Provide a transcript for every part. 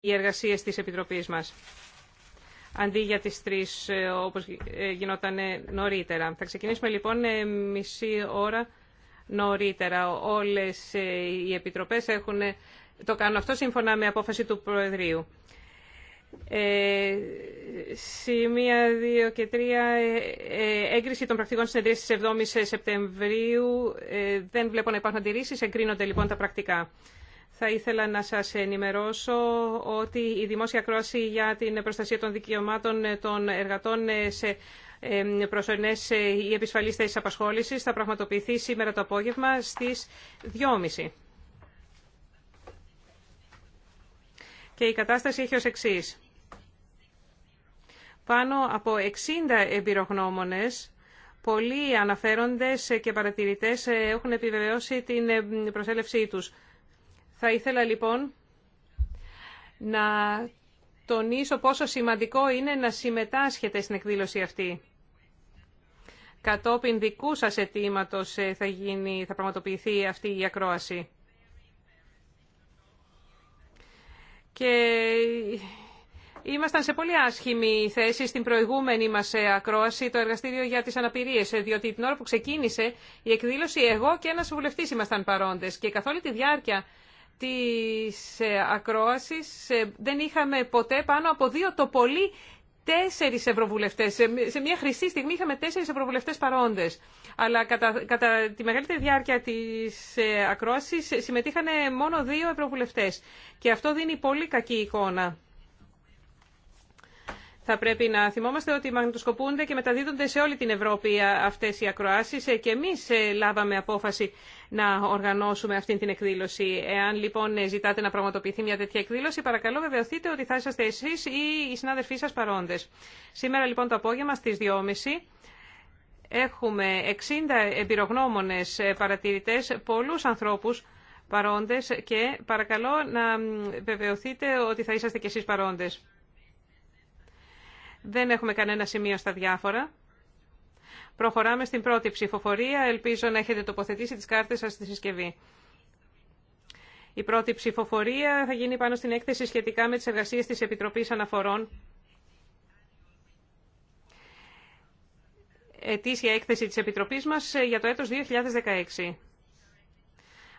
οι εργασίες της Επιτροπής μας. Αντί για τις τρεις, ε, όπως ε, γινόταν νωρίτερα. Θα ξεκινήσουμε λοιπόν ε, μισή ώρα νωρίτερα. Όλες οι επιτροπές έχουν... Το κάνω αυτό σύμφωνα με απόφαση του Προεδρείου. Ε, σημεία 2 και 3. έγκριση των πρακτικών συνεδρία τη 7 η Σεπτεμβρίου. δεν βλέπω να υπάρχουν αντιρρήσει. Εγκρίνονται λοιπόν τα πρακτικά θα ήθελα να σας ενημερώσω ότι η δημόσια κρόση για την προστασία των δικαιωμάτων των εργατών σε προσωρινέ ε, ή επισφαλεί θέσει απασχόληση θα πραγματοποιηθεί σήμερα το απόγευμα στι 2.30. Και η κατάσταση έχει ω εξή. Πάνω από 60 εμπειρογνώμονε, πολλοί αναφέροντε και παρατηρητέ έχουν επιβεβαιώσει την προσέλευσή τους. Θα ήθελα λοιπόν να τονίσω πόσο σημαντικό είναι να συμμετάσχετε στην εκδήλωση αυτή. Κατόπιν δικού σας αιτήματο ε, θα, γίνει, θα πραγματοποιηθεί αυτή η ακρόαση. Και ήμασταν σε πολύ άσχημη θέση στην προηγούμενη μας ε, ακρόαση το εργαστήριο για τις αναπηρίες, ε, διότι την ώρα που ξεκίνησε η εκδήλωση εγώ και ένας βουλευτής ήμασταν παρόντες και καθ' όλη τη διάρκεια της ε, ακρόασης ε, δεν είχαμε ποτέ πάνω από δύο το πολύ τέσσερις ευρωβουλευτές. Σε μια χρυσή στιγμή είχαμε τέσσερις ευρωβουλευτές παρόντες. Αλλά κατά, κατά τη μεγαλύτερη διάρκεια της ε, ακρόασης συμμετείχαν μόνο δύο ευρωβουλευτές. Και αυτό δίνει πολύ κακή εικόνα θα πρέπει να θυμόμαστε ότι μαγνητοσκοπούνται και μεταδίδονται σε όλη την Ευρώπη αυτέ οι ακροασει ε, και εμεί ε, λάβαμε απόφαση να οργανώσουμε αυτή την εκδήλωση. Εάν λοιπόν ε, ζητάτε να πραγματοποιηθεί μια τέτοια εκδήλωση, παρακαλώ βεβαιωθείτε ότι θα είσαστε εσεί ή οι συνάδελφοί σα παρόντε. Σήμερα λοιπόν το απόγευμα στι 2.30 έχουμε 60 εμπειρογνώμονες παρατηρητές, πολλούς ανθρώπους παρόντες και παρακαλώ να βεβαιωθείτε ότι θα είσαστε και εσείς παρόντες. Δεν έχουμε κανένα σημείο στα διάφορα. Προχωράμε στην πρώτη ψηφοφορία. Ελπίζω να έχετε τοποθετήσει τις κάρτες σας στη συσκευή. Η πρώτη ψηφοφορία θα γίνει πάνω στην έκθεση σχετικά με τις εργασίες της Επιτροπής Αναφορών. Ετήσια έκθεση της Επιτροπής μας για το έτος 2016.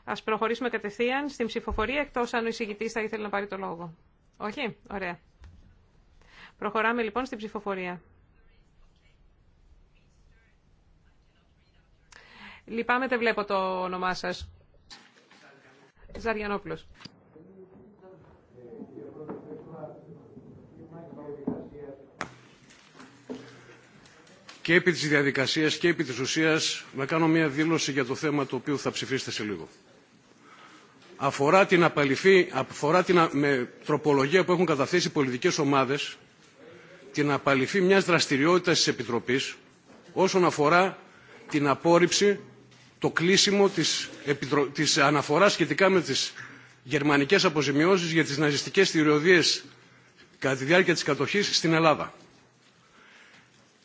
Ας προχωρήσουμε κατευθείαν στην ψηφοφορία, εκτός αν ο εισηγητής θα ήθελε να πάρει το λόγο. Όχι? Ωραία. Προχωράμε λοιπόν στην ψηφοφορία. Λυπάμαι, δεν βλέπω το όνομά σας. Ζαριανόπουλο. Και επί της διαδικασίας και επί της ουσίας να κάνω μια δήλωση για το θέμα το οποίο θα ψηφίσετε σε λίγο. Αφορά την απαλυφή, αφορά την, τροπολογία που έχουν καταθέσει οι πολιτικές ομάδες την απαλυφή μιας δραστηριότητας της Επιτροπής όσον αφορά την απόρριψη, το κλείσιμο της, Επιτρο... της αναφοράς σχετικά με τις γερμανικές αποζημιώσεις για τις ναζιστικές θηριωδίες κατά τη διάρκεια της κατοχής στην Ελλάδα.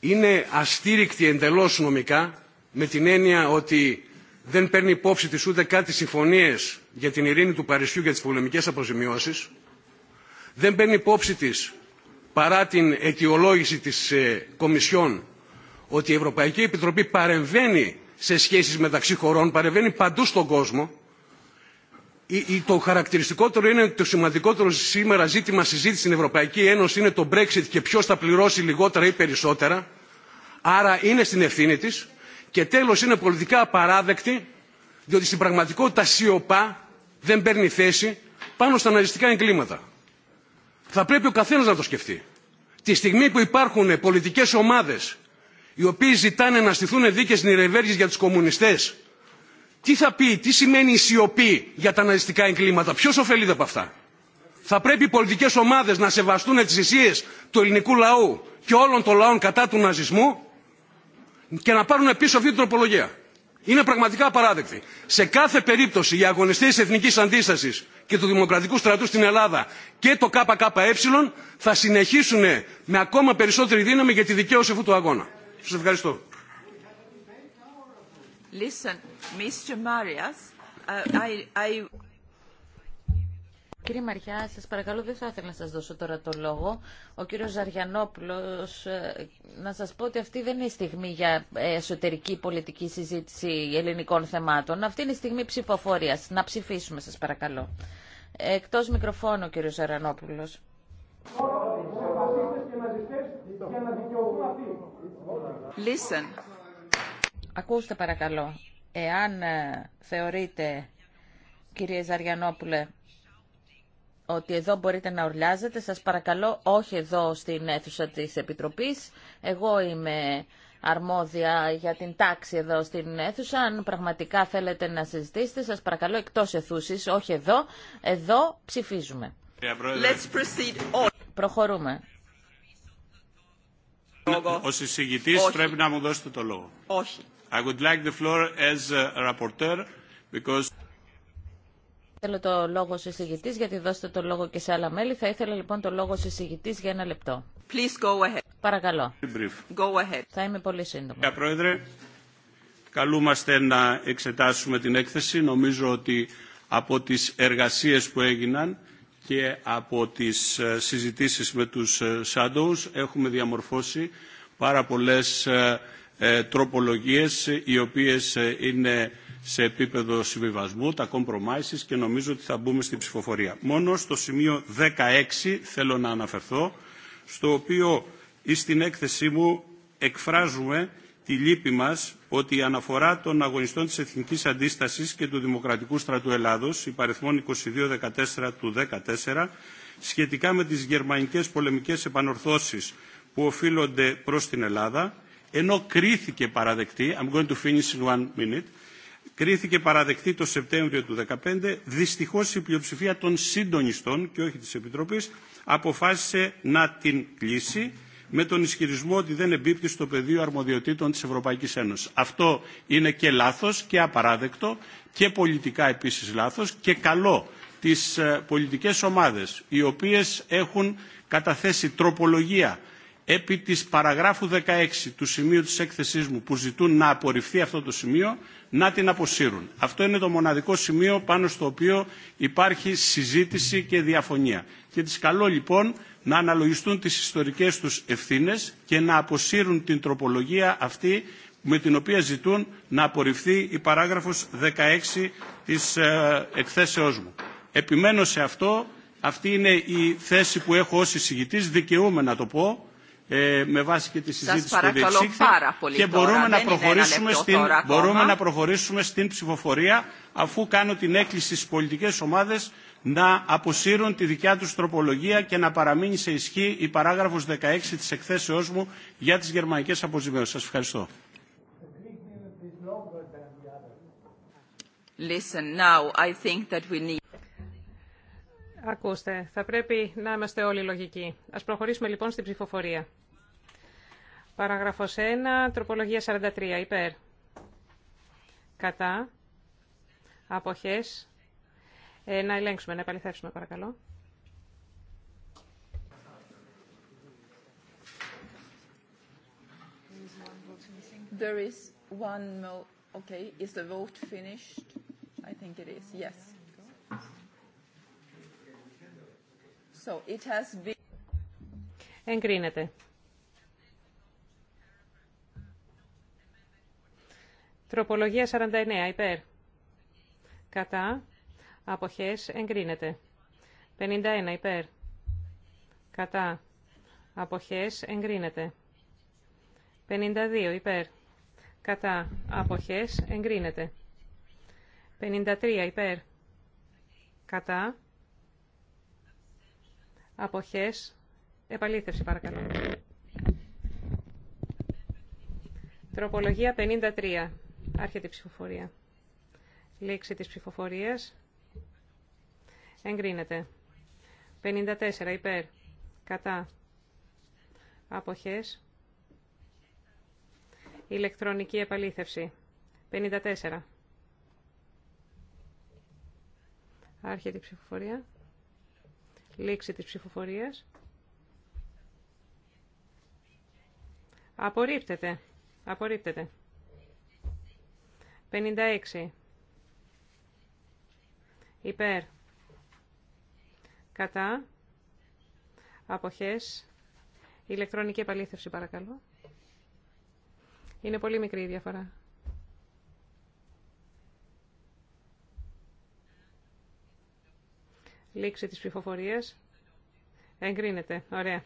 Είναι αστήρικτη εντελώς νομικά με την έννοια ότι δεν παίρνει υπόψη της ούτε κάτι συμφωνίες για την ειρήνη του Παρισιού για τις πολεμικές αποζημιώσεις, δεν παίρνει υπόψη της παρά την αιτιολόγηση της ε, Κομισιόν ότι η Ευρωπαϊκή Επιτροπή παρεμβαίνει σε σχέσεις μεταξύ χωρών, παρεμβαίνει παντού στον κόσμο, το χαρακτηριστικότερο είναι ότι το σημαντικότερο σήμερα ζήτημα συζήτηση στην Ευρωπαϊκή Ένωση είναι το Brexit και ποιο θα πληρώσει λιγότερα ή περισσότερα. Άρα είναι στην ευθύνη τη. Και τέλος είναι πολιτικά απαράδεκτη, διότι στην πραγματικότητα σιωπά δεν παίρνει θέση πάνω στα ναζιστικά εγκλήματα. Θα πρέπει ο καθένας να το σκεφτεί. Τη στιγμή που υπάρχουν πολιτικές ομάδες οι οποίες ζητάνε να στηθούν δίκες νηρευέργειες για τους κομμουνιστές, τι θα πει, τι σημαίνει η σιωπή για τα ναζιστικά εγκλήματα, Ποιο ωφελείται από αυτά. Θα πρέπει οι πολιτικές ομάδες να σεβαστούν τις ισίες του ελληνικού λαού και όλων των λαών κατά του ναζισμού και να πάρουν πίσω αυτή την τροπολογία είναι πραγματικά απαράδεκτη. Σε κάθε περίπτωση οι αγωνιστές της εθνικής αντίστασης και του δημοκρατικού στρατού στην Ελλάδα και το ΚΚΕ θα συνεχίσουν με ακόμα περισσότερη δύναμη για τη δικαίωση αυτού του αγώνα. Σας ευχαριστώ. Κύριε Μαριά, σας παρακαλώ, δεν θα ήθελα να σας δώσω τώρα το λόγο. Ο κύριος Ζαριανόπουλος, ε, να σας πω ότι αυτή δεν είναι η στιγμή για ε, εσωτερική πολιτική συζήτηση ελληνικών θεμάτων. Αυτή είναι η στιγμή ψηφοφορίας. Να ψηφίσουμε, σας παρακαλώ. Εκτός μικροφώνου, ο κύριος Ζαριανόπουλος. Listen. Ακούστε παρακαλώ, εάν ε, θεωρείτε, κύριε Ζαριανόπουλε, ότι εδώ μπορείτε να ορλιάζετε. Σας παρακαλώ όχι εδώ στην αίθουσα της Επιτροπής. Εγώ είμαι αρμόδια για την τάξη εδώ στην αίθουσα. Αν πραγματικά θέλετε να συζητήσετε, σας παρακαλώ εκτός αιθούσης, όχι εδώ. Εδώ ψηφίζουμε. Let's Προχωρούμε. Ο συζητητής πρέπει να μου δώσετε το λόγο. Όχι. I would like the floor as a rapporteur because... Θέλω το λόγο σε γιατί δώστε το λόγο και σε άλλα μέλη. Θα ήθελα λοιπόν το λόγο σε για ένα λεπτό. Please go ahead. Παρακαλώ. Go ahead. Θα είμαι πολύ σύντομα. Κύριε Πρόεδρε, καλούμαστε να εξετάσουμε την έκθεση. Νομίζω ότι από τις εργασίες που έγιναν και από τις ε, συζητήσεις με τους ε, Shadows έχουμε διαμορφώσει πάρα πολλές ε, τροπολογίες οι οποίες είναι σε επίπεδο συμβιβασμού, τα compromises και νομίζω ότι θα μπούμε στην ψηφοφορία. Μόνο στο σημείο 16 θέλω να αναφερθώ, στο οποίο ή στην έκθεσή μου εκφράζουμε τη λύπη μας ότι η αναφορά των αγωνιστών της Εθνικής Αντίστασης και του Δημοκρατικού Στρατού Ελλάδος, υπαριθμών 22-14 του 14, σχετικά με τις γερμανικές πολεμικές επανορθώσεις που οφείλονται προς την Ελλάδα, ενώ κρίθηκε παραδεκτή, I'm going to finish in one minute, κρίθηκε παραδεκτή το Σεπτέμβριο του 2015, δυστυχώς η πλειοψηφία των συντονιστών και όχι της Επιτροπής αποφάσισε να την κλείσει με τον ισχυρισμό ότι δεν εμπίπτει στο πεδίο αρμοδιοτήτων της Ευρωπαϊκής Ένωσης. Αυτό είναι και λάθος και απαράδεκτο και πολιτικά επίσης λάθος και καλό τις ε, πολιτικές ομάδες οι οποίες έχουν καταθέσει τροπολογία επί της παραγράφου 16 του σημείου της έκθεσής μου που ζητούν να απορριφθεί αυτό το σημείο, να την αποσύρουν. Αυτό είναι το μοναδικό σημείο πάνω στο οποίο υπάρχει συζήτηση και διαφωνία. Και τις καλώ λοιπόν να αναλογιστούν τις ιστορικές τους ευθύνες και να αποσύρουν την τροπολογία αυτή με την οποία ζητούν να απορριφθεί η παράγραφος 16 της ε, εκθέσεώς μου. Επιμένω σε αυτό, αυτή είναι η θέση που έχω ως εισηγητής, δικαιούμαι να το πω, ε, με βάση και τη συζήτηση που διεξήχθη και μπορούμε, να, προχωρήσουμε στην, μπορούμε να προχωρήσουμε στην ψηφοφορία αφού κάνω την έκκληση στις πολιτικές ομάδες να αποσύρουν τη δικιά τους τροπολογία και να παραμείνει σε ισχύ η παράγραφος 16 της εκθέσεώς μου για τις γερμανικές αποζημιώσεις. Σας ευχαριστώ. Listen, now I think that we need... Ακούστε, θα πρέπει να είμαστε όλοι λογικοί. Ας προχωρήσουμε λοιπόν στην ψηφοφορία. Παραγραφός 1, τροπολογία 43, υπέρ. Κατά. Αποχές. Ε, να ελέγξουμε, να επαληθεύσουμε παρακαλώ. There is one Okay, is the vote finished? I think it is. Yes. Εγκρίνεται. Τροπολογία 49. Υπέρ. Κατά. Αποχές. Εγκρίνεται. 51. Υπέρ. Κατά. Αποχές. Εγκρίνεται. 52. Υπέρ. Κατά. Αποχές. Εγκρίνεται. 53. Υπέρ. Κατά. Αποχές. Επαλήθευση παρακαλώ. Τροπολογία 53. Άρχεται η ψηφοφορία. Λήξη της ψηφοφορίας. Εγκρίνεται. 54. Υπέρ. Κατά. Αποχές. Ηλεκτρονική επαλήθευση. 54. Άρχεται η ψηφοφορία. Λήξη της ψηφοφορίας. Απορρίπτεται. Απορρίπτεται. 56. Υπέρ. Κατά. Αποχές. Ηλεκτρονική επαλήθευση παρακαλώ. Είναι πολύ μικρή η διαφορά. Λήξη της ψηφοφορίας. Εγκρίνεται. Ωραία.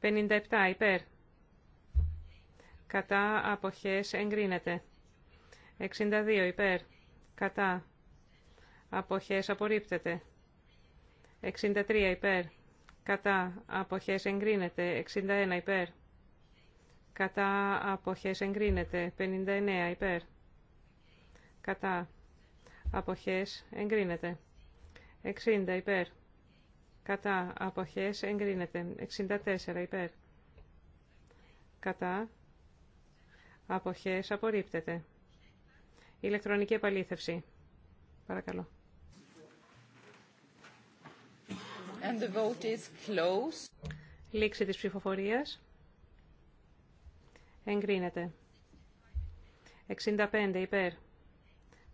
57 υπέρ. Κατά αποχές εγκρίνεται. 62 υπέρ. Κατά αποχές απορρίπτεται. 63 υπέρ. Κατά αποχές εγκρίνεται. 61 υπέρ. Κατά αποχές εγκρίνεται. 59 υπέρ. Κατά αποχές εγκρίνεται. 60 υπέρ. Κατά αποχές εγκρίνεται. 64 υπέρ. Κατά αποχές απορρίπτεται. Ηλεκτρονική επαλήθευση. Παρακαλώ. And the vote is closed. Λήξη της ψηφοφορίας. Εγκρίνεται. 65 υπέρ.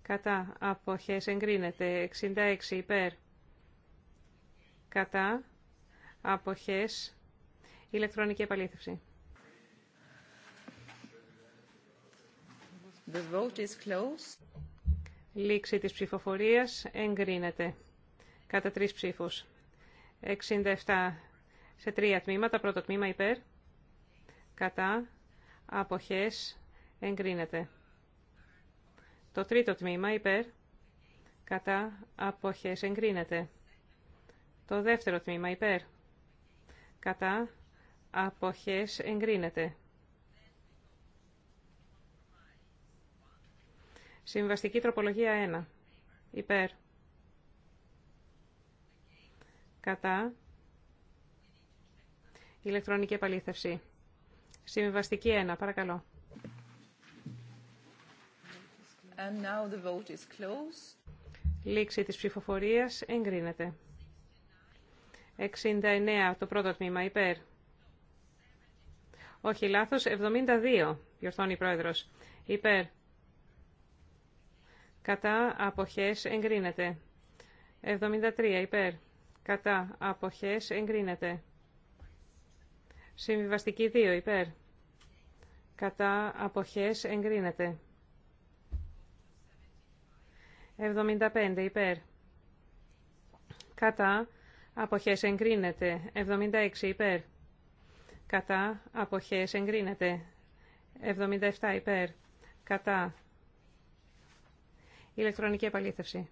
Κατά αποχές εγκρίνεται 66 υπέρ. Κατά αποχές ηλεκτρονική επαλήθευση. The vote is closed. Λήξη της ψηφοφορίας εγκρίνεται κατά τρεις ψήφους. 67 σε τρία τμήματα. Πρώτο τμήμα υπέρ. Κατά αποχές εγκρίνεται. Το τρίτο τμήμα υπέρ κατά αποχές εγκρίνεται. Το δεύτερο τμήμα υπέρ κατά αποχές εγκρίνεται. Συμβαστική τροπολογία 1. Υπέρ. Κατά. Ηλεκτρονική επαλήθευση. Συμβαστική 1. Παρακαλώ. Λήξη της ψηφοφορίας εγκρίνεται. 69 το πρώτο τμήμα υπέρ. Όχι λάθος, 72 διορθώνει η πρόεδρος. Υπέρ. Κατά αποχές εγκρίνεται. 73 υπέρ. Κατά αποχές εγκρίνεται. Συμβιβαστική 2 υπέρ. Κατά αποχές εγκρίνεται. 75 υπέρ. Κατά αποχές εγκρίνεται. 76 υπέρ. Κατά αποχές εγκρίνεται. 77 υπέρ. Κατά. Ηλεκτρονική επαλήθευση.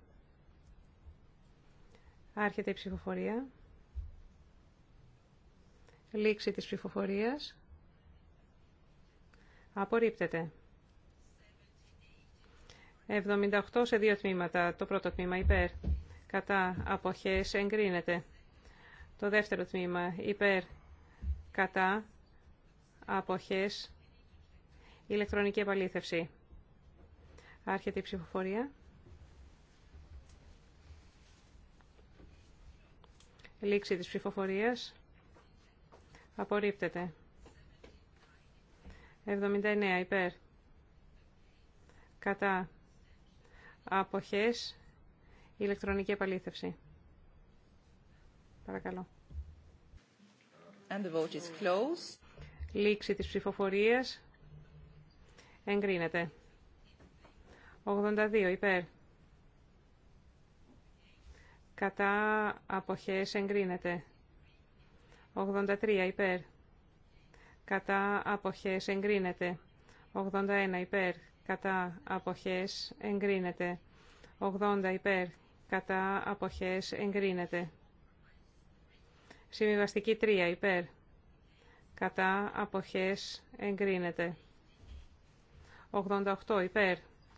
Άρχεται η ψηφοφορία. Λήξη της ψηφοφορίας. Απορρίπτεται. 78 σε δύο τμήματα. Το πρώτο τμήμα υπέρ. Κατά αποχές εγκρίνεται. Το δεύτερο τμήμα υπέρ. Κατά αποχές ηλεκτρονική επαλήθευση. Άρχεται η ψηφοφορία. Λήξη της ψηφοφορίας. Απορρίπτεται. 79 υπέρ. Κατά αποχές, ηλεκτρονική επαλήθευση. Παρακαλώ. And the vote is closed. Λήξη της ψηφοφορίας. Εγκρίνεται. 82 υπέρ. Κατά αποχές εγκρίνεται. 83 υπέρ. Κατά αποχές εγκρίνεται. 81 υπέρ κατά αποχές εγκρίνεται. 80 υπέρ κατά αποχές εγκρίνεται. Συμβιβαστική 3 υπέρ κατά αποχές εγκρίνεται. 88 υπέρ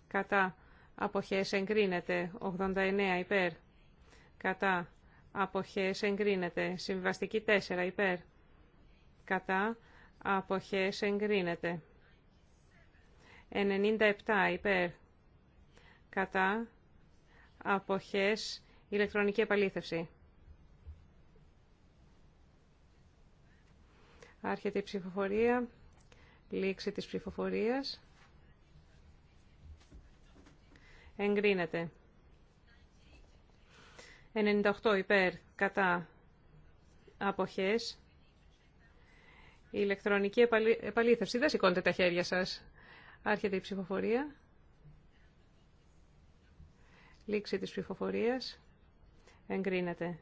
κατά αποχές εγκρίνεται. 89 υπέρ κατά αποχές εγκρίνεται. Συμβιβαστική 4 υπέρ κατά αποχές εγκρίνεται. 97 υπέρ κατά αποχές ηλεκτρονική επαλήθευση. Άρχεται η ψηφοφορία, λήξη της ψηφοφορίας. Εγκρίνεται. 98 υπέρ κατά αποχές. ηλεκτρονική επαλήθευση. Δεν σηκώνετε τα χέρια σας. Άρχεται η ψηφοφορία. Λήξη της ψηφοφορίας. Εγκρίνεται.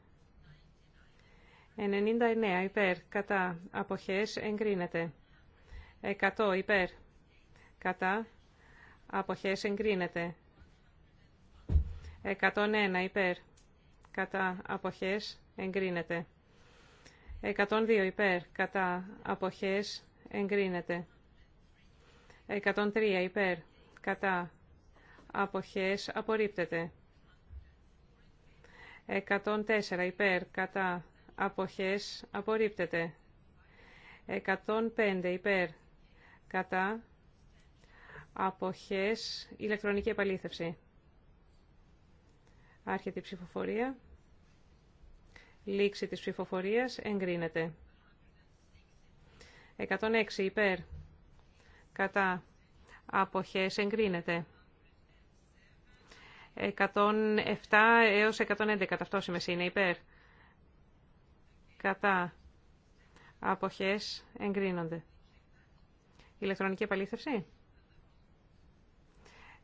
99 υπέρ. Κατά. Αποχές. Εγκρίνεται. 100 υπέρ. Κατά. Αποχές. Εγκρίνεται. 101 υπέρ. Κατά. Αποχές. Εγκρίνεται. 102 υπέρ. Κατά. Αποχές. Εγκρίνεται. 103 υπέρ κατά αποχές απορρίπτεται. 104 υπέρ κατά αποχές απορρίπτεται. 105 υπέρ κατά αποχές ηλεκτρονική επαλήθευση. Άρχεται η ψηφοφορία. Λήξη της ψηφοφορίας εγκρίνεται. 106 υπέρ κατά αποχές εγκρίνεται. 107 έως 111 ταυτόσημες είναι υπέρ. Κατά αποχές εγκρίνονται. Ηλεκτρονική επαλήθευση.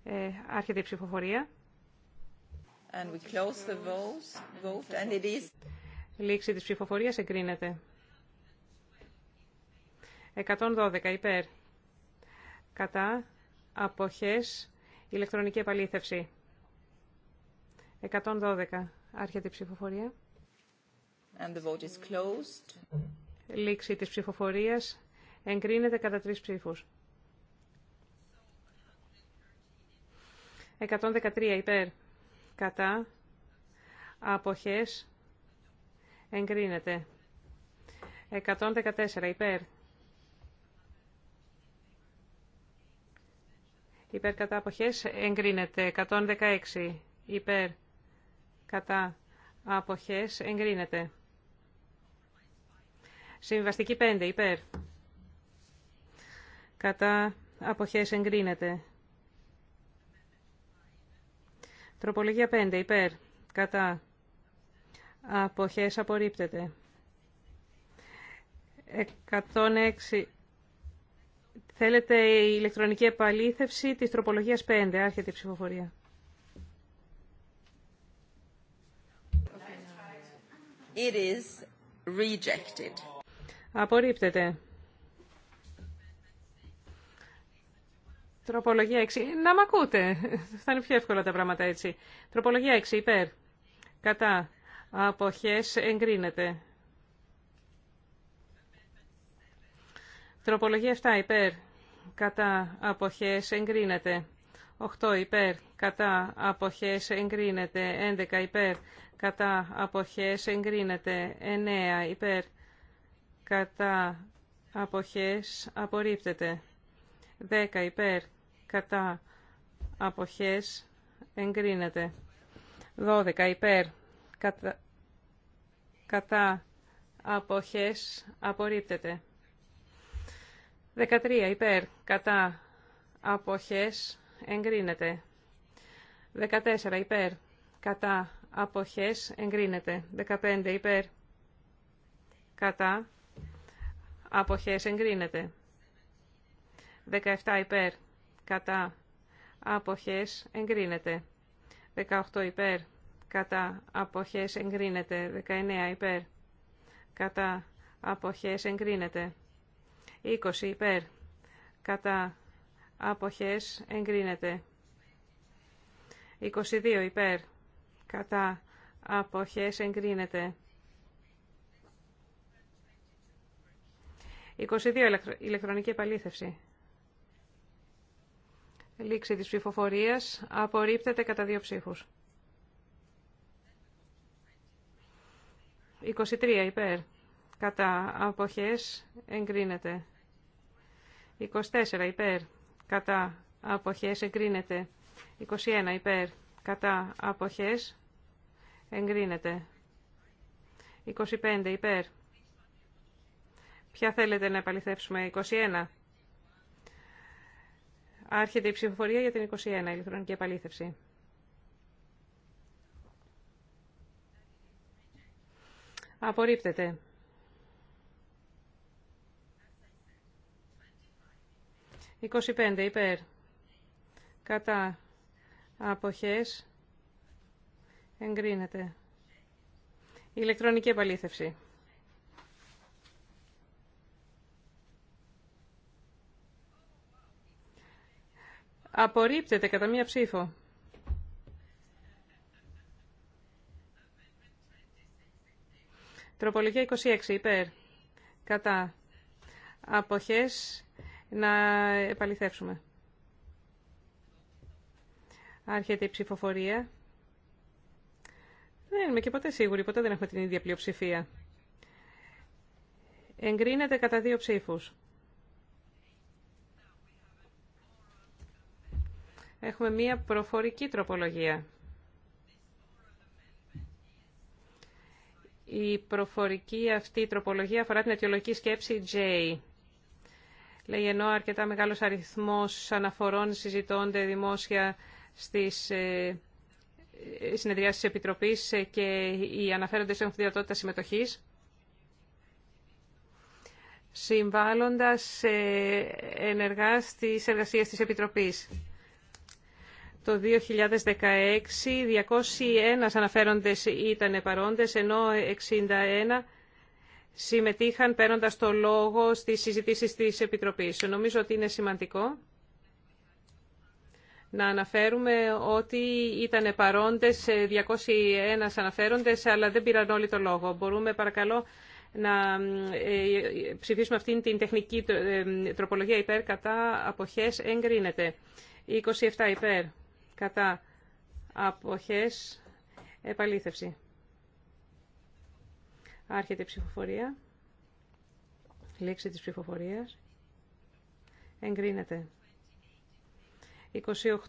Ε, άρχεται η ψηφοφορία. And we close the votes, vote, and it is... Λήξη της ψηφοφορίας εγκρίνεται. 112 υπέρ κατά αποχές ηλεκτρονική επαλήθευση. 112. Άρχεται η ψηφοφορία. And the vote is closed. Λήξη της ψηφοφορίας εγκρίνεται κατά τρεις ψήφους. 113 υπέρ κατά αποχές εγκρίνεται. 114 υπέρ υπέρ κατά αποχές εγκρίνεται. 116 υπέρ κατά αποχές εγκρίνεται. Συμβαστική 5 υπέρ κατά αποχές εγκρίνεται. Τροπολογία 5 υπέρ κατά αποχές απορρίπτεται. 106 Θέλετε η ηλεκτρονική επαλήθευση της τροπολογίας 5. Άρχεται η ψηφοφορία. It is rejected. Απορρίπτεται. Τροπολογία 6. Ε, να μ' ακούτε. Θα είναι πιο εύκολα τα πράγματα έτσι. Τροπολογία 6. Υπέρ. Κατά. Αποχές εγκρίνεται. Τροπολογία 7. Υπέρ κατά αποχές εγκρίνεται. 8 υπέρ κατά αποχές εγκρίνεται. 11 υπέρ κατά αποχές εγκρίνεται. 9 υπέρ κατά αποχές απορρίπτεται. 10 υπέρ κατά αποχές εγκρίνεται. 12 υπέρ κατά, κατά αποχές απορρίπτεται. 13 υπέρ κατά αποχές εγκρίνεται. 14 υπέρ κατά αποχές εγκρίνεται. 15 υπέρ κατά αποχές εγκρίνεται. 17 υπέρ κατά αποχές εγκρίνεται. 18 υπέρ κατά αποχές εγκρίνεται. 19 υπέρ κατά αποχές εγκρίνεται. 20 υπέρ κατά αποχές εγκρίνεται. 22 υπέρ κατά αποχές εγκρίνεται. 22 ηλεκτρονική επαλήθευση. Λήξη της ψηφοφορίας απορρίπτεται κατά δύο ψήφους. 23 υπέρ κατά αποχές εγκρίνεται. 24 υπέρ κατά αποχές εγκρίνεται. 21 υπέρ κατά αποχές εγκρίνεται. 25 υπέρ. Ποια θέλετε να επαληθεύσουμε, 21. Άρχεται η ψηφοφορία για την 21, ηλεκτρονική επαλήθευση. Απορρίπτεται. 25 υπέρ. Κατά αποχές εγκρίνεται. Ηλεκτρονική επαλήθευση. Απορρίπτεται κατά μία ψήφο. Τροπολογία 26 υπέρ. Κατά αποχές να επαληθεύσουμε. Άρχεται η ψηφοφορία. Δεν είμαι και ποτέ σίγουρη, ποτέ δεν έχουμε την ίδια πλειοψηφία. Εγκρίνεται κατά δύο ψήφους. Έχουμε μία προφορική τροπολογία. Η προφορική αυτή τροπολογία αφορά την αιτιολογική σκέψη J λέει ενώ αρκετά μεγάλος αριθμός αναφορών συζητώνται δημόσια στις ε, ε, συνεδριάσεις της Επιτροπής ε, και οι αναφέροντες έχουν δυνατότητα συμμετοχής συμβάλλοντας ενεργά στις εργασίες της Επιτροπής. Το 2016, 201 αναφέροντες ήταν παρόντες, ενώ 61 συμμετείχαν παίρνοντας το λόγο στις συζητήσεις της Επιτροπής. Νομίζω ότι είναι σημαντικό να αναφέρουμε ότι ήταν παρόντες 201 ε, αναφέροντες, αλλά δεν πήραν όλοι το λόγο. Μπορούμε παρακαλώ να ε, ψηφίσουμε αυτήν την τεχνική ε, τροπολογία υπέρ κατά αποχές εγκρίνεται. 27 υπέρ κατά αποχές επαλήθευση. Άρχεται η ψηφοφορία. Λήξη της ψηφοφορίας. Εγκρίνεται.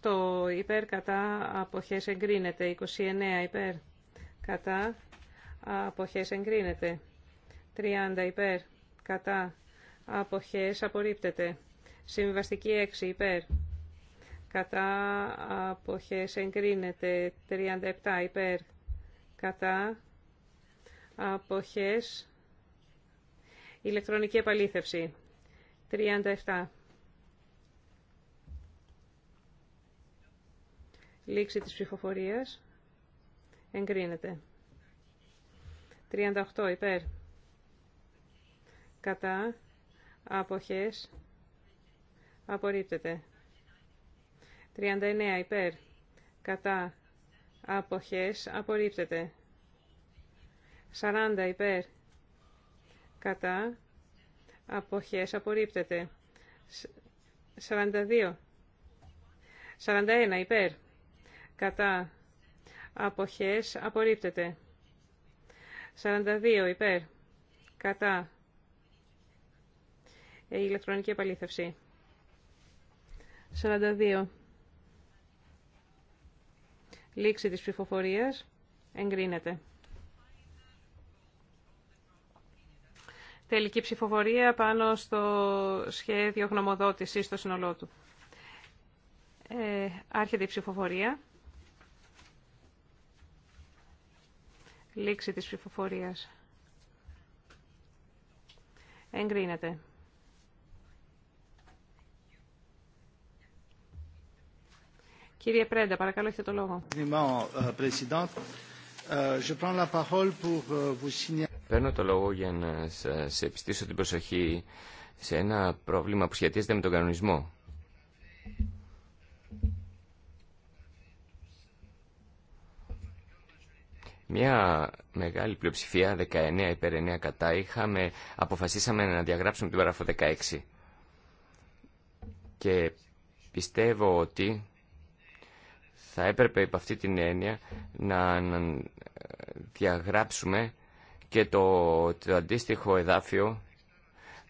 28 υπέρ κατά αποχές εγκρίνεται. 29 υπέρ κατά αποχές εγκρίνεται. 30 υπέρ κατά αποχές απορρίπτεται. Συμβιβαστική 6 υπέρ κατά αποχές εγκρίνεται. 37 υπέρ κατά αποχές, ηλεκτρονική επαλήθευση. 37. Λήξη της ψηφοφορίας. Εγκρίνεται. 38. Υπέρ. Κατά. Αποχές. Απορρίπτεται. 39. Υπέρ. Κατά. Αποχές. Απορρίπτεται. 40 υπέρ κατά αποχές απορρίπτεται 42 41 υπέρ κατά αποχές απορρίπτεται 42 υπέρ κατά ε, η ηλεκτρονική επαλήθευση 42 λήξη της ψηφοφορίας εγκρίνεται τελική ψηφοφορία πάνω στο σχέδιο γνωμοδότησης στο σύνολό του. Ε, άρχεται η ψηφοφορία. Λήξη της ψηφοφορίας. Εγκρίνεται. Κύριε Πρέντα, παρακαλώ, έχετε το λόγο. Παίρνω το λόγο για να σας επιστήσω την προσοχή σε ένα πρόβλημα που σχετίζεται με τον κανονισμό. Μια μεγάλη πλειοψηφία, 19 υπέρ 9 κατά, είχαμε, αποφασίσαμε να διαγράψουμε την παράγραφο 16. Και πιστεύω ότι θα έπρεπε από αυτή την έννοια να διαγράψουμε και το, αντίστοιχο εδάφιο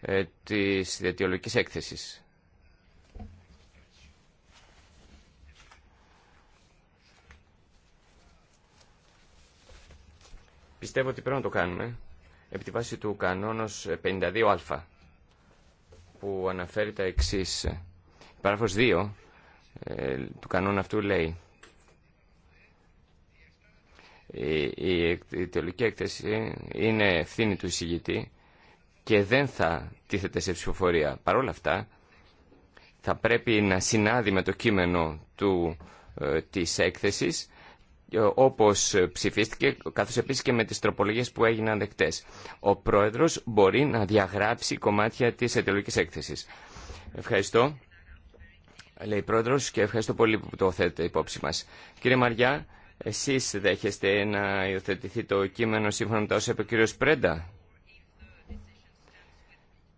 ε, της ιδιαιτιολογικής έκθεσης. Πιστεύω ότι πρέπει να το κάνουμε επί τη βάση του κανόνος 52α που αναφέρει τα εξής. Η παράγραφος 2 ε, του κανόνα αυτού λέει η, τελική έκθεση είναι ευθύνη του εισηγητή και δεν θα τίθεται σε ψηφοφορία. Παρ' όλα αυτά θα πρέπει να συνάδει με το κείμενο του, ε, της έκθεσης ε, όπως ψηφίστηκε, καθώς επίσης και με τις τροπολογίες που έγιναν δεκτές. Ο πρόεδρος μπορεί να διαγράψει κομμάτια της αιτιολογικής έκθεσης. Ευχαριστώ, λέει η πρόεδρος, και ευχαριστώ πολύ που το θέτε υπόψη μας. Κύριε Μαριά, εσείς δέχεστε να υιοθετηθεί το κείμενο σύμφωνα με τα όσα είπε ο κύριος Πρέντα.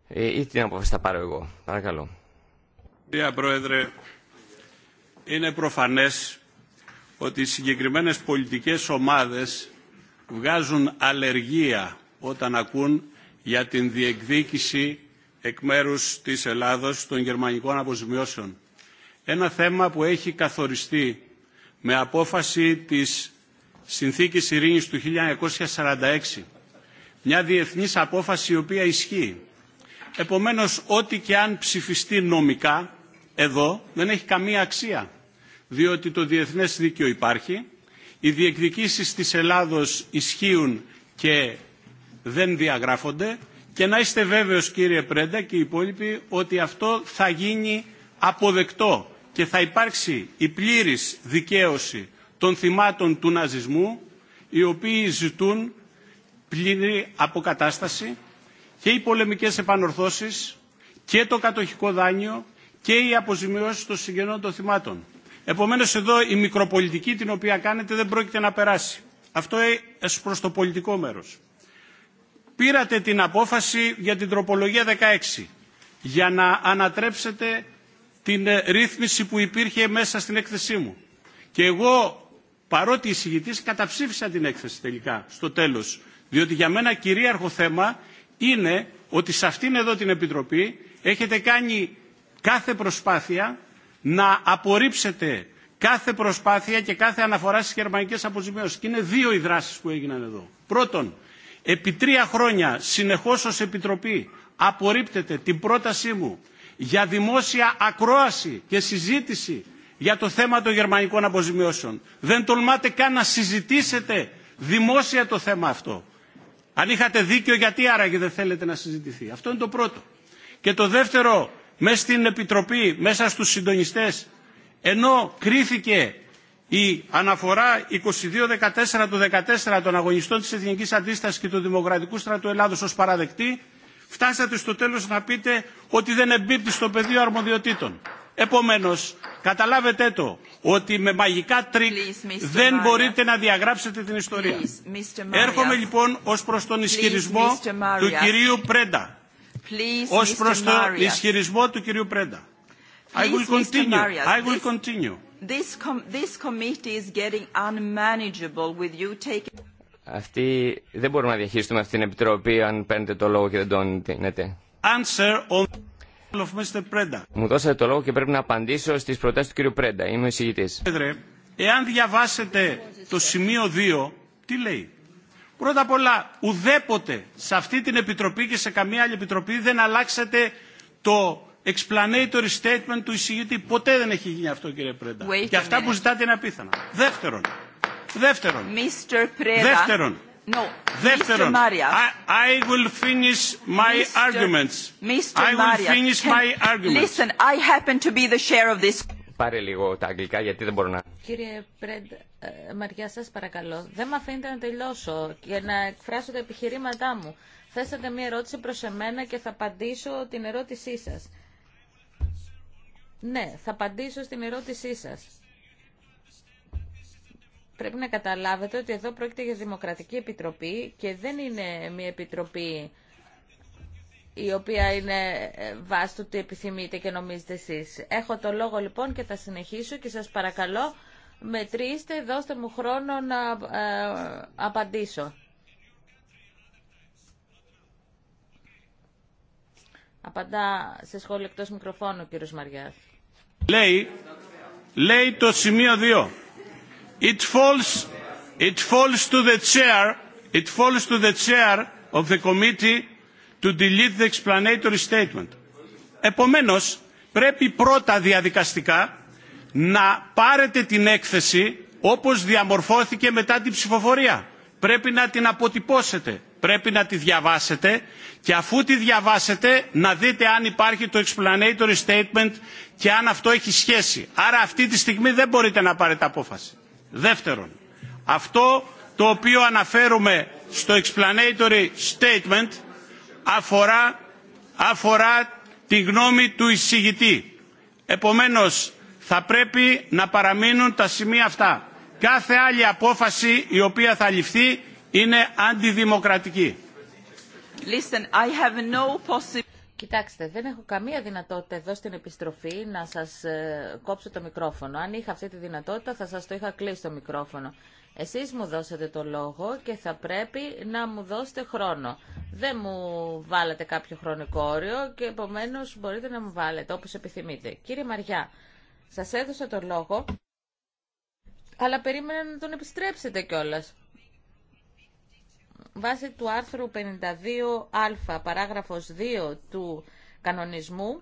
Ε, ή την απόφαση θα πάρω εγώ. Παρακαλώ. Κύριε Πρόεδρε, είναι προφανές ότι οι συγκεκριμένες πολιτικές ομάδες βγάζουν αλλεργία όταν ακούν για την διεκδίκηση εκ μέρους της Ελλάδος των γερμανικών αποζημιώσεων. Ένα θέμα που έχει καθοριστεί με απόφαση της Συνθήκης Ειρήνης του 1946. Μια διεθνής απόφαση η οποία ισχύει. Επομένως, ό,τι και αν ψηφιστεί νομικά εδώ δεν έχει καμία αξία, διότι το διεθνές δίκαιο υπάρχει, οι διεκδικήσεις της Ελλάδος ισχύουν και δεν διαγράφονται και να είστε βέβαιος κύριε Πρέντα και οι υπόλοιποι ότι αυτό θα γίνει αποδεκτό και θα υπάρξει η πλήρης δικαίωση των θυμάτων του ναζισμού, οι οποίοι ζητούν πλήρη αποκατάσταση και οι πολεμικές επανορθώσεις και το κατοχικό δάνειο και οι αποζημιώσεις των συγγενών των θυμάτων. Επομένως εδώ η μικροπολιτική την οποία κάνετε δεν πρόκειται να περάσει. Αυτό ε, προς το πολιτικό μέρος. Πήρατε την απόφαση για την τροπολογία 16 για να ανατρέψετε την ε, ρύθμιση που υπήρχε μέσα στην έκθεσή μου. Και εγώ, παρότι εισηγητής, καταψήφισα την έκθεση τελικά, στο τέλος. Διότι για μένα κυρίαρχο θέμα είναι ότι σε αυτήν εδώ την Επιτροπή έχετε κάνει κάθε προσπάθεια να απορρίψετε κάθε προσπάθεια και κάθε αναφορά στις γερμανικές αποζημιώσεις. Και είναι δύο οι δράσεις που έγιναν εδώ. Πρώτον, επί τρία χρόνια συνεχώς ως Επιτροπή απορρίπτεται την πρότασή μου για δημόσια ακρόαση και συζήτηση για το θέμα των γερμανικών αποζημιώσεων. Δεν τολμάτε καν να συζητήσετε δημόσια το θέμα αυτό. Αν είχατε δίκιο γιατί άραγε δεν θέλετε να συζητηθεί. Αυτό είναι το πρώτο. Και το δεύτερο, μέσα στην Επιτροπή, μέσα στους συντονιστές, ενώ κρίθηκε η αναφορά 22-14 του 14 των αγωνιστών της Εθνικής Αντίστασης και του Δημοκρατικού Στρατού Ελλάδος ως παραδεκτή, φτάσατε στο τέλος να πείτε ότι δεν εμπίπτει στο πεδίο αρμοδιοτήτων. Επομένως, καταλάβετε το, ότι με μαγικά τρίκ δεν μπορείτε να διαγράψετε την ιστορία. Έρχομαι λοιπόν ως προς τον ισχυρισμό του κυρίου Πρέντα. Ως προς τον ισχυρισμό του κυρίου Πρέντα. I will continue. I will continue. This, this committee is getting unmanageable with you taking... Αυτή, δεν μπορούμε να διαχειριστούμε αυτή την επιτροπή αν παίρνετε το λόγο και δεν τον δίνετε. Μου δώσατε το λόγο και πρέπει να απαντήσω στις προτάσεις του κύριου Πρέντα. Είμαι ο εισηγητής. εάν διαβάσετε το σημείο 2, τι λέει. Πρώτα απ' όλα, ουδέποτε σε αυτή την επιτροπή και σε καμία άλλη επιτροπή δεν αλλάξατε το explanatory statement του εισηγητή. Ποτέ δεν έχει γίνει αυτό κύριε Πρέντα. και αυτά που ζητάτε είναι απίθανα. Δεύτερον, Δεύτερον. Mr. Δεύτερον. No. Δεύτερον. I, I will finish my Mr. arguments. Mr. I will finish Can... my arguments. Listen, I happen to be the chair of this. Πάρε λίγο τα αγγλικά γιατί δεν μπορώ να... Κύριε Πρέντ, ε, Μαριά σας παρακαλώ, δεν με αφήνετε να τελειώσω και να εκφράσω τα επιχειρήματά μου. Θέσατε μία ερώτηση προς εμένα και θα απαντήσω την ερώτησή σας. Ναι, θα απαντήσω στην ερώτησή σας πρέπει να καταλάβετε ότι εδώ πρόκειται για Δημοκρατική Επιτροπή και δεν είναι μια επιτροπή η οποία είναι ε, βάση του τι επιθυμείτε και νομίζετε εσείς. Έχω το λόγο λοιπόν και θα συνεχίσω και σας παρακαλώ μετρήστε, δώστε μου χρόνο να ε, απαντήσω. Απαντά σε σχόλιο εκτός μικροφώνου ο κύριος Μαριάς. Λέει, λέει το σημείο 2 It falls, to the chair, it falls to the chair of the committee to delete the explanatory statement. Επομένως, πρέπει πρώτα διαδικαστικά να πάρετε την έκθεση όπως διαμορφώθηκε μετά την ψηφοφορία. Πρέπει να την αποτυπώσετε, πρέπει να τη διαβάσετε και αφού τη διαβάσετε να δείτε αν υπάρχει το explanatory statement και αν αυτό έχει σχέση. Άρα αυτή τη στιγμή δεν μπορείτε να πάρετε απόφαση. Δεύτερον, αυτό το οποίο αναφέρουμε στο explanatory statement αφορά, αφορά τη γνώμη του εισηγητή. Επομένως, θα πρέπει να παραμείνουν τα σημεία αυτά. Κάθε άλλη απόφαση η οποία θα ληφθεί είναι αντιδημοκρατική. Listen, Κοιτάξτε, δεν έχω καμία δυνατότητα εδώ στην επιστροφή να σας ε, κόψω το μικρόφωνο. Αν είχα αυτή τη δυνατότητα θα σας το είχα κλείσει το μικρόφωνο. Εσείς μου δώσατε το λόγο και θα πρέπει να μου δώσετε χρόνο. Δεν μου βάλατε κάποιο χρονικό όριο και επομένως μπορείτε να μου βάλετε όπως επιθυμείτε. Κύριε Μαριά, σας έδωσα το λόγο, αλλά περίμενα να τον επιστρέψετε κιόλας βάσει του άρθρου 52α παράγραφος 2 του κανονισμού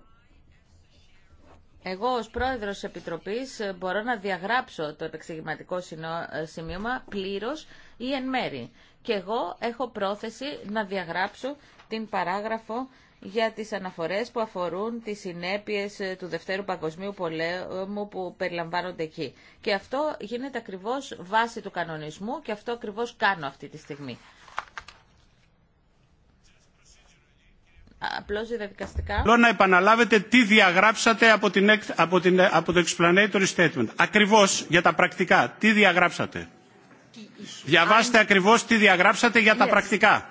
εγώ ως πρόεδρος της Επιτροπής μπορώ να διαγράψω το επεξηγηματικό ε, σημείωμα πλήρως ή εν μέρη. Και εγώ έχω πρόθεση να διαγράψω την παράγραφο για τις αναφορές που αφορούν τις συνέπειες ε, του Δευτέρου Παγκοσμίου Πολέμου που περιλαμβάνονται εκεί. Και αυτό γίνεται ακριβώς βάση του κανονισμού και αυτό ακριβώς κάνω αυτή τη στιγμή. Απλώς διαδικαστικά. Θέλω να επαναλάβετε τι διαγράψατε από, την, από, την, από το explanatory statement. Ακριβώς για τα πρακτικά. Τι διαγράψατε. Διαβάστε ακριβώς τι διαγράψατε για τα πρακτικά.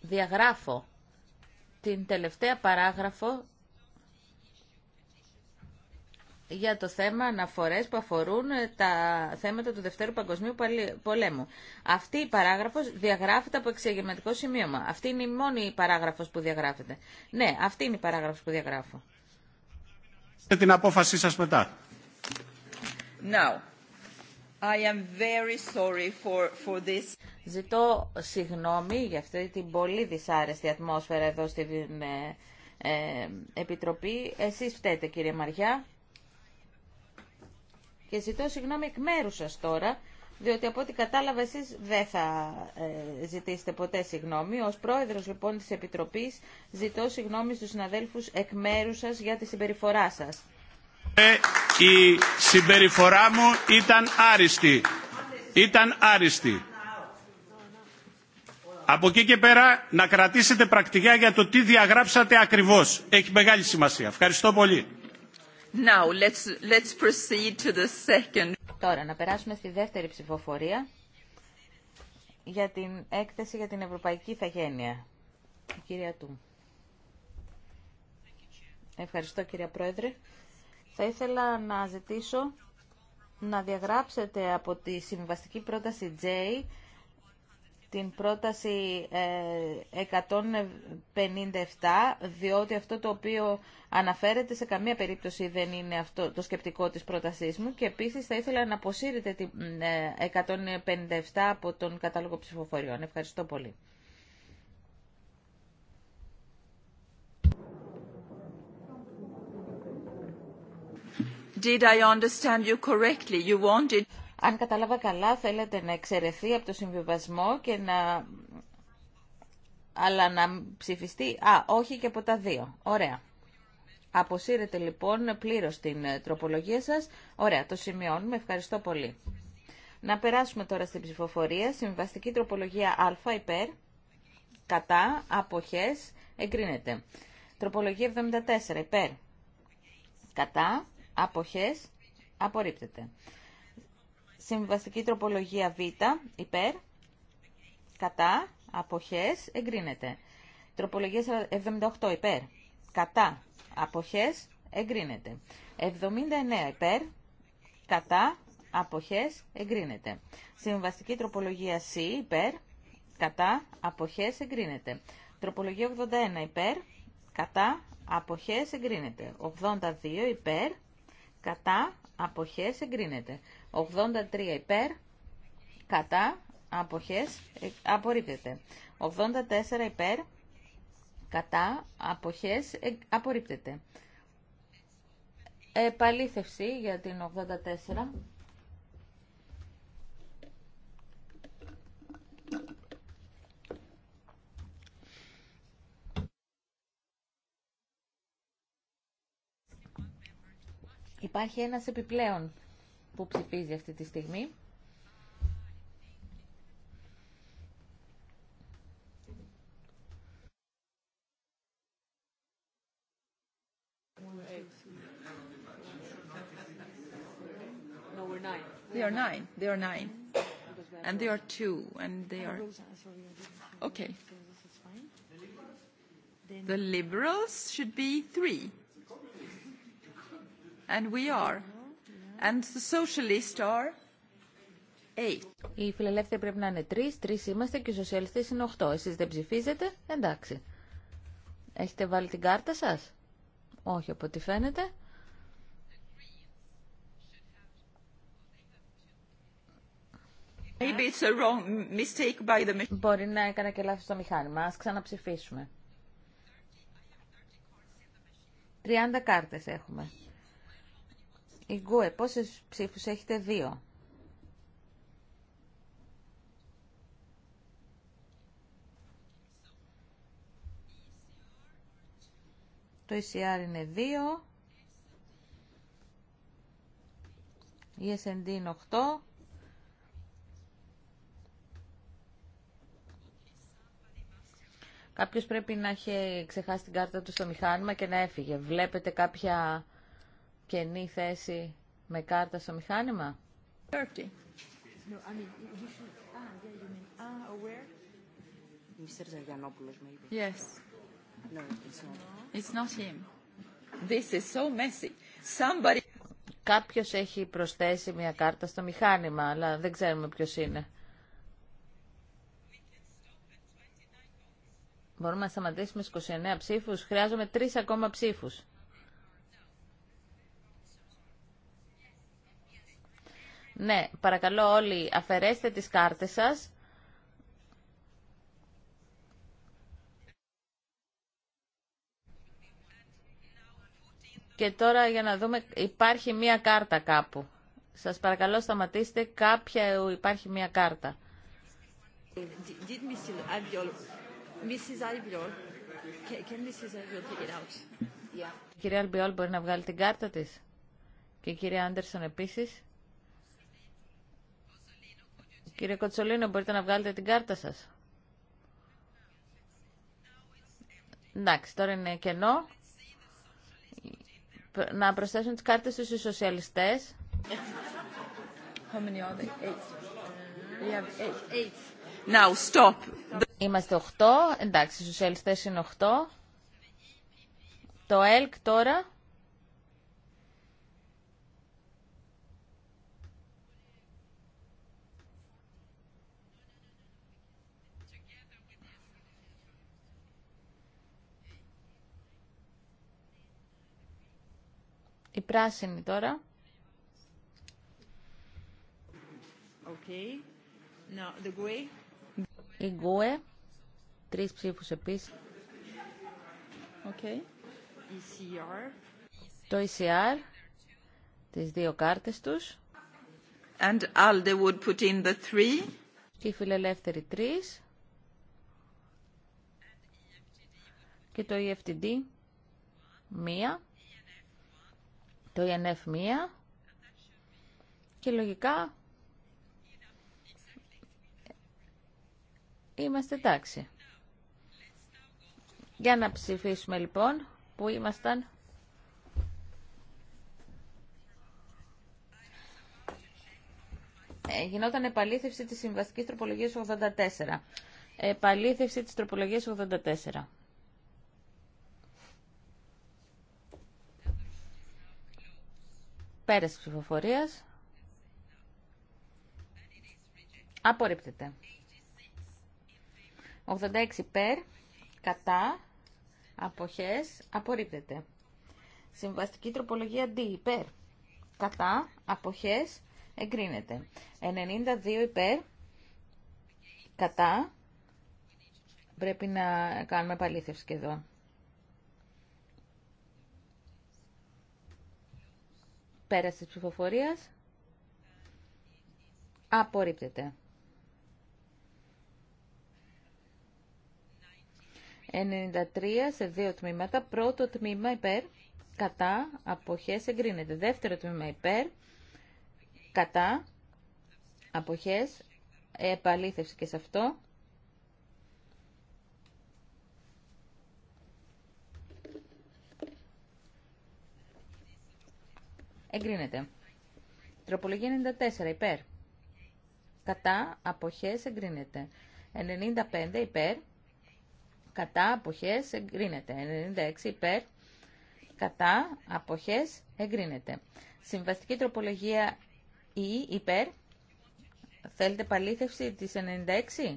Διαγράφω την τελευταία παράγραφο για το θέμα αναφορές που αφορούν ε, τα θέματα του Δευτέρου Παγκοσμίου Πολέμου. Αυτή η παράγραφος διαγράφεται από εξεγερματικό σημείωμα. Αυτή είναι η μόνη παράγραφος που διαγράφεται. Ναι, αυτή είναι η παράγραφος που διαγράφω. Και την απόφασή σας μετά. Now, I am very sorry for, for this. Ζητώ συγγνώμη για αυτή την πολύ δυσάρεστη ατμόσφαιρα εδώ στην ε, ε, Επιτροπή. Εσείς φταίτε κύριε Μαριά. Και ζητώ συγγνώμη εκ μέρου σα τώρα, διότι από ό,τι κατάλαβα εσεί δεν θα ε, ζητήσετε ποτέ συγγνώμη. Ως πρόεδρος λοιπόν της Επιτροπής ζητώ συγγνώμη στου συναδέλφου εκ μέρου σα για τη συμπεριφορά σας. Ε, η συμπεριφορά μου ήταν άριστη. Ήταν άριστη. Από εκεί και πέρα να κρατήσετε πρακτικά για το τι διαγράψατε ακριβώς. Έχει μεγάλη σημασία. Ευχαριστώ πολύ. Now, let's, let's proceed Τώρα, να περάσουμε στη δεύτερη ψηφοφορία για την έκθεση για την Ευρωπαϊκή Ιθαγένεια. κυρία Τούμ. Ευχαριστώ, κυρία Πρόεδρε. Θα ήθελα να ζητήσω να διαγράψετε από τη συμβαστική πρόταση J την πρόταση 157, ε, διότι αυτό το οποίο αναφέρεται σε καμία περίπτωση δεν είναι αυτό το σκεπτικό της πρότασής μου και επίσης θα ήθελα να αποσύρετε την 157 ε, από τον κατάλογο ψηφοφοριών. Ευχαριστώ πολύ. Did I understand you correctly? You wanted... Αν κατάλαβα καλά, θέλετε να εξαιρεθεί από το συμβιβασμό και να... αλλά να ψηφιστεί... Α, όχι και από τα δύο. Ωραία. Αποσύρετε λοιπόν πλήρως την ε, τροπολογία σας. Ωραία, το σημειώνουμε. Ευχαριστώ πολύ. Να περάσουμε τώρα στην ψηφοφορία. Συμβαστική τροπολογία α υπέρ, κατά, αποχές, εγκρίνεται. Τροπολογία 74 υπέρ, κατά, αποχές, απορρίπτεται. Συμβαστική τροπολογία Β, υπέρ, κατά, αποχές, εγκρίνεται. Τροπολογία 78, υπέρ, κατά, αποχές, εγκρίνεται. 79, υπέρ, κατά, αποχές, εγκρίνεται. Συμβαστική τροπολογία C, υπέρ, κατά, αποχές, εγκρίνεται. Τροπολογία 81, υπέρ, κατά, αποχές, εγκρίνεται. 82, υπέρ, κατά, αποχές, εγκρίνεται. 83 υπέρ, κατά, αποχές, ε, απορρίπτεται. 84 υπέρ, κατά, αποχές, ε, απορρίπτεται. Επαλήθευση για την 84. Υπάρχει ένας επιπλέον που ψηφίζει αυτή τη στιγμή. They are nine. They are nine. And they are two. And they are. Okay. The liberals should be three. And we are. Οι φιλελεύθεροι πρέπει να είναι τρει, τρει είμαστε και οι σοσιαλιστέ είναι οχτώ. Εσεί δεν ψηφίζετε, εντάξει. Έχετε βάλει την κάρτα σα, Όχι από ό,τι φαίνεται. Μπορεί να έκανα και λάθος το μηχάνημα. Ας ξαναψηφίσουμε. 30 κάρτες έχουμε. Η Γκουε, πόσες ψήφους έχετε, δύο. Το ECR είναι δύο. Η SND είναι 8. Κάποιος πρέπει να έχει ξεχάσει την κάρτα του στο μηχάνημα και να έφυγε. Βλέπετε κάποια κενή θέση με κάρτα στο μηχάνημα. Κάποιο Κάποιος έχει προσθέσει μια κάρτα στο μηχάνημα, αλλά δεν ξέρουμε ποιος είναι. Μπορούμε να σταματήσουμε στις 29 ψήφους. Χρειάζομαι τρεις ακόμα ψήφους. Ναι, παρακαλώ όλοι αφαιρέστε τις κάρτες σας. Και τώρα για να δούμε, υπάρχει μία κάρτα κάπου. Σας παρακαλώ σταματήστε, κάποια υπάρχει μία κάρτα. Η κυρία Αλμπιόλ μπορεί να βγάλει την κάρτα της. Και η κυρία Άντερσον επίσης. Κύριε Κοτσολίνο, μπορείτε να βγάλετε την κάρτα σας. Εντάξει, τώρα είναι κενό. Να προσθέσουν τις κάρτες τους οι σοσιαλιστές. Είμαστε 8. Εντάξει, οι σοσιαλιστές είναι 8. Το ΕΛΚ τώρα. Η πράσινη τώρα. Okay. Now, the GUE. Η Γκουε, e. τρεις ψήφους επίσης. Okay. ECR. Το ECR, τις δύο κάρτες τους. And Alde would put in the three. Και η φιλελεύθερη τρεις. Και το EFTD, μία το enf 1 και λογικά είμαστε τάξη. Για να ψηφίσουμε λοιπόν που ήμασταν. Ε, γινόταν επαλήθευση της συμβαστικής τροπολογίας 84. Επαλήθευση της τροπολογίας 84. Πέρας της ψηφοφορίας. Απορρίπτεται. 86 υπέρ, κατά, αποχές, απορρίπτεται. Συμβαστική τροπολογία D υπέρ, κατά, αποχές, εγκρίνεται. 92 υπέρ, κατά, πρέπει να κάνουμε επαλήθευση και εδώ. Πέραση της ψηφοφορίας. Απορρίπτεται. 93 σε δύο τμήματα. Πρώτο τμήμα υπέρ, κατά, αποχές εγκρίνεται. Δεύτερο τμήμα υπέρ, κατά, αποχές, επαλήθευση και σε αυτό. εγκρίνεται. Τροπολογία 94 υπέρ. Κατά αποχές εγκρίνεται. 95 υπέρ. Κατά αποχές εγκρίνεται. 96 υπέρ. Κατά αποχές εγκρίνεται. Συμβαστική τροπολογία ή e, υπέρ. Θέλετε παλήθευση της 96.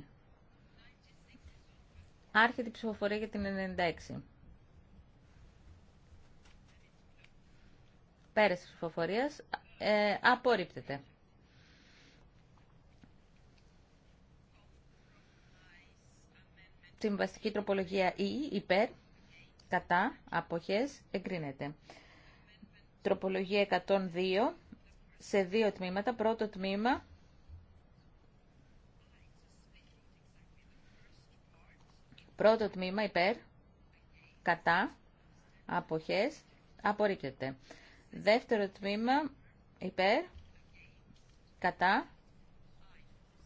Άρχεται η ψηφοφορία για την 96. Πέρας της ψηφοφορίας ε, απορρίπτεται. βασική τροπολογία ή, e, υπέρ, κατά, αποχές, εγκρίνεται. Τροπολογία 102, σε δύο τμήματα. Πρώτο τμήμα, πρώτο τμήμα υπέρ, κατά, αποχές, απορρίπτεται. Δεύτερο τμήμα υπέρ. Κατά.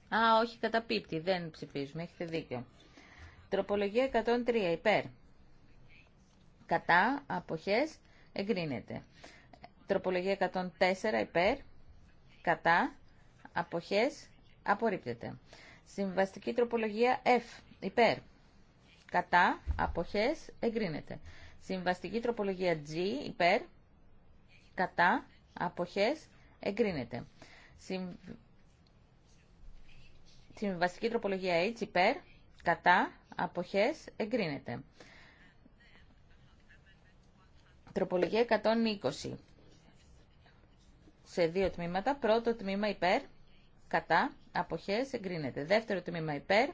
Α, όχι, καταπίπτει. Δεν ψηφίζουμε. Έχετε δίκιο. Τροπολογία 103 υπέρ. Κατά. Αποχές. Εγκρίνεται. Τροπολογία 104 υπέρ. Κατά. Αποχές. Απορρίπτεται. Συμβαστική τροπολογία F. Υπέρ. Κατά. Αποχές. Εγκρίνεται. Συμβαστική τροπολογία G. Υπέρ κατά, αποχές, εγκρίνεται. Συμ... βασική τροπολογία H, υπέρ, κατά, αποχές, εγκρίνεται. Τροπολογία 120. Σε δύο τμήματα. Πρώτο τμήμα υπέρ, κατά, αποχές, εγκρίνεται. Δεύτερο τμήμα υπέρ,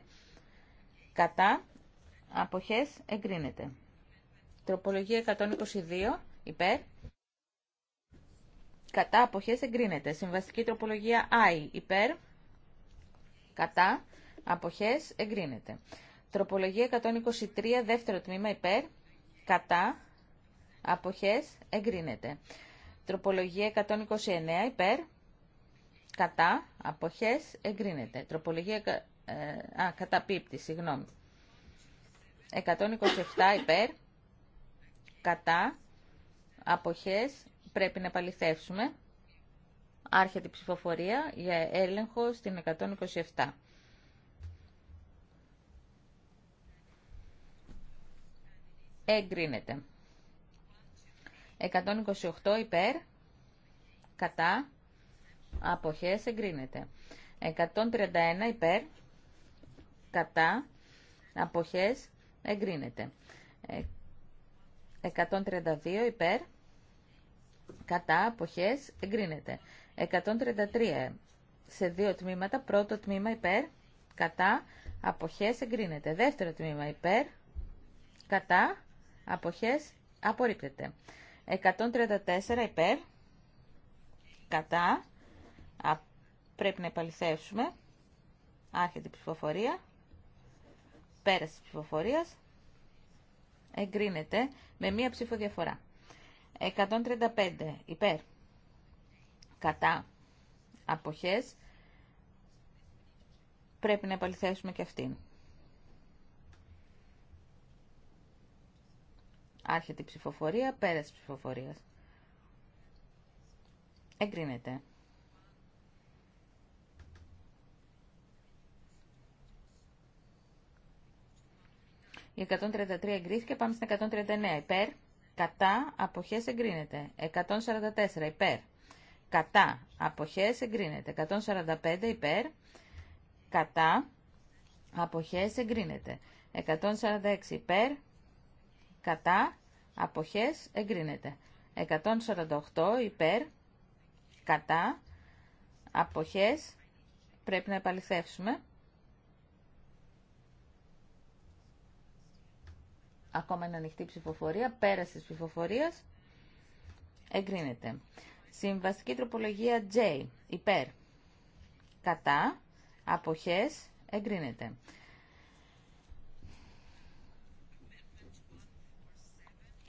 κατά, αποχές, εγκρίνεται. Τροπολογία 122, υπέρ, Κατά απόχέ εγκρίνεται. Συμβαστική τροπολογία I υπέρ. Κατά αποχές εγκρίνεται. Τροπολογία 123 δεύτερο τμήμα υπέρ. Κατά απόχέ, εγκρίνεται. Τροπολογία 129 υπέρ. Κατά αποχές εγκρίνεται. Τροπολογία... Ε, α, πίπτη, συγγνώμη. 127 υπέρ. Κατά αποχές ε, πρέπει να επαληθεύσουμε. Άρχεται η ψηφοφορία για έλεγχο στην 127. Εγκρίνεται. 128 υπέρ, κατά, αποχές εγκρίνεται. 131 υπέρ, κατά, αποχές εγκρίνεται. 132 υπέρ, κατά αποχές εγκρίνεται. 133 σε δύο τμήματα, πρώτο τμήμα υπέρ, κατά αποχές εγκρίνεται. Δεύτερο τμήμα υπέρ, κατά αποχές απορρίπτεται. 134 υπέρ, κατά, α, πρέπει να επαληθεύσουμε, άρχεται η ψηφοφορία, πέραση της ψηφοφορίας, εγκρίνεται με μία ψήφο διαφορά. 135 υπέρ κατά αποχές πρέπει να επαληθέσουμε και αυτήν. Άρχεται η ψηφοφορία, πέρας ψηφοφορίας. Εγκρίνεται. Η 133 εγκρίθηκε, πάμε στην 139 υπέρ. Κατά αποχές εγκρίνεται. 144 υπέρ. Κατά αποχές εγκρίνεται. 145 υπέρ. Κατά αποχές εγκρίνεται. 146 υπέρ. Κατά αποχές εγκρίνεται. 148 υπέρ. Κατά αποχές πρέπει να επαληθεύσουμε. Ακόμα είναι ανοιχτή ψηφοφορία. Πέραση της ψηφοφορίας. Εγκρίνεται. Συμβαστική τροπολογία J. Υπέρ. Κατά. Αποχές. Εγκρίνεται.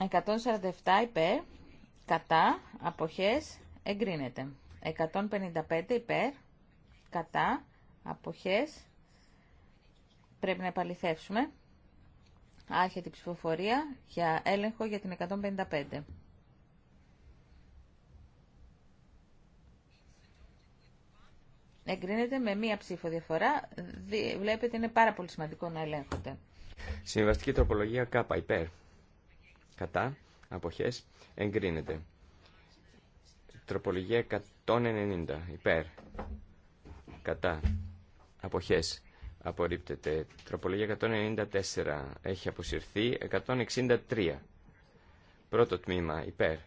«147 υπέρ, κατά, αποχές, εγκρίνεται». «155 υπέρ, κατά, αποχές, πρέπει να επαληθεύσουμε. Άρχεται η ψηφοφορία για έλεγχο για την 155. Εγκρίνεται με μία ψήφο διαφορά. Βλέπετε είναι πάρα πολύ σημαντικό να ελέγχονται. Συμβαστική τροπολογία K υπέρ. Κατά. Αποχές. Εγκρίνεται. Τροπολογία 190 υπέρ. Κατά. Αποχές απορρίπτεται. Τροπολογία 194 έχει αποσυρθεί. 163. Πρώτο τμήμα υπέρ.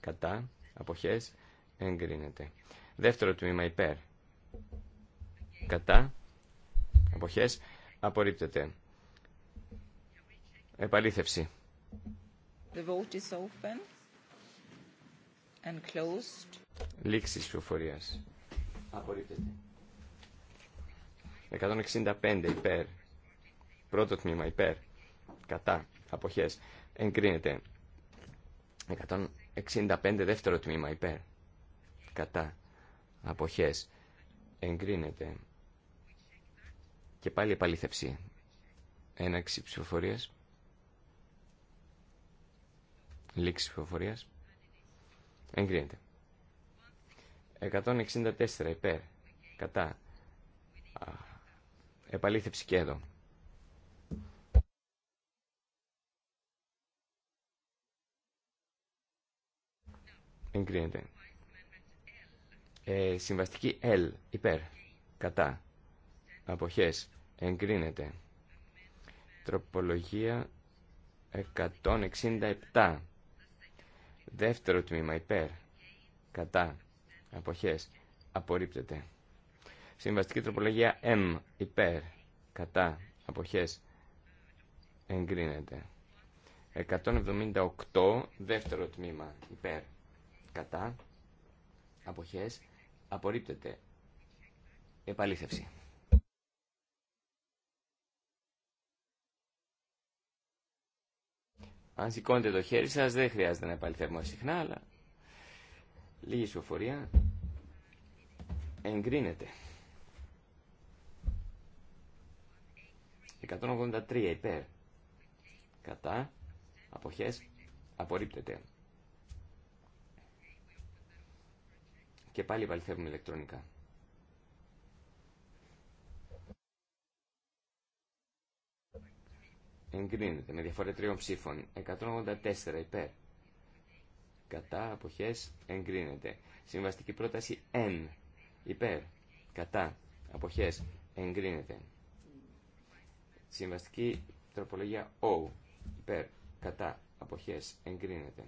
Κατά. Αποχές. Εγκρίνεται. Δεύτερο τμήμα υπέρ. Κατά. Αποχές. Απορρίπτεται. Επαλήθευση. The vote is open and closed. Απορρίπτεται. 165 υπέρ. Πρώτο τμήμα υπέρ. Κατά. Αποχές. Εγκρίνεται. 165 δεύτερο τμήμα υπέρ. Κατά. Αποχές. Εγκρίνεται. Και πάλι επαλήθευση. Έναξη ψηφοφορίας. Λήξη ψηφοφορίας. Εγκρίνεται. 164 υπέρ. Κατά. Επαλήθευση και εδώ. Εγκρίνεται. Ε, συμβαστική L. Υπέρ. Κατά. Αποχές. Εγκρίνεται. Τροπολογία 167. Δεύτερο τμήμα. Υπέρ. Κατά. Αποχές. Απορρίπτεται. Συμβαστική τροπολογία M υπέρ κατά αποχές εγκρίνεται. 178 δεύτερο τμήμα υπέρ κατά αποχές απορρίπτεται. Επαλήθευση. Αν σηκώνετε το χέρι σας δεν χρειάζεται να επαληθεύουμε συχνά αλλά λίγη σοφορία εγκρίνεται. 183 υπέρ. Κατά. Αποχές. Απορρίπτεται. Και πάλι βαλθεύουμε ηλεκτρονικά. Εγκρίνεται με διαφορά τριών ψήφων. 184 υπέρ. Κατά. Αποχές. Εγκρίνεται. Συμβαστική πρόταση N. Υπέρ. Κατά. Αποχές. Εγκρίνεται. Συμβαστική τροπολογία O. Υπέρ. Κατά. Αποχές. Εγκρίνεται.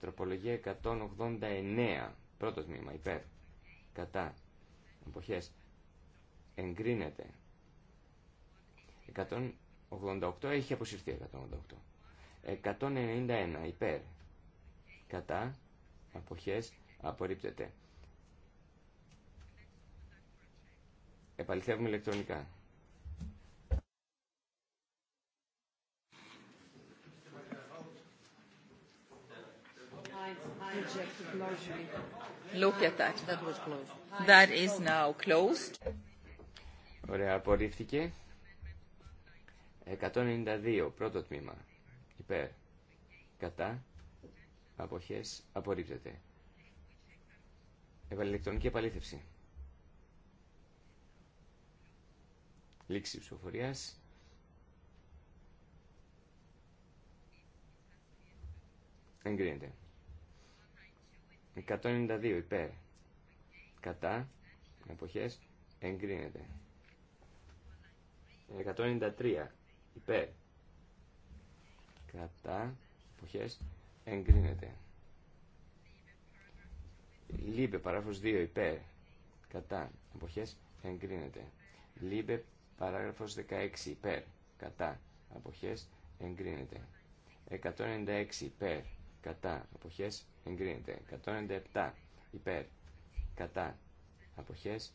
Τροπολογία 189. Πρώτο τμήμα. Υπέρ. Κατά. Αποχές. Εγκρίνεται. 188. Έχει αποσυρθεί 188. 191. Υπέρ. Κατά. Αποχές. Απορρίπτεται. Επαληθεύουμε ηλεκτρονικά. Look at that. That was closed. That is now closed. Ωραία, απορρίφθηκε. 192, πρώτο τμήμα. Υπέρ. Κατά. Αποχές. Απορρίπτεται. Επαλληλεκτρονική επαλήθευση. Λήξη ψηφοφορίας. Εγκρίνεται. 192 υπέρ. Κατά. Εποχές. Εγκρίνεται. 193 υπέρ. Κατά. Εποχές. Εγκρίνεται. Λίμπε παράγραφος 2 υπέρ. Κατά. Εποχές. Εγκρίνεται. Λίμπε παράγραφος 16 υπέρ. Κατά. Αποχές εγκρίνεται. 196 υπέρ. Κατά. Αποχές εγκρίνεται. 197 υπέρ κατά αποχές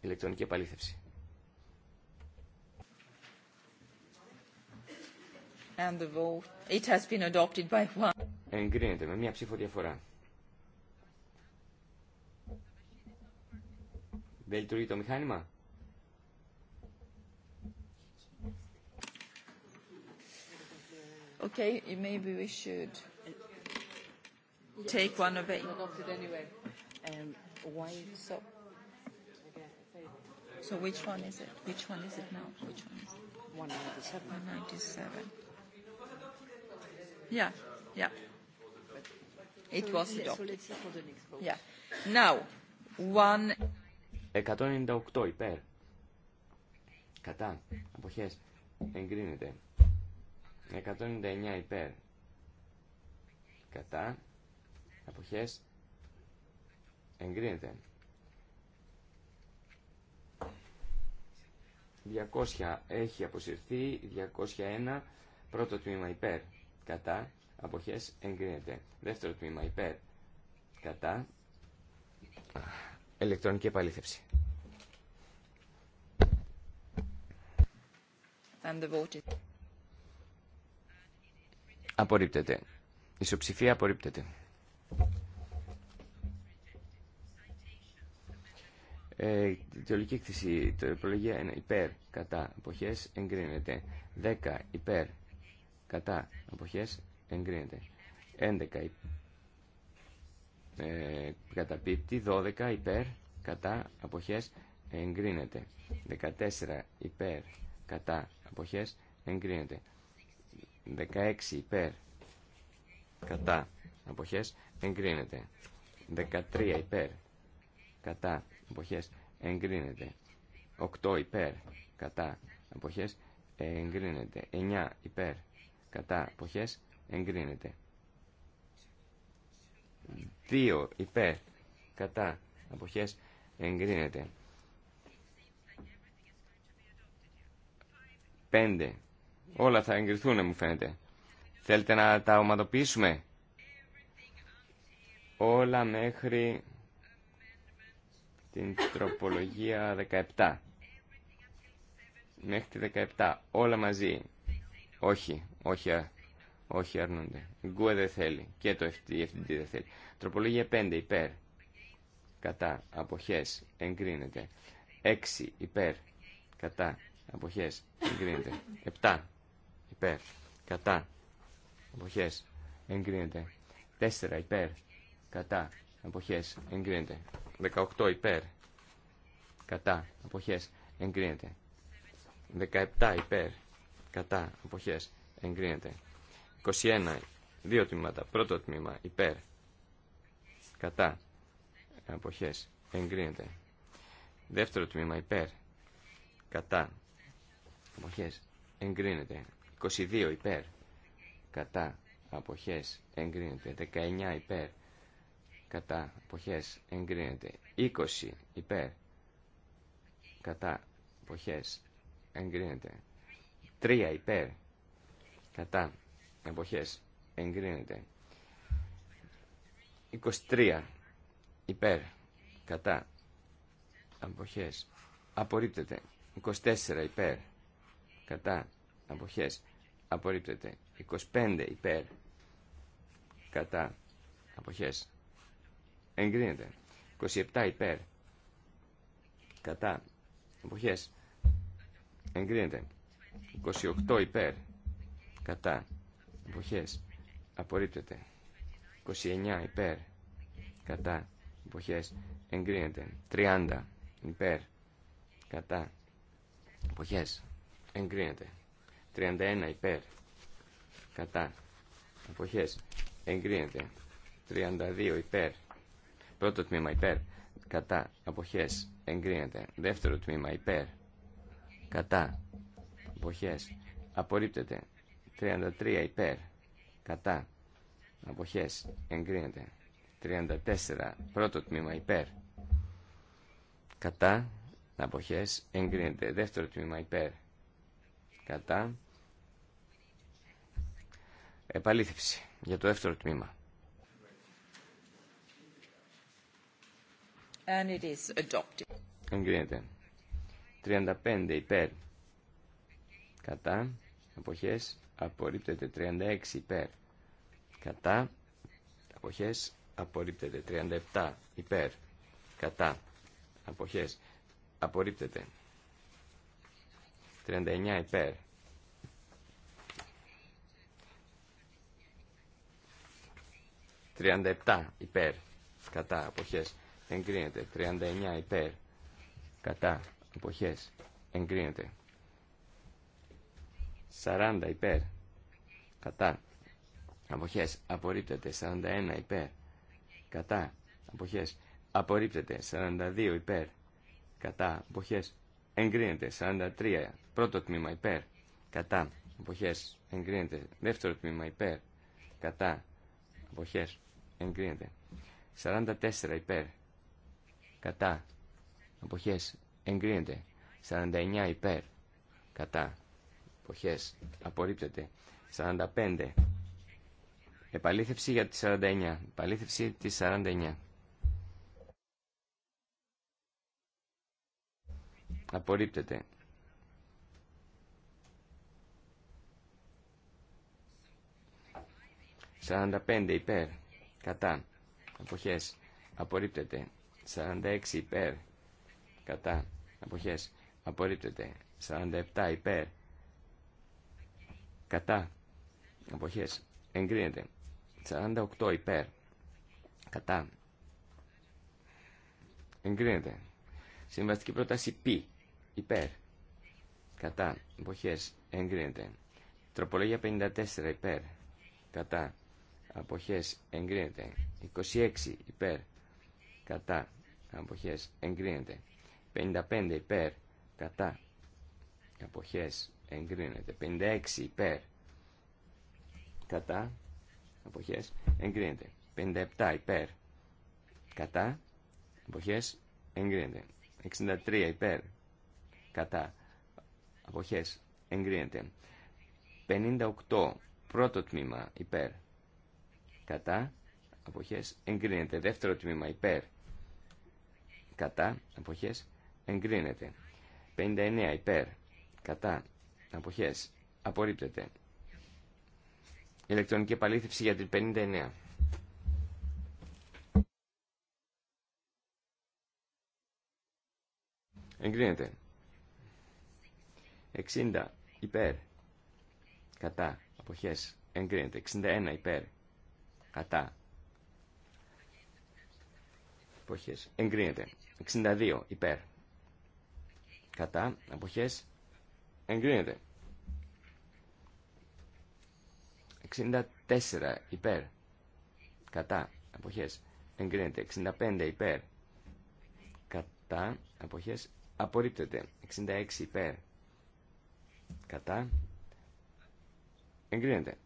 ηλεκτρονική επαλήθευση. And vote. It has been adopted by one. Εγκρίνεται με μία ψήφο διαφορά. Δεν λειτουργεί το μηχάνημα. Okay, maybe we should take one away. Why so? So which one is it? Which one is it now? Which one is it? 197. 197. Yeah, yeah. It was adopted. Yeah. Now, one... 198 υπέρ. Κατά. Αποχές. Εγκρίνεται. 199 υπέρ. Κατά. Αποχές. Εγκρίνεται. 200 έχει αποσυρθεί. 201 πρώτο τμήμα υπέρ. Κατά. Αποχές. Εγκρίνεται. Δεύτερο τμήμα υπέρ. Κατά. Ελεκτρονική επαλήθευση. Απορρίπτεται. Ισοψηφία απορρίπτεται. Ε, τελική εκτισή, το προλογία 1 υπέρ, κατά, αποχές, εγκρίνεται. 10 υπέρ, κατά, αποχές, εγκρίνεται. 11 ε, καταπίπτει, 12 υπέρ, κατά, αποχές, εγκρίνεται. 14 υπέρ, κατά, αποχές, εγκρίνεται. 16 υπέρ, κατά, αποχές, εγκρίνεται εγκρίνεται. 13 υπέρ, κατά, εποχές, εγκρίνεται. 8 υπέρ, κατά, εποχές, εγκρίνεται. 9 υπέρ, κατά, εποχές, εγκρίνεται. 2 υπέρ, κατά, εποχές, εγκρίνεται. 5. Όλα θα εγκριθούν, μου φαίνεται. Θέλετε να τα ομαδοποιήσουμε όλα μέχρι την τροπολογία 17. Μέχρι τη 17. Όλα μαζί. Όχι, όχι, όχι αρνούνται. Γκουε δεν θέλει. Και το FTD δεν θέλει. Τροπολογία 5 υπέρ. Κατά. Αποχές. Εγκρίνεται. 6 υπέρ. Κατά. Αποχές. Εγκρίνεται. 7 υπέρ. Κατά. Αποχές. Εγκρίνεται. 4 υπέρ κατά αποχές εγκρίνεται 18 υπέρ κατά αποχές εγκρίνεται 17 υπέρ κατά αποχές εγκρίνεται 21 δύο τμήματα πρώτο τμήμα υπέρ κατά αποχές εγκρίνεται δεύτερο τμήμα υπέρ κατά αποχές εγκρίνεται 22 υπέρ κατά αποχές εγκρίνεται 19 υπέρ κατά εποχές εγκρίνεται 20 υπέρ κατά εποχές εγκρίνεται 3 υπέρ κατά εποχές εγκρίνεται 23 υπέρ κατά εποχές απορρίπτεται 24 υπέρ κατά εποχές απορρίπτεται 25 υπέρ κατά εποχές εγκρίνεται. 27 υπέρ, κατά, Εποχέ. εγκρίνεται. 28 υπέρ, κατά, Εποχέ. απορρίπτεται. 29 υπέρ, κατά, Εποχέ. εγκρίνεται. 30 υπέρ, κατά, Εποχέ. εγκρίνεται. 31 υπέρ, κατά, Εποχέ. εγκρίνεται. 32 υπέρ, Πρώτο τμήμα υπέρ. Κατά. Αποχές. Εγκρίνεται. Δεύτερο τμήμα υπέρ. Κατά. Αποχές. Απορρίπτεται. 33 υπέρ. Κατά. Αποχές. Εγκρίνεται. 34. Πρώτο τμήμα υπέρ. Κατά. Αποχές. Εγκρίνεται. Δεύτερο τμήμα υπέρ. Κατά. Επαλήθευση για το δεύτερο τμήμα. And it Εγκρίνεται. 35 υπέρ. Κατά. Αποχές. Απορρίπτεται. 36 υπέρ. Κατά. Αποχές. Απορρίπτεται. 37 υπέρ. Κατά. Αποχές. Απορρίπτεται. 39 υπέρ. ...37 υπέρ κατά αποχές εγκρίνεται. 39 υπέρ κατά εποχές εγκρίνεται. 40 υπέρ κατά εποχές απορρίπτεται. 41 υπέρ κατά εποχές απορρίπτεται. 42 υπέρ κατά εποχές εγκρίνεται. 43 πρώτο τμήμα υπέρ κατά εποχές εγκρίνεται. Δεύτερο τμήμα υπέρ κατά εποχές εγκρίνεται. 44 υπέρ κατά εποχέ εγκρίνεται 49 υπέρ κατά αποχές απορρίπτεται 45 επαλήθευση για τη 49 επαλήθευση τη 49 απορρίπτεται «45 υπέρ, κατά, εποχές απορρίπτεται». 46 υπέρ κατά αποχές απορρίπτεται 47 υπέρ κατά αποχές εγκρίνεται 48 υπέρ κατά εγκρίνεται συμβαστική πρόταση π υπέρ κατά αποχές εγκρίνεται τροπολογία 54 υπέρ κατά αποχές εγκρίνεται 26 υπέρ κατά αποχές εγκρίνεται 55 υπέρ κατά αποχές εγκρίνεται 56 υπέρ κατά αποχές εγκρίνεται 57 υπέρ κατά αποχές εγκρίνεται 63 υπέρ κατά αποχές εγκρίνεται 58 πρώτο τμήμα υπέρ κατά αποχές εγκρίνεται δεύτερο τμήμα υπέρ κατά αποχές εγκρίνεται 59 υπέρ κατά αποχές απορρίπτεται ηλεκτρονική επαλήθευση για την 59 εγκρίνεται 60 υπέρ κατά αποχές εγκρίνεται 61 υπέρ κατά αποχές εγκρίνεται 62 υπέρ. Κατά αποχές εγκρίνεται. 64 υπέρ. Κατά αποχές εγκρίνεται. 65 υπέρ. Κατά αποχές απορρίπτεται. 66 υπέρ. Κατά εγκρίνεται.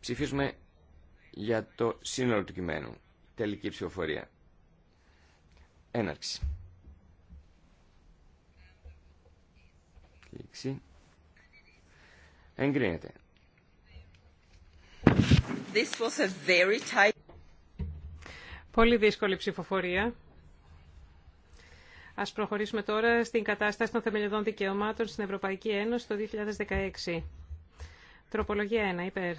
Ψηφίζουμε για το σύνολο του κειμένου. Τελική ψηφοφορία. Έναρξη. Λήξη. Εγκρίνεται. This was a very tight... Πολύ δύσκολη ψηφοφορία. Ας προχωρήσουμε τώρα στην κατάσταση των θεμελιωδών δικαιωμάτων στην Ευρωπαϊκή Ένωση το 2016. Τροπολογία 1. Υπέρ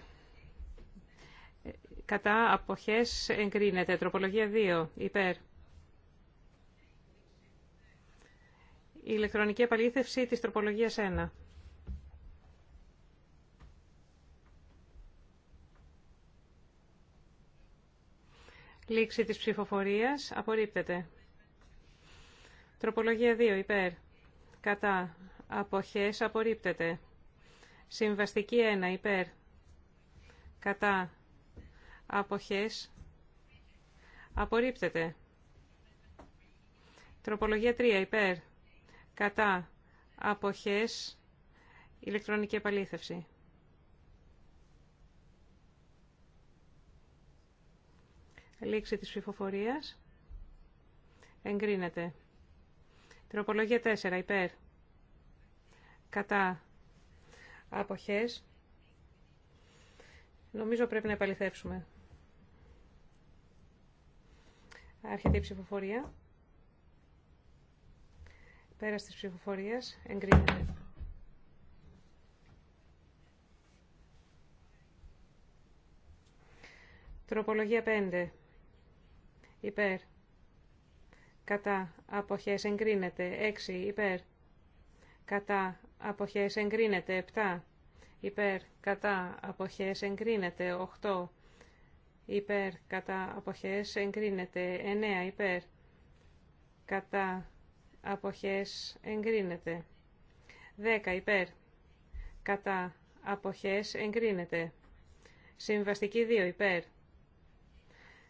κατά αποχές εγκρίνεται. Τροπολογία 2 υπέρ. Η ηλεκτρονική επαλήθευση της τροπολογίας 1. Λήξη της ψηφοφορίας απορρίπτεται. Τροπολογία 2 υπέρ. Κατά. Αποχές απορρίπτεται. Συμβαστική 1 υπέρ. Κατά αποχές απορρίπτεται. Τροπολογία 3 υπέρ κατά αποχές ηλεκτρονική επαλήθευση. Λήξη της ψηφοφορίας. Εγκρίνεται. Τροπολογία 4 υπέρ κατά αποχές. Νομίζω πρέπει να επαληθεύσουμε. Άρχεται ψηφοφορία. Πέρα τη ψηφοφορία εγκρίνεται. Τροπολογία 5. Υπέρ. Κατά. Αποχές εγκρίνεται. 6. Υπέρ. Κατά. Αποχές εγκρίνεται. 7. Υπέρ. Κατά. Αποχές εγκρίνεται. 8 υπέρ κατά αποχές εγκρίνεται 9 υπέρ κατά αποχές εγκρίνεται 10 υπέρ κατά αποχές εγκρίνεται συμβαστική 2 υπέρ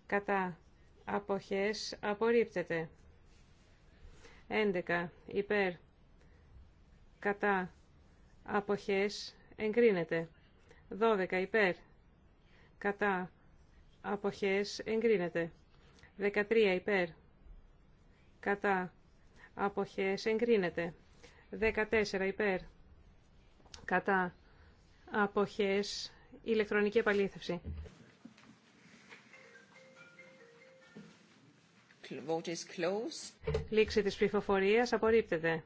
κατά αποχές απορρίπτεται 11 υπέρ κατά αποχές εγκρίνεται 12 υπέρ κατά αποχές εγκρίνεται. 13 υπέρ κατά αποχές εγκρίνεται. 14 υπέρ κατά αποχές ηλεκτρονική επαλήθευση. Λήξη της ψηφοφορίας απορρίπτεται.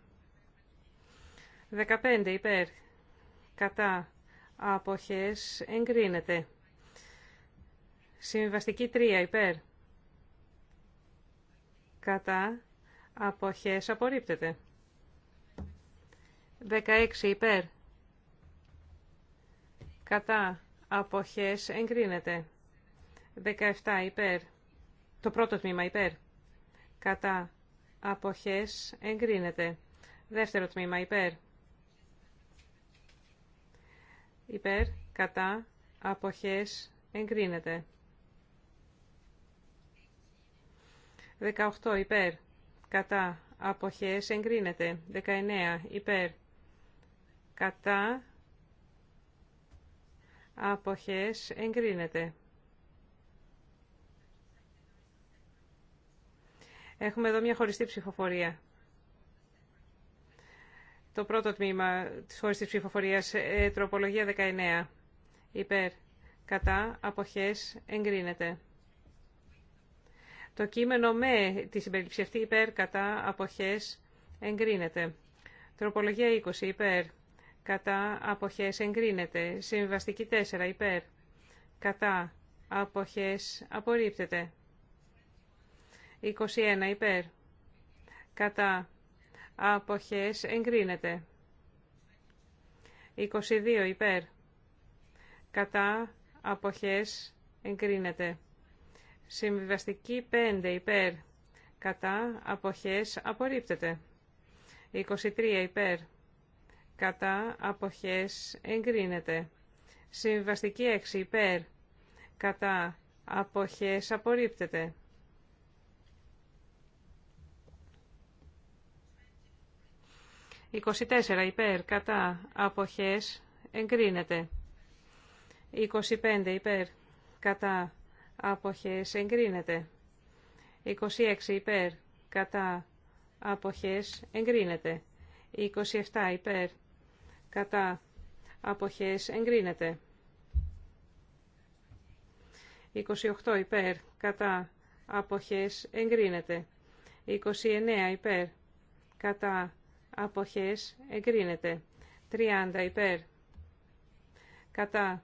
15 υπέρ κατά αποχές εγκρίνεται. Συμβαστική 3 υπέρ. Κατά αποχές απορρίπτεται. 16 υπέρ. Κατά αποχές εγκρίνεται. 17 υπέρ. Το πρώτο τμήμα υπέρ. Κατά αποχές εγκρίνεται. Δεύτερο τμήμα υπέρ. Υπέρ. Κατά αποχές εγκρίνεται. 18 υπέρ, κατά, αποχές εγκρίνεται. 19 υπέρ, κατά, αποχές εγκρίνεται. Έχουμε εδώ μια χωριστή ψηφοφορία. Το πρώτο τμήμα της χωριστής ψηφοφορίας, ε, τροπολογία 19. Υπέρ, κατά, αποχές, εγκρίνεται. Το κείμενο με τη συμπεριληψη υπέρ κατά αποχές εγκρίνεται. Τροπολογία 20 υπέρ κατά αποχές εγκρίνεται. Συμβαστική 4 υπέρ κατά αποχές απορρίπτεται. 21 υπέρ κατά αποχές εγκρίνεται. 22 υπέρ κατά αποχές εγκρίνεται. Συμβιβαστική 5 υπέρ. Κατά αποχές απορρίπτεται. 23 υπέρ. Κατά αποχές εγκρίνεται. Συμβιβαστική 6 υπέρ. Κατά αποχές απορρίπτεται. 24 υπέρ. Κατά αποχές εγκρίνεται. 25 υπέρ. Κατά αποχές εγκρίνεται. 26 υπέρ κατά αποχές εγκρίνεται. 27 υπέρ κατά αποχές εγκρίνεται. 28 υπέρ κατά αποχές εγκρίνεται. 29 υπέρ κατά αποχές εγκρίνεται. 30 υπέρ κατά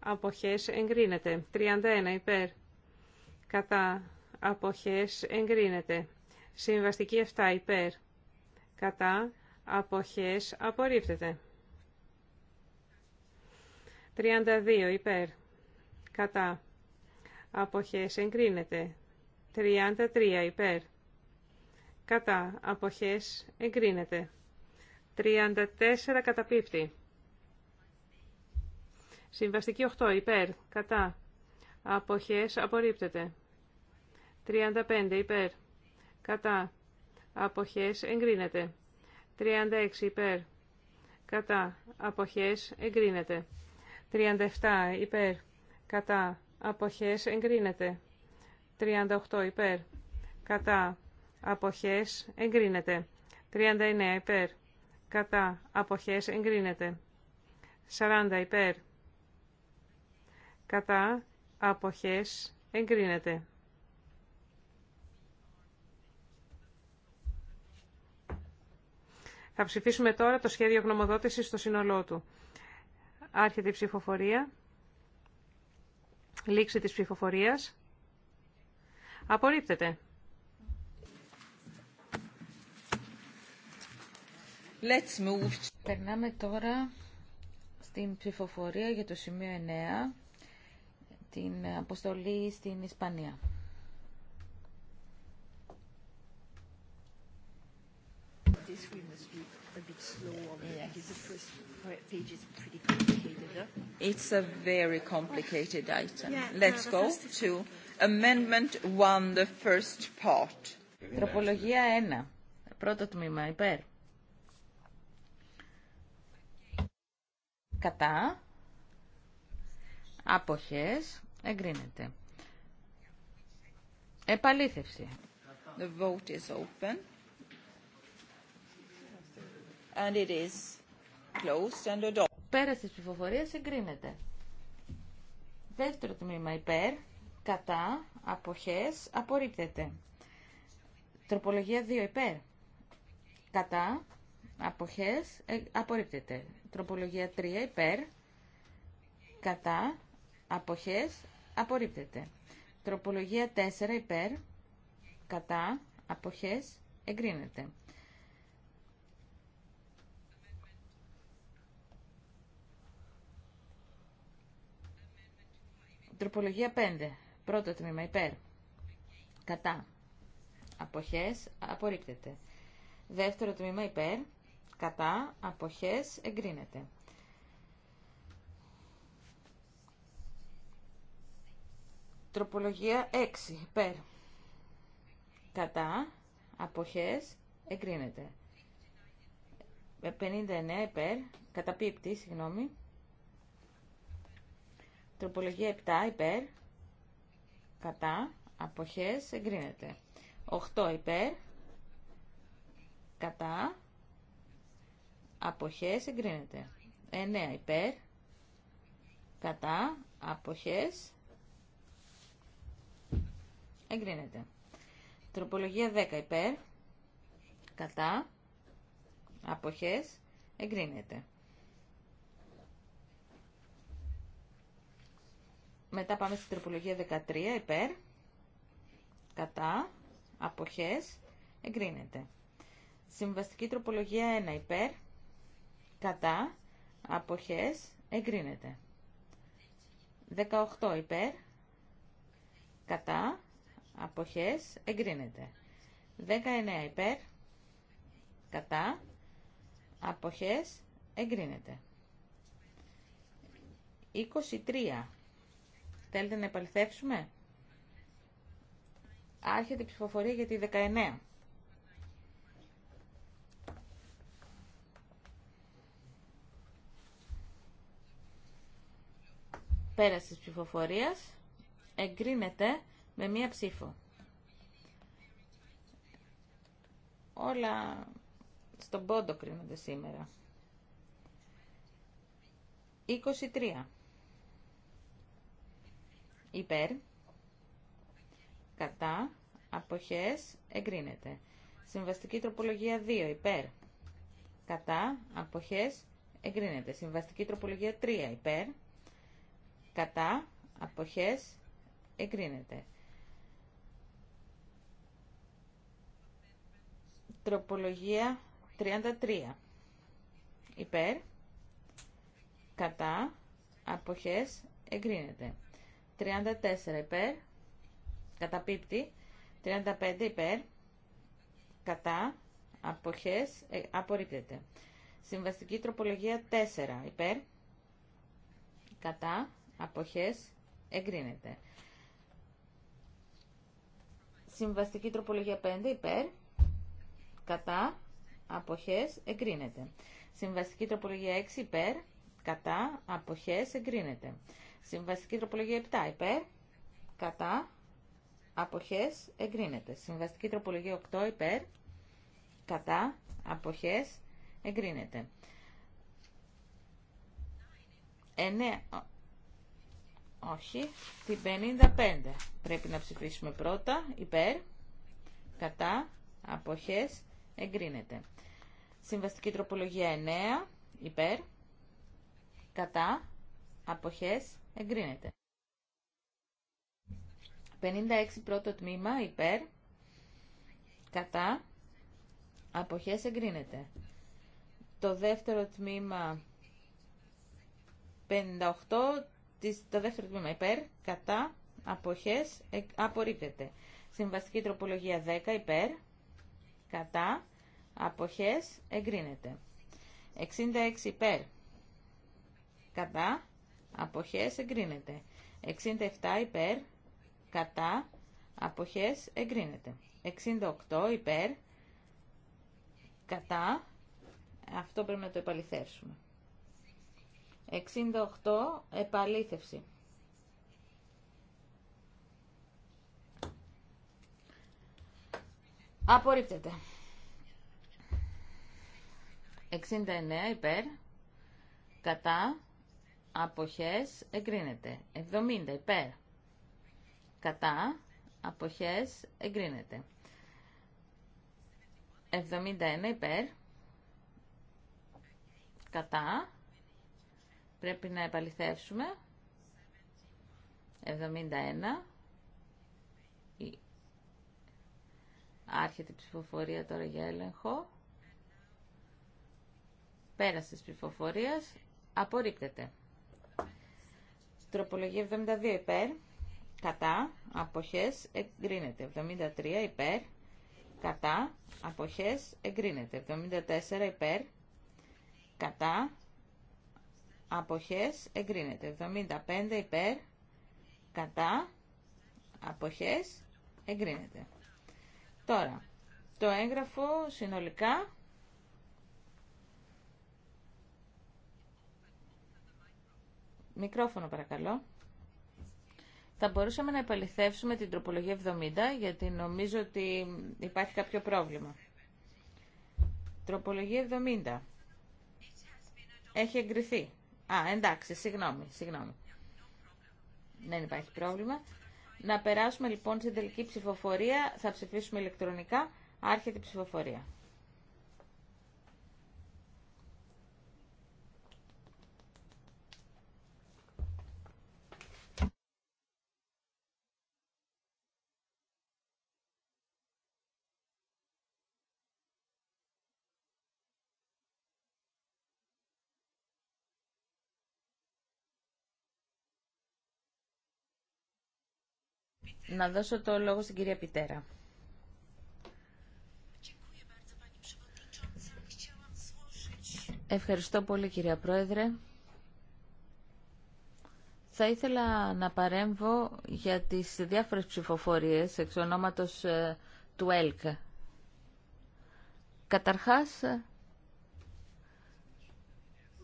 αποχές εγκρίνεται. 31 υπέρ κατά αποχές εγκρίνεται. Συμβαστική 7 υπέρ κατά αποχές απορρίπτεται. 32 υπέρ κατά αποχές εγκρίνεται. 33 υπέρ κατά αποχές εγκρίνεται. 34 καταπίπτει. Συμβαστική 8 υπέρ, κατά. Αποχές απορρίπτεται. 35 υπέρ, κατά. Αποχές εγκρίνεται. 36 υπέρ, κατά. Αποχές εγκρίνεται. 37 υπέρ, κατά. Αποχές εγκρίνεται. 38 υπέρ, κατά. Αποχές εγκρίνεται. 39 υπέρ, κατά. Αποχές εγκρίνεται. 40 υπέρ, κατά αποχές εγκρίνεται. Θα ψηφίσουμε τώρα το σχέδιο γνωμοδότησης στο σύνολό του. Άρχεται η ψηφοφορία. Λήξη της ψηφοφορίας. Απορρίπτεται. Let's move. Περνάμε τώρα στην ψηφοφορία για το σημείο 9 την αποστολή στην Ισπανία. It's a very complicated item. Let's go to Amendment 1, the first part. Τροπολογία 1. Πρώτο τμήμα, υπέρ. Κατά. Αποχές. Εγκρίνεται. Επαλήθευση. The vote is open. And it is closed and adopted. Πέρα της ψηφοφορίας εγκρίνεται. Δεύτερο τμήμα υπέρ, κατά, αποχές, απορρίπτεται. Τροπολογία 2 υπέρ, κατά, αποχές, ε, απορρίπτεται. Τροπολογία 3 υπέρ, κατά, αποχές απορρίπτεται. Τροπολογία 4 υπέρ, κατά, αποχές εγκρίνεται. Τροπολογία 5. Πρώτο τμήμα υπέρ. Κατά. Αποχές απορρίπτεται. Δεύτερο τμήμα υπέρ. Κατά. Αποχές εγκρίνεται. Τροπολογία 6 υπέρ. Κατά. Αποχές. Εγκρίνεται. 59 υπέρ. Καταπίπτει, συγγνώμη. Τροπολογία 7 υπέρ. Κατά. Αποχές. Εγκρίνεται. 8 υπέρ. Κατά. Αποχές. Εγκρίνεται. 9 υπέρ. Κατά. Αποχές εγκρίνεται. Τροπολογία 10 υπέρ, κατά, αποχές, εγκρίνεται. Μετά πάμε στην τροπολογία 13 υπέρ, κατά, αποχές, εγκρίνεται. Συμβαστική τροπολογία 1 υπέρ, κατά, αποχές, εγκρίνεται. 18 υπέρ, κατά, αποχές εγκρίνεται. 19 υπέρ, κατά, αποχές εγκρίνεται. 23. Θέλετε να επαληθεύσουμε. Άρχεται η ψηφοφορία για τη 19. Πέραση ψηφοφορίας εγκρίνεται με μία ψήφο. Όλα στον πόντο κρίνονται σήμερα. 23. Υπέρ. Κατά. Αποχές. Εγκρίνεται. Συμβαστική τροπολογία 2. Υπέρ. Κατά. Αποχές. Εγκρίνεται. Συμβαστική τροπολογία 3. Υπέρ. Κατά. Αποχές. Εγκρίνεται. Τροπολογία 33. Υπέρ. Κατά. Αποχές. Εγκρίνεται. 34 υπέρ. Καταπίπτει. 35 υπέρ. Κατά. Αποχές. Ε, απορρίπτεται. Συμβαστική τροπολογία 4 υπέρ. Κατά. Αποχές. Εγκρίνεται. Συμβαστική τροπολογία 5 υπέρ κατά, αποχές, εγκρίνεται. Συμβαστική τροπολογία 6 υπέρ, κατά, αποχές, εγκρίνεται. Συμβαστική τροπολογία 7 υπέρ, κατά, αποχές, εγκρίνεται. Συμβαστική τροπολογία 8 υπέρ, κατά, αποχές, εγκρίνεται. 9, όχι, την 55 πρέπει να ψηφίσουμε πρώτα, υπέρ, κατά, αποχές, εγκρίνεται. Συμβαστική τροπολογία 9, υπέρ, κατά, αποχές, εγκρίνεται. 56 πρώτο τμήμα, υπέρ, κατά, αποχές, εγκρίνεται. Το δεύτερο τμήμα, 58, το δεύτερο τμήμα υπέρ, κατά, αποχές, ε, απορρίπτεται. Συμβαστική τροπολογία 10 υπέρ, κατά, Αποχές εγκρίνεται. 66 υπέρ. Κατά. Αποχές εγκρίνεται. 67 υπέρ. Κατά. Αποχές εγκρίνεται. 68 υπέρ. Κατά. Αυτό πρέπει να το επαληθεύσουμε. 68 επαλήθευση. Απορρίπτεται. 69 υπέρ, κατά, αποχές, εγκρίνεται. 70 υπέρ, κατά, αποχές, εγκρίνεται. 71 υπέρ, κατά, πρέπει να επαληθεύσουμε. 71 Άρχεται η ψηφοφορία τώρα για έλεγχο. Πέρας της ψηφοφορίας απορρίπτεται. Τροπολογία 72 υπέρ, κατά, αποχές, εγκρίνεται. 73 υπέρ, κατά, αποχές, εγκρίνεται. 74 υπέρ, κατά, αποχές, εγκρίνεται. 75 υπέρ, κατά, αποχές, εγκρίνεται. Τώρα, το έγγραφο συνολικά Μικρόφωνο παρακαλώ. Θα μπορούσαμε να επαληθεύσουμε την τροπολογία 70, γιατί νομίζω ότι υπάρχει κάποιο πρόβλημα. Τροπολογία 70. Έχει εγκριθεί. Α, εντάξει, συγγνώμη, συγγνώμη. Δεν υπάρχει πρόβλημα. Να περάσουμε λοιπόν στην τελική ψηφοφορία. Θα ψηφίσουμε ηλεκτρονικά. Άρχεται η ψηφοφορία. Να δώσω το λόγο στην κυρία Πιτέρα. Ευχαριστώ πολύ κυρία Πρόεδρε. Θα ήθελα να παρέμβω για τις διάφορες ψηφοφορίες εξ ονόματος ε, του ΕΛΚ. Καταρχάς, ε,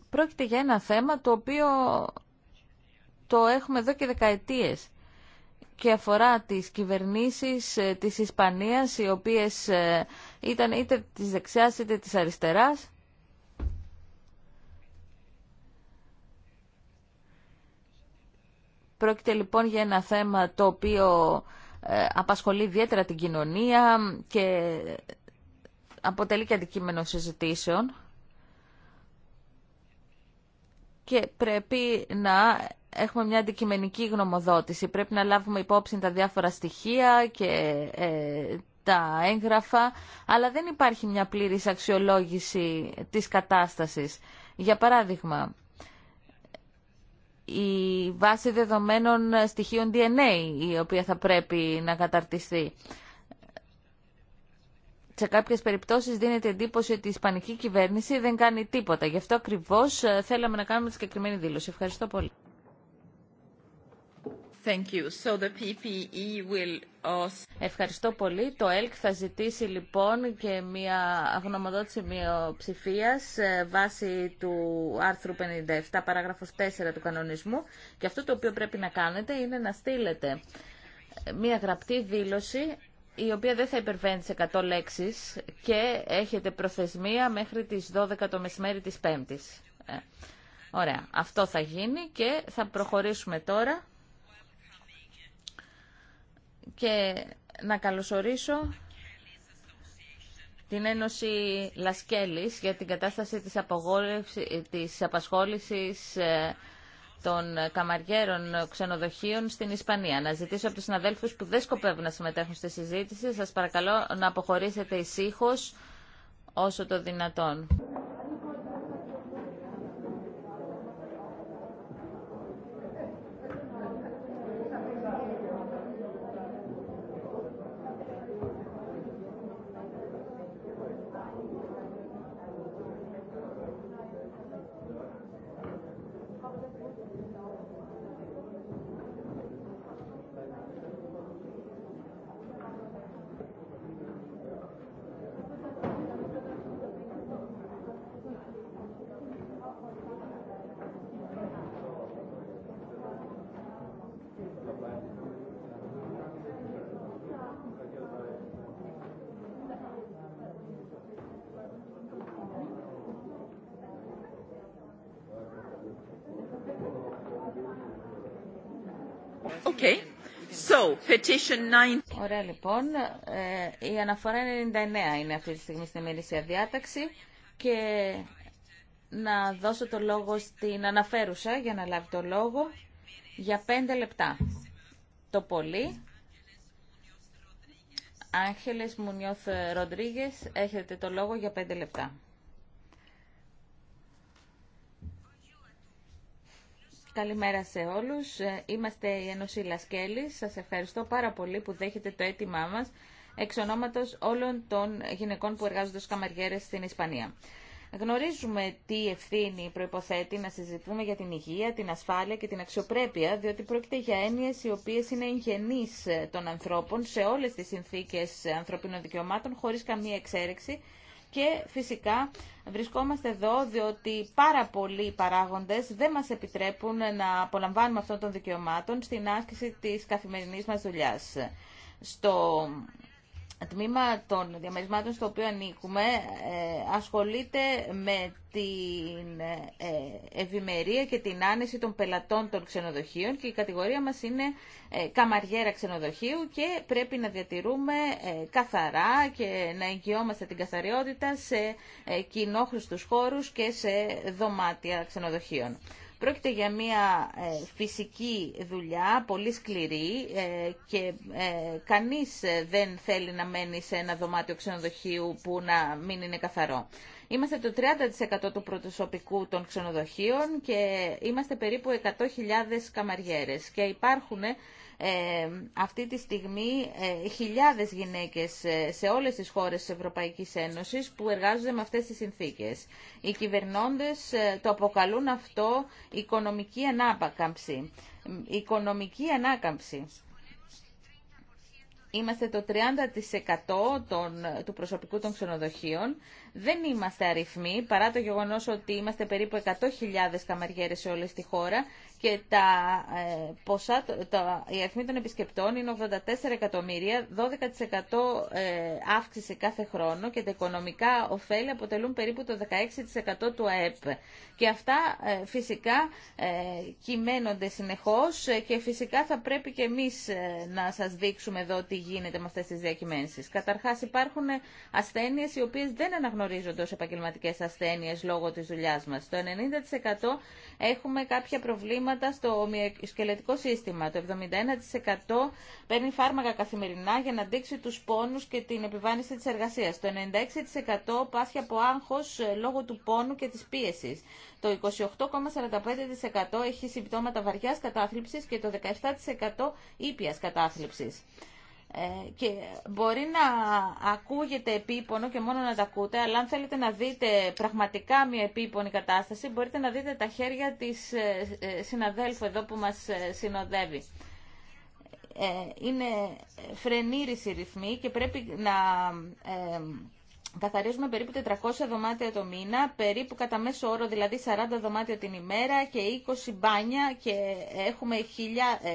πρόκειται για ένα θέμα το οποίο το έχουμε εδώ και δεκαετίες και αφορά τις κυβερνήσεις ε, της Ισπανίας οι οποίες ε, ήταν είτε της δεξιάς είτε της αριστεράς. Πρόκειται λοιπόν για ένα θέμα το οποίο ε, απασχολεί ιδιαίτερα την κοινωνία και αποτελεί και αντικείμενο συζητήσεων και πρέπει να έχουμε μια αντικειμενική γνωμοδότηση. Πρέπει να λάβουμε υπόψη τα διάφορα στοιχεία και ε, τα έγγραφα, αλλά δεν υπάρχει μια πλήρης αξιολόγηση της κατάστασης. Για παράδειγμα, η βάση δεδομένων στοιχείων DNA, η οποία θα πρέπει να καταρτιστεί. Σε κάποιες περιπτώσεις δίνεται εντύπωση ότι η Ισπανική κυβέρνηση δεν κάνει τίποτα. Γι' αυτό ακριβώς ε, θέλαμε να κάνουμε τη συγκεκριμένη δήλωση. Ευχαριστώ πολύ. E Ευχαριστώ πολύ. Το ΕΛΚ θα ζητήσει λοιπόν και μια γνωμοδότηση μειοψηφία ε, βάσει του άρθρου 57 παράγραφος 4 του κανονισμού και αυτό το οποίο πρέπει να κάνετε είναι να στείλετε ε, μια γραπτή δήλωση η οποία δεν θα υπερβαίνει σε 100 λέξεις και έχετε προθεσμία μέχρι τις 12 το μεσημέρι της Πέμπτης. Ε, ωραία. Αυτό θα γίνει και θα προχωρήσουμε τώρα και να καλωσορίσω την Ένωση Λασκέλης για την κατάσταση της, της απασχόλησης ε, των καμαριέρων ξενοδοχείων στην Ισπανία. Να ζητήσω από τους συναδέλφους που δεν σκοπεύουν να συμμετέχουν στη συζήτηση, σας παρακαλώ να αποχωρήσετε ησύχως όσο το δυνατόν. 9. Ωραία λοιπόν, ε, η αναφορά 99 είναι αυτή τη στιγμή στην ημερήσια διάταξη και να δώσω το λόγο στην αναφέρουσα για να λάβει το λόγο για 5 λεπτά. Το πολύ. Άγχελες Μουνιώθ Ροντρίγες, έχετε το λόγο για 5 λεπτά. Καλημέρα σε όλους. Ε, είμαστε η Ένωση Λασκέλη. Σας ευχαριστώ πάρα πολύ που δέχετε το αίτημά μας εξ ονόματος όλων των γυναικών που εργάζονται ως καμαριέρες στην Ισπανία. Γνωρίζουμε τι ευθύνη προϋποθέτει να συζητούμε για την υγεία, την ασφάλεια και την αξιοπρέπεια, διότι πρόκειται για έννοιες οι οποίες είναι εγγενεί των ανθρώπων σε όλες τις συνθήκες ανθρωπίνων δικαιωμάτων, χωρίς καμία εξαίρεξη και φυσικά βρισκόμαστε εδώ διότι πάρα πολλοί παράγοντες δεν μας επιτρέπουν να απολαμβάνουμε αυτών των δικαιωμάτων στην άσκηση της καθημερινής μας δουλειάς. Στο τμήμα των διαμερισμάτων στο οποίο ανήκουμε ε, ασχολείται με την ε, ε, ευημερία και την άνεση των πελατών των ξενοδοχείων και η κατηγορία μας είναι καμαριέρα ξενοδοχείου και πρέπει να διατηρούμε καθαρά και να εγγυόμαστε την καθαριότητα σε κοινόχρηστους χώρους και σε δωμάτια ξενοδοχείων. Πρόκειται για μια ε, φυσική δουλειά, πολύ σκληρή ε, και ε, κανείς δεν θέλει να μένει σε ένα δωμάτιο ξενοδοχείου που να μην είναι καθαρό. Είμαστε το 30% του πρωτοσωπικού των ξενοδοχείων και είμαστε περίπου 100.000 καμαριέρες και υπάρχουν ε, αυτή τη στιγμή ε, χιλιάδες γυναίκες ε, σε όλες τις χώρες της Ευρωπαϊκής Ένωσης που εργάζονται με αυτές τις συνθήκες. Οι κυβερνώντες το αποκαλούν αυτό οικονομική ανάπακαμψη. Οικονομική ανάκαμψη. Είμαστε το 30% των, του προσωπικού των ξενοδοχείων δεν είμαστε αριθμοί, παρά το γεγονός ότι είμαστε περίπου 100.000 καμαριέρες σε όλη τη χώρα και τα, ε, ποσά, το η αριθμή των επισκεπτών είναι 84 εκατομμύρια, 12% ε, αύξηση κάθε χρόνο και τα οικονομικά ωφέλη αποτελούν περίπου το 16% του ΑΕΠ. Και αυτά ε, φυσικά ε, κυμαίνονται συνεχώς ε, και φυσικά θα πρέπει και εμείς να σας δείξουμε εδώ τι γίνεται με αυτές τις διακυμένσεις. Καταρχάς υπάρχουν ασθένειες οι οποίες δεν αναγνωρίζονται γνωρίζονται ως επαγγελματικές ασθένειες λόγω της δουλειάς μας. Το 90% έχουμε κάποια προβλήματα στο ομοιοσκελετικό σύστημα. Το 71% παίρνει φάρμακα καθημερινά για να δείξει τους πόνους και την επιβάρυνση της εργασίας. Το 96% πάθει από άγχος ε, λόγω του πόνου και της πίεσης. Το 28,45% έχει συμπτώματα βαριάς κατάθλιψης και το 17% ήπιας κατάθλιψης. Ε, και μπορεί να ακούγεται επίπονο και μόνο να τα ακούτε, αλλά αν θέλετε να δείτε πραγματικά μια επίπονη κατάσταση, μπορείτε να δείτε τα χέρια της ε, ε, συναδέλφου εδώ που μας συνοδεύει. Είναι φρενήρηση η ρυθμή και πρέπει να Καθαρίζουμε περίπου 400 δωμάτια το μήνα, περίπου κατά μέσο όρο δηλαδή 40 δωμάτια την ημέρα και 20 μπάνια και έχουμε χιλιά, ε,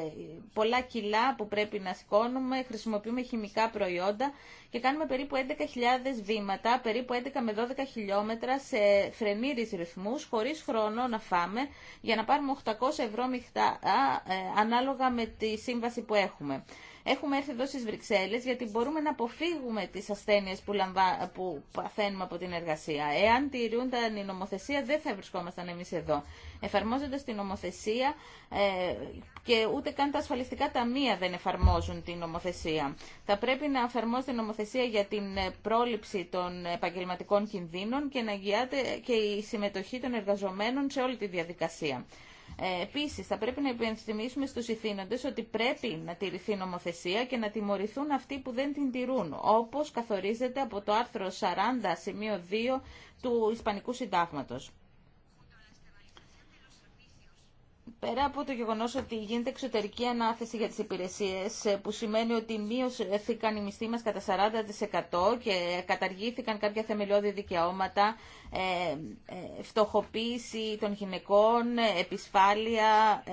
πολλά κιλά που πρέπει να σηκώνουμε, χρησιμοποιούμε χημικά προϊόντα και κάνουμε περίπου 11.000 βήματα, περίπου 11 με 12 χιλιόμετρα σε φρενήρις ρυθμούς, χωρίς χρόνο να φάμε, για να πάρουμε 800 ευρώ μειχτά, ε, ανάλογα με τη σύμβαση που έχουμε έχουμε έρθει εδώ στις Βρυξέλλες γιατί μπορούμε να αποφύγουμε τις ασθένειες που, λαμβα... παθαίνουμε από την εργασία. Εάν τηρούνταν η νομοθεσία δεν θα βρισκόμασταν εμείς εδώ. Εφαρμόζοντας την νομοθεσία ε, και ούτε καν τα ασφαλιστικά ταμεία δεν εφαρμόζουν την νομοθεσία. Θα πρέπει να εφαρμόζεται η νομοθεσία για την ε, πρόληψη των επαγγελματικών κινδύνων και να αγκιάται και η συμμετοχή των εργαζομένων σε όλη τη διαδικασία. Ε, Επίση, θα πρέπει να υπενθυμίσουμε στου ηθήνοντε ότι πρέπει να τηρηθεί νομοθεσία και να τιμωρηθούν αυτοί που δεν την τηρούν, όπω καθορίζεται από το άρθρο 40, σημείο 2 του Ισπανικού Συντάγματος. Πέρα από το γεγονό ότι γίνεται εξωτερική ανάθεση για τι υπηρεσίε, ε, που σημαίνει ότι μείωθηκαν οι μισθοί μα κατά 40% και καταργήθηκαν κάποια θεμελιώδη δικαιώματα, ε, ε, φτωχοποίηση των γυναικών, επισφάλεια,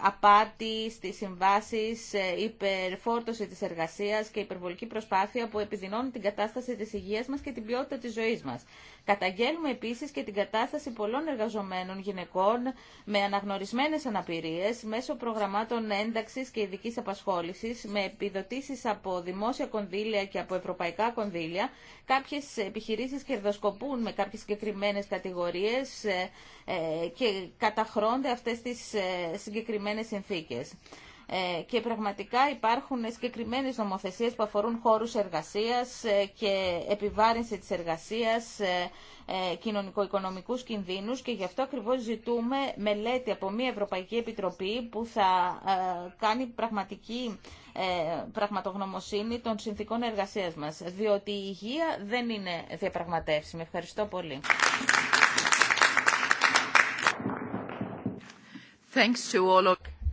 απάτη στι συμβάσει, υπερφόρτωση τη εργασία και υπερβολική προσπάθεια που επιδεινώνουν την κατάσταση τη υγεία μα και την ποιότητα τη ζωή μα. Καταγγέλνουμε επίσης και την κατάσταση πολλών εργαζομένων γυναικών με αναγνωρισμένες αναπηρίες μέσω προγραμμάτων ένταξης και ειδικής απασχόλησης με επιδοτήσεις από δημόσια κονδύλια και από ευρωπαϊκά κονδύλια. Κάποιε επιχειρήσει κερδοσκοπούν με κάποιε συγκεκριμένες κατηγορίες ε, ε, και καταχρώνται αυτές τι ε, συγκεκριμένε συνθήκε. Ε, και πραγματικά υπάρχουν συγκεκριμένες νομοθεσίες που αφορούν χώρους εργασίας ε, και επιβάρυνση της εργασίας, ε, κοινωνικο-οικονομικούς κινδύνους και γι' αυτό ακριβώς ζητούμε μελέτη από μια Ευρωπαϊκή Επιτροπή που θα κάνει πραγματική πραγματογνωμοσύνη των συνθήκων εργασίας μας, διότι η υγεία δεν είναι διαπραγματεύσιμη. Ευχαριστώ πολύ.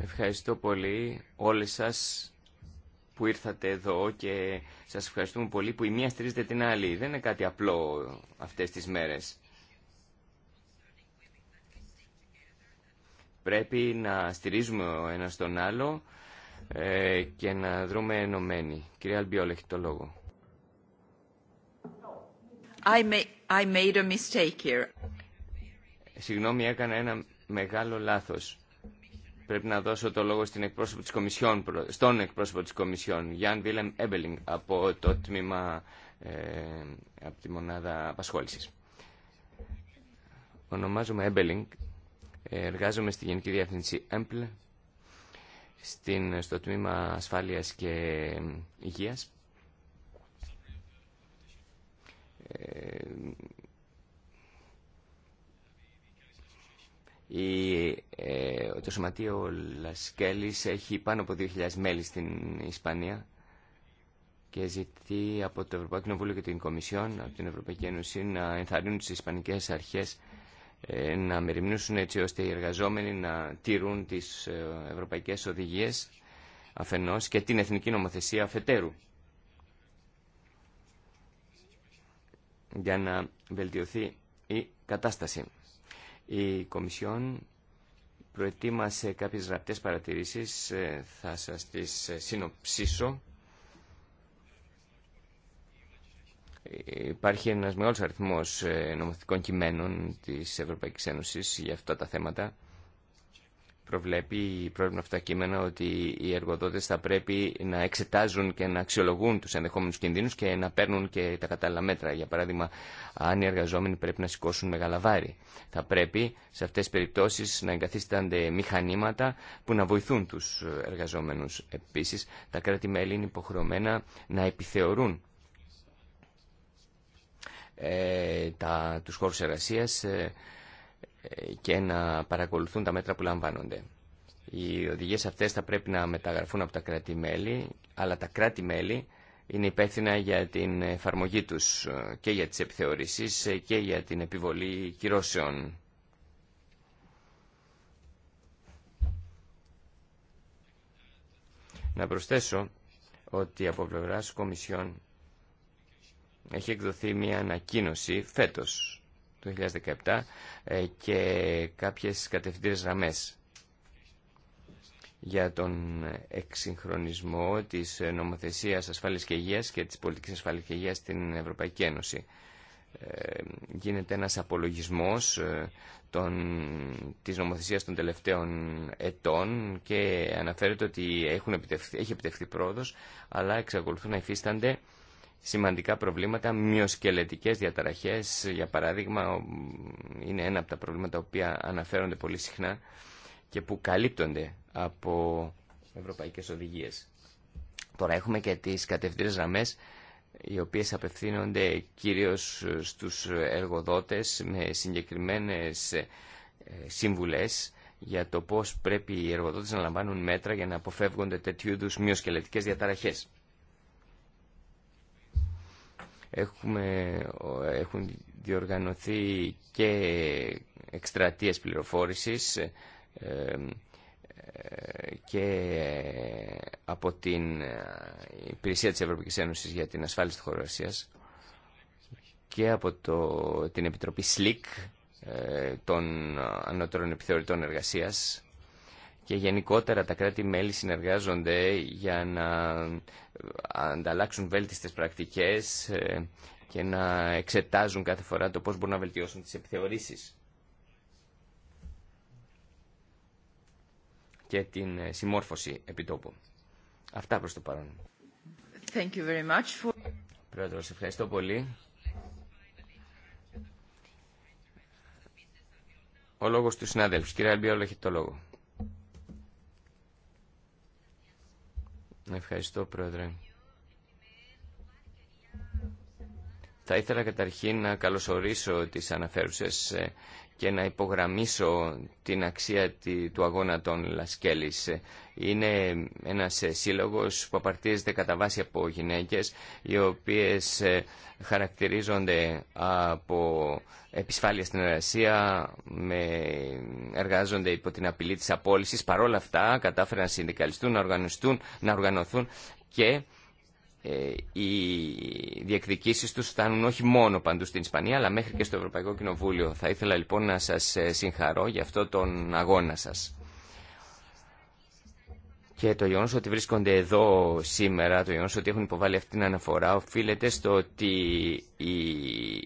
Ευχαριστώ πολύ όλες σας που ήρθατε εδώ και σας ευχαριστούμε πολύ που η μία στηρίζεται την άλλη. Δεν είναι κάτι απλό αυτές τις μέρες. Πρέπει να στηρίζουμε ο ένας τον άλλο ε, και να δρούμε ενωμένοι. Κυρία Αλμπιόλ, το λόγο. I, Συγγνώμη, έκανα ένα μεγάλο λάθος πρέπει να δώσω το λόγο στην εκπρόσωπο της Κομισιόν, στον εκπρόσωπο της Κομισιόν, Γιάνν Βίλεμ Έμπελινγκ, από το τμήμα, ε, από τη μονάδα απασχόληση. Ονομάζομαι Έμπελινγκ, εργάζομαι στη Γενική Διεύθυνση ΕΜΠΛ, στην, στο τμήμα ασφάλειας και υγείας. Ε, Η, ε, το σωματείο Λασκέλης έχει πάνω από 2.000 μέλη στην Ισπανία και ζητεί από το Ευρωπαϊκό Κοινοβούλιο και την Κομισιόν, από την Ευρωπαϊκή Ένωση, να ενθαρρύνουν τις Ισπανικές αρχές ε, να μεριμνήσουν έτσι ώστε οι εργαζόμενοι να τηρούν τις ε, ευρωπαϊκές οδηγίες αφενός και την εθνική νομοθεσία αφετέρου. για να βελτιωθεί η κατάσταση. Η Κομισιόν προετοίμασε κάποιες γραπτές παρατηρήσεις, ε, θα σας τις ε, συνοψίσω. Υπάρχει ένας μεγάλος αριθμός ε, νομοθετικών κειμένων της Ευρωπαϊκής Ένωσης για αυτά τα θέματα προβλέπει η πρόεδρο αυτά κείμενα ότι οι εργοδότες θα πρέπει να εξετάζουν και να αξιολογούν τους ενδεχόμενου κινδύνους και να παίρνουν και τα κατάλληλα μέτρα. Για παράδειγμα, αν οι εργαζόμενοι πρέπει να σηκώσουν μεγάλα βάρη. Θα πρέπει σε αυτές τις περιπτώσεις να εγκαθίστανται μηχανήματα που να βοηθούν του εργαζόμενου. Επίση, τα κράτη-μέλη είναι υποχρεωμένα να επιθεωρούν ε, τα, τους χώρους εργασίας, ε, και να παρακολουθούν τα μέτρα που λαμβάνονται. Οι οδηγίες αυτές θα πρέπει να μεταγραφούν από τα κράτη-μέλη, αλλά τα κράτη-μέλη είναι υπεύθυνα για την εφαρμογή τους ε, και για τις επιθεωρήσεις ε, και για την επιβολή κυρώσεων. Να προσθέσω ότι από πλευράς Κομισιόν έχει εκδοθεί μια ανακοίνωση φέτος 2017 ε, και κάποιες κατευθυντήρες γραμμές για τον εξυγχρονισμό της νομοθεσίας ασφάλειας και υγείας και της πολιτικής ασφάλειας και υγείας στην Ευρωπαϊκή Ένωση. Ε, γίνεται ένας απολογισμός ε, των, της νομοθεσίας των τελευταίων ετών και αναφέρεται ότι έχουν έχει επιτευχθεί πρόοδος αλλά εξακολουθούν να υφίστανται σημαντικά προβλήματα, μειοσκελετικές διαταραχές, για παράδειγμα, είναι ένα από τα προβλήματα οποία αναφέρονται πολύ συχνά και που καλύπτονται από ευρωπαϊκές οδηγίες. Τώρα έχουμε και τις κατευθύνες γραμμές, οι οποίες απευθύνονται κυρίως στους εργοδότες με συγκεκριμένες ε, συμβουλές για το πώς πρέπει οι εργοδότες να λαμβάνουν μέτρα για να αποφεύγονται τέτοιου είδου μειοσκελετικές διαταραχές. Έχουμε, έχουν διοργανωθεί και εκστρατείες πληροφόρησης ε, ε, και από την ε, Υπηρεσία της Ευρωπαϊκής Ένωσης για την Ασφάλεια της χωροασίας και από το, την Επιτροπή ΣΛΙΚ των Ανώτερων Επιθεωρητών Εργασίας και γενικότερα τα κράτη-μέλη συνεργάζονται για να ε, ανταλλάξουν βέλτιστες πρακτικές ε, και να εξετάζουν κάθε φορά το πώς μπορούν να βελτιώσουν τις επιθεωρήσεις και την ε, συμμόρφωση επιτόπου. Αυτά προς το παρόν. Thank you very much for... ευχαριστώ πολύ. Ο λόγος του συνάδελφου. Κύριε Αλμπιόλο, έχετε το λόγο. Ευχαριστώ, Πρόεδρε. Θα ήθελα καταρχήν να καλωσορίσω τις αναφέρουσες ε, και να υπογραμμίσω την αξία του αγώνα των Λασκέλης. Είναι ένας σύλλογος που απαρτίζεται κατά βάση από γυναίκες οι οποίες ε, χαρακτηρίζονται από επισφάλεια στην εργασία, με... εργάζονται υπό την απειλή της απόλυσης. Παρόλα αυτά κατάφεραν να συνδικαλιστούν, να να οργανωθούν και ε, οι διεκδικήσεις τους φτάνουν όχι μόνο παντού στην Ισπανία αλλά μέχρι και στο Ευρωπαϊκό Κοινοβούλιο. Θα ήθελα λοιπόν να σας ε, συγχαρώ για αυτό τον αγώνα σας. Και το γεγονό ότι βρίσκονται εδώ σήμερα, το γεγονό ότι έχουν υποβάλει αυτή την αναφορά, οφείλεται στο ότι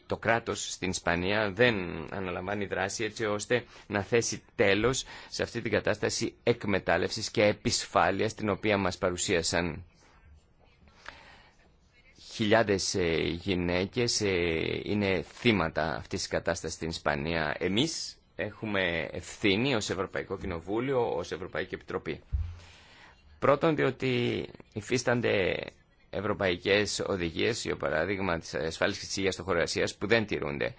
το κράτο στην Ισπανία δεν αναλαμβάνει δράση έτσι ώστε να θέσει τέλο σε αυτή την κατάσταση εκμετάλλευση και επισφάλεια την οποία μα παρουσίασαν χιλιάδες ε, γυναίκες ε, είναι θύματα αυτής της κατάστασης στην Ισπανία. Εμείς έχουμε ευθύνη ως Ευρωπαϊκό Κοινοβούλιο, ως Ευρωπαϊκή Επιτροπή. Πρώτον, διότι υφίστανται ευρωπαϊκές οδηγίες, για παράδειγμα της ασφάλισης και της υγείας στο που δεν τηρούνται.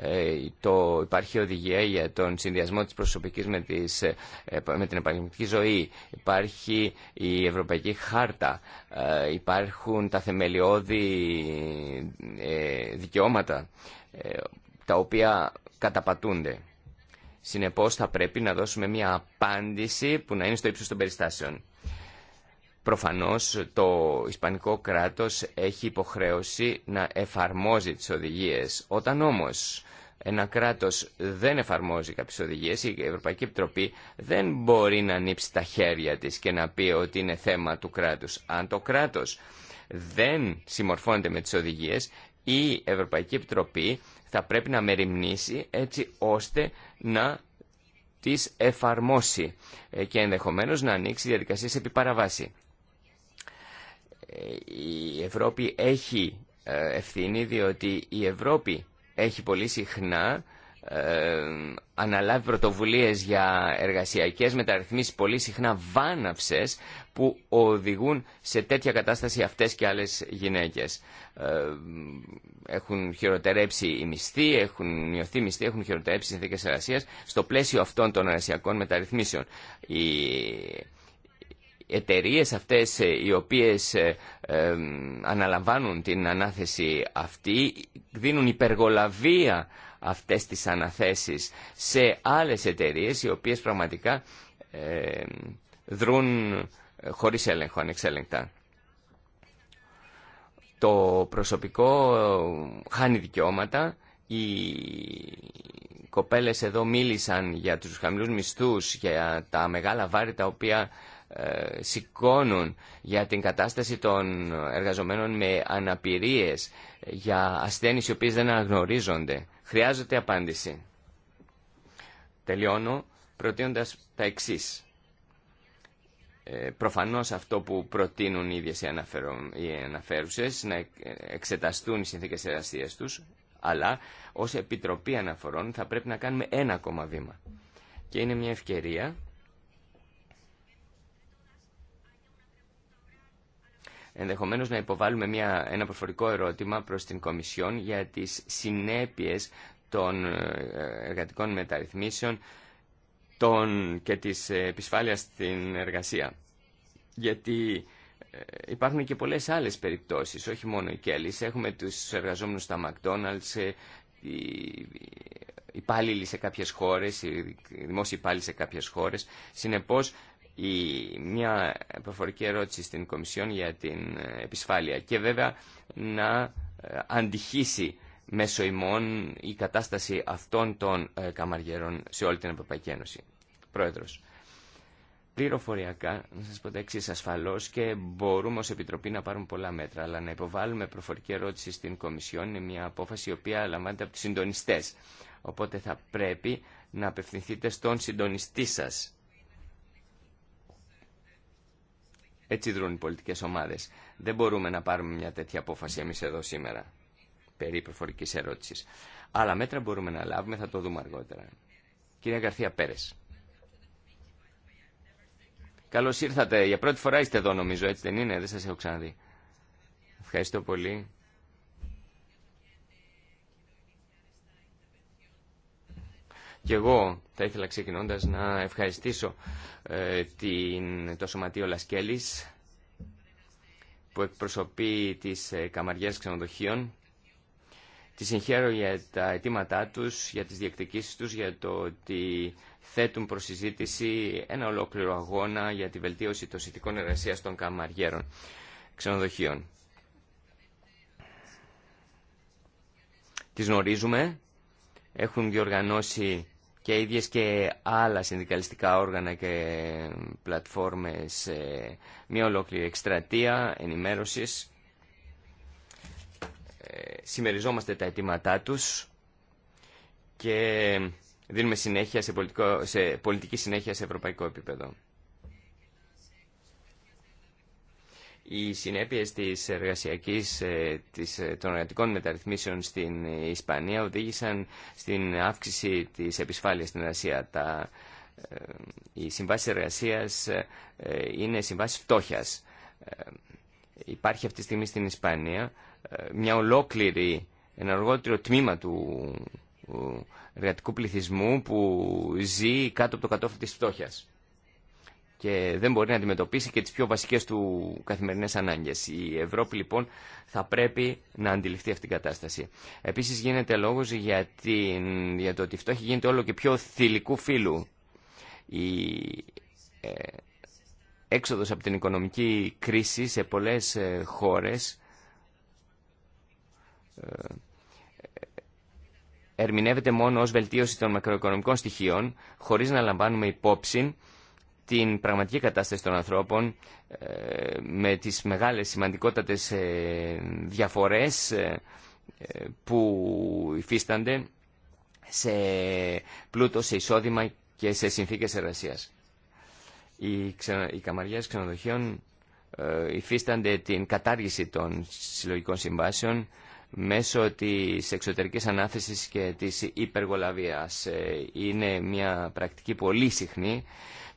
Ε, το, υπάρχει οδηγία για τον συνδυασμό της προσωπικής με, ε, με την επαγγελματική ζωή, υπάρχει η Ευρωπαϊκή Χάρτα, ε, υπάρχουν τα θεμελιώδη δικαιώματα τα οποία καταπατούνται. Συνεπώς θα πρέπει να δώσουμε μια απάντηση που να είναι στο ύψος των περιστάσεων. Προφανώς το Ισπανικό κράτος έχει υποχρέωση να εφαρμόζει τις οδηγίες. Όταν όμως ένα κράτος δεν εφαρμόζει κάποιες οδηγίες, η Ευρωπαϊκή Επιτροπή δεν μπορεί να ανοίξει τα χέρια της και να πει ότι είναι θέμα του κράτους. Αν το κράτος δεν συμμορφώνεται με τις οδηγίες, η Ευρωπαϊκή Επιτροπή θα πρέπει να μεριμνήσει έτσι ώστε να τις εφαρμόσει ε, και ενδεχομένως να ανοίξει διαδικασίες επί παραβάση η Ευρώπη έχει ε, ευθύνη διότι η Ευρώπη έχει πολύ συχνά ε, αναλάβει πρωτοβουλίες για εργασιακές μεταρρυθμίσεις πολύ συχνά βάναυσες που οδηγούν σε τέτοια κατάσταση αυτές και άλλες γυναίκες. Ε, έχουν χειροτερέψει οι μισθοί, έχουν μειωθεί οι μισθοί, έχουν χειροτερέψει οι συνθήκες εργασίας στο πλαίσιο αυτών των εργασιακών μεταρρυθμίσεων. Η εταιρείε αυτές ε, οι οποίες ε, αναλαμβάνουν την ανάθεση αυτή δίνουν υπεργολαβία αυτές τις αναθέσεις σε άλλες εταιρείε οι οποίες πραγματικά δρούν ε, χωρίς έλεγχο, ανεξέλεγκτα. Το προσωπικό χάνει δικαιώματα, οι κοπέλες εδώ μίλησαν για τους χαμηλούς μισθούς, για τα μεγάλα βάρη τα οποία ε, σηκώνουν για την κατάσταση των εργαζομένων με αναπηρίες, για ασθένειες οι οποίες δεν αναγνωρίζονται. Χρειάζεται απάντηση. Τελειώνω προτείνοντας τα εξής. Ε, προφανώς αυτό που προτείνουν οι ίδιες οι, οι αναφέρουσες να εξεταστούν οι συνθήκες εργασίας τους, αλλά ως Επιτροπή Αναφορών θα πρέπει να κάνουμε ένα ακόμα βήμα. Και είναι μια ευκαιρία Ενδεχομένω να υποβάλουμε μια, ένα προφορικό ερώτημα προς την Κομισιόν για τις συνέπειες των ε, εργατικών μεταρρυθμίσεων των, και τη ε, επισφάλεια στην εργασία. Γιατί ε, υπάρχουν και πολλές άλλες περιπτώσεις, όχι μόνο η Κέλλης. Έχουμε τους εργαζόμενους στα οι υπάλληλοι σε κάποιες χώρες, οι δημόσιοι υπάλληλοι σε κάποιες χώρες. Συνεπώς η, μια προφορική ερώτηση στην Κομισιόν για την ε, επισφάλεια και βέβαια να ε, αντιχύσει μέσω ημών η κατάσταση αυτών των ε, καμαριέρων σε όλη την Ευρωπαϊκή Ένωση. Πρόεδρος, πληροφοριακά, να σας πω τα εξής ασφαλώς και μπορούμε ως Επιτροπή να πάρουμε πολλά μέτρα, αλλά να υποβάλουμε προφορική ερώτηση στην Κομισιόν είναι μια απόφαση η οποία λαμβάνεται από τους συντονιστές. Οπότε θα πρέπει να απευθυνθείτε στον συντονιστή σας Έτσι δρούν οι πολιτικέ ομάδε. Δεν μπορούμε να πάρουμε μια τέτοια απόφαση εμεί εδώ σήμερα, περί προφορική ερώτηση. Άλλα μέτρα μπορούμε να λάβουμε, θα το δούμε αργότερα. Κυρία Γκαρθία Πέρες. Καλώ ήρθατε. Για πρώτη φορά είστε εδώ, νομίζω, έτσι δεν είναι. Δεν σα έχω ξαναδεί. Ευχαριστώ πολύ. Και εγώ θα ήθελα ξεκινώντας να ευχαριστήσω ε, την, το Σωματείο Λασκέλης που εκπροσωπεί τις ε, καμαριές ξενοδοχείων. Τη συγχαίρω για τα αιτήματά τους, για τις διεκδικήσεις τους, για το ότι θέτουν προς συζήτηση ένα ολόκληρο αγώνα για τη βελτίωση των συνθηκών εργασίας των καμαριέρων ξενοδοχείων. Τις γνωρίζουμε, έχουν διοργανώσει και ίδιες και άλλα συνδικαλιστικά όργανα και πλατφόρμες μια ολόκληρη εκστρατεία ενημέρωσης. Ε, συμμεριζόμαστε τα αιτήματά τους και δίνουμε συνέχεια σε, πολιτικό, σε πολιτική συνέχεια σε ευρωπαϊκό επίπεδο. οι συνέπειε της εργασιακή ε, ε, των εργατικών μεταρρυθμίσεων στην Ισπανία οδήγησαν στην αύξηση της επισφάλειας στην Ασία. Τα, ε, οι συμβάσει εργασία είναι συμβάσει φτώχεια. υπάρχει αυτή τη στιγμή στην Ισπανία μια ολόκληρη, ένα τμήμα του εργατικού πληθυσμού που ζει κάτω από το κατόφλι της φτώχειας και δεν μπορεί να αντιμετωπίσει και τις πιο βασικές του καθημερινές ανάγκες. Η Ευρώπη λοιπόν θα πρέπει να αντιληφθεί αυτήν την κατάσταση. Επίσης γίνεται λόγος για, την, για το ότι η φτώχεια γίνεται όλο και πιο θηλυκού φύλου. Η ε, έξοδος από την οικονομική κρίση σε πολλές ε, χώρες ε, ε, ερμηνεύεται μόνο ως βελτίωση των μακροοικονομικών στοιχείων, χωρίς να λαμβάνουμε υπόψη την πραγματική κατάσταση των ανθρώπων ε, με τις μεγάλες σημαντικότατες ε, διαφορές ε, που υφίστανται σε πλούτο, σε εισόδημα και σε συνθήκες εργασίας. Οι, ξενο... οι καμαριές ξενοδοχείων υφίστανται την κατάργηση των συλλογικών συμβάσεων μέσω της εξωτερικής ανάθεσης και της υπεργολαβίας. Είναι μια πρακτική πολύ συχνή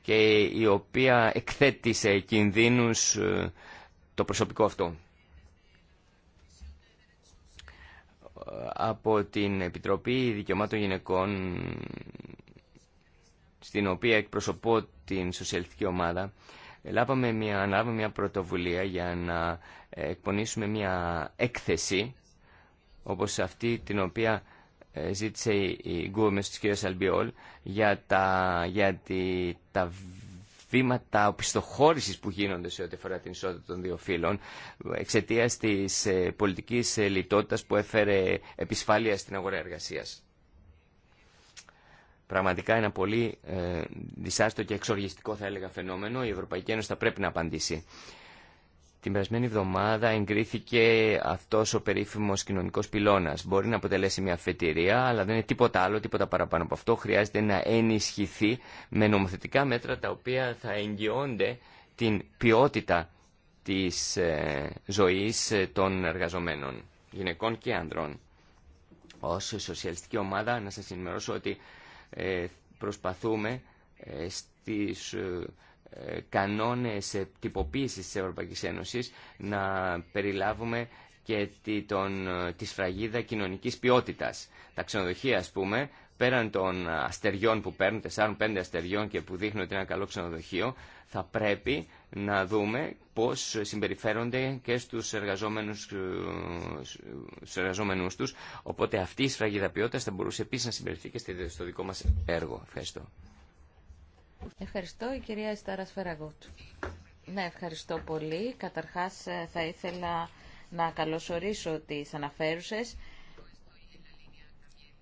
και η οποία εκθέτησε σε κινδύνους ε, το προσωπικό αυτό. Από την Επιτροπή Δικαιωμάτων Γυναικών, στην οποία εκπροσωπώ την σοσιαλιστική ομάδα, λάβαμε μια, μια πρωτοβουλία για να ε, εκπονήσουμε μια έκθεση όπως αυτή την οποία ε, ζήτησε η Γκούμες της κ. Αλμπιόλ για τα, για τα βήματα οπισθοχώρησης που γίνονται σε ό,τι αφορά την ισότητα των δύο φύλων εξαιτία της ε, πολιτικής ε, λιτότητας που έφερε επισφάλεια στην αγορά εργασίας. Πραγματικά ένα πολύ ε, δυσάστο και εξοργιστικό θα έλεγα φαινόμενο. Η Ευρωπαϊκή Ένωση θα πρέπει να απαντήσει. Την περασμένη εβδομάδα εγκρίθηκε αυτός ο περίφημος κοινωνικός πυλώνας. Μπορεί να αποτελέσει μια φετηρία, αλλά δεν είναι τίποτα άλλο, τίποτα παραπάνω από αυτό. Χρειάζεται να ενισχυθεί με νομοθετικά μέτρα τα οποία θα εγγυώνται την ποιότητα της ε, ζωής ε, των εργαζομένων, γυναικών και ανδρών. Ως σοσιαλιστική ομάδα να σας ενημερώσω ότι ε, προσπαθούμε στις ε, κανόνες ε, τυποποίησης της Ευρωπαϊκής Ένωσης να περιλάβουμε και τη, τον, ε, τη σφραγίδα κοινωνικής ποιότητας. Τα ξενοδοχεία, ας πούμε, πέραν των αστεριών που παίρνουν, 4-5 αστεριών και που δείχνουν ότι είναι ένα καλό ξενοδοχείο, θα πρέπει να δούμε πώς συμπεριφέρονται και στους εργαζόμενους, στους εργαζόμενους τους. Οπότε αυτή η σφραγίδα ποιότητας θα μπορούσε επίσης να συμπεριφθεί και στο δικό μας έργο. Ευχαριστώ. Ευχαριστώ, η κυρία Ιστάρα Ναι, ευχαριστώ πολύ. Καταρχάς ε, θα ήθελα να καλωσορίσω τις αναφέρουσες.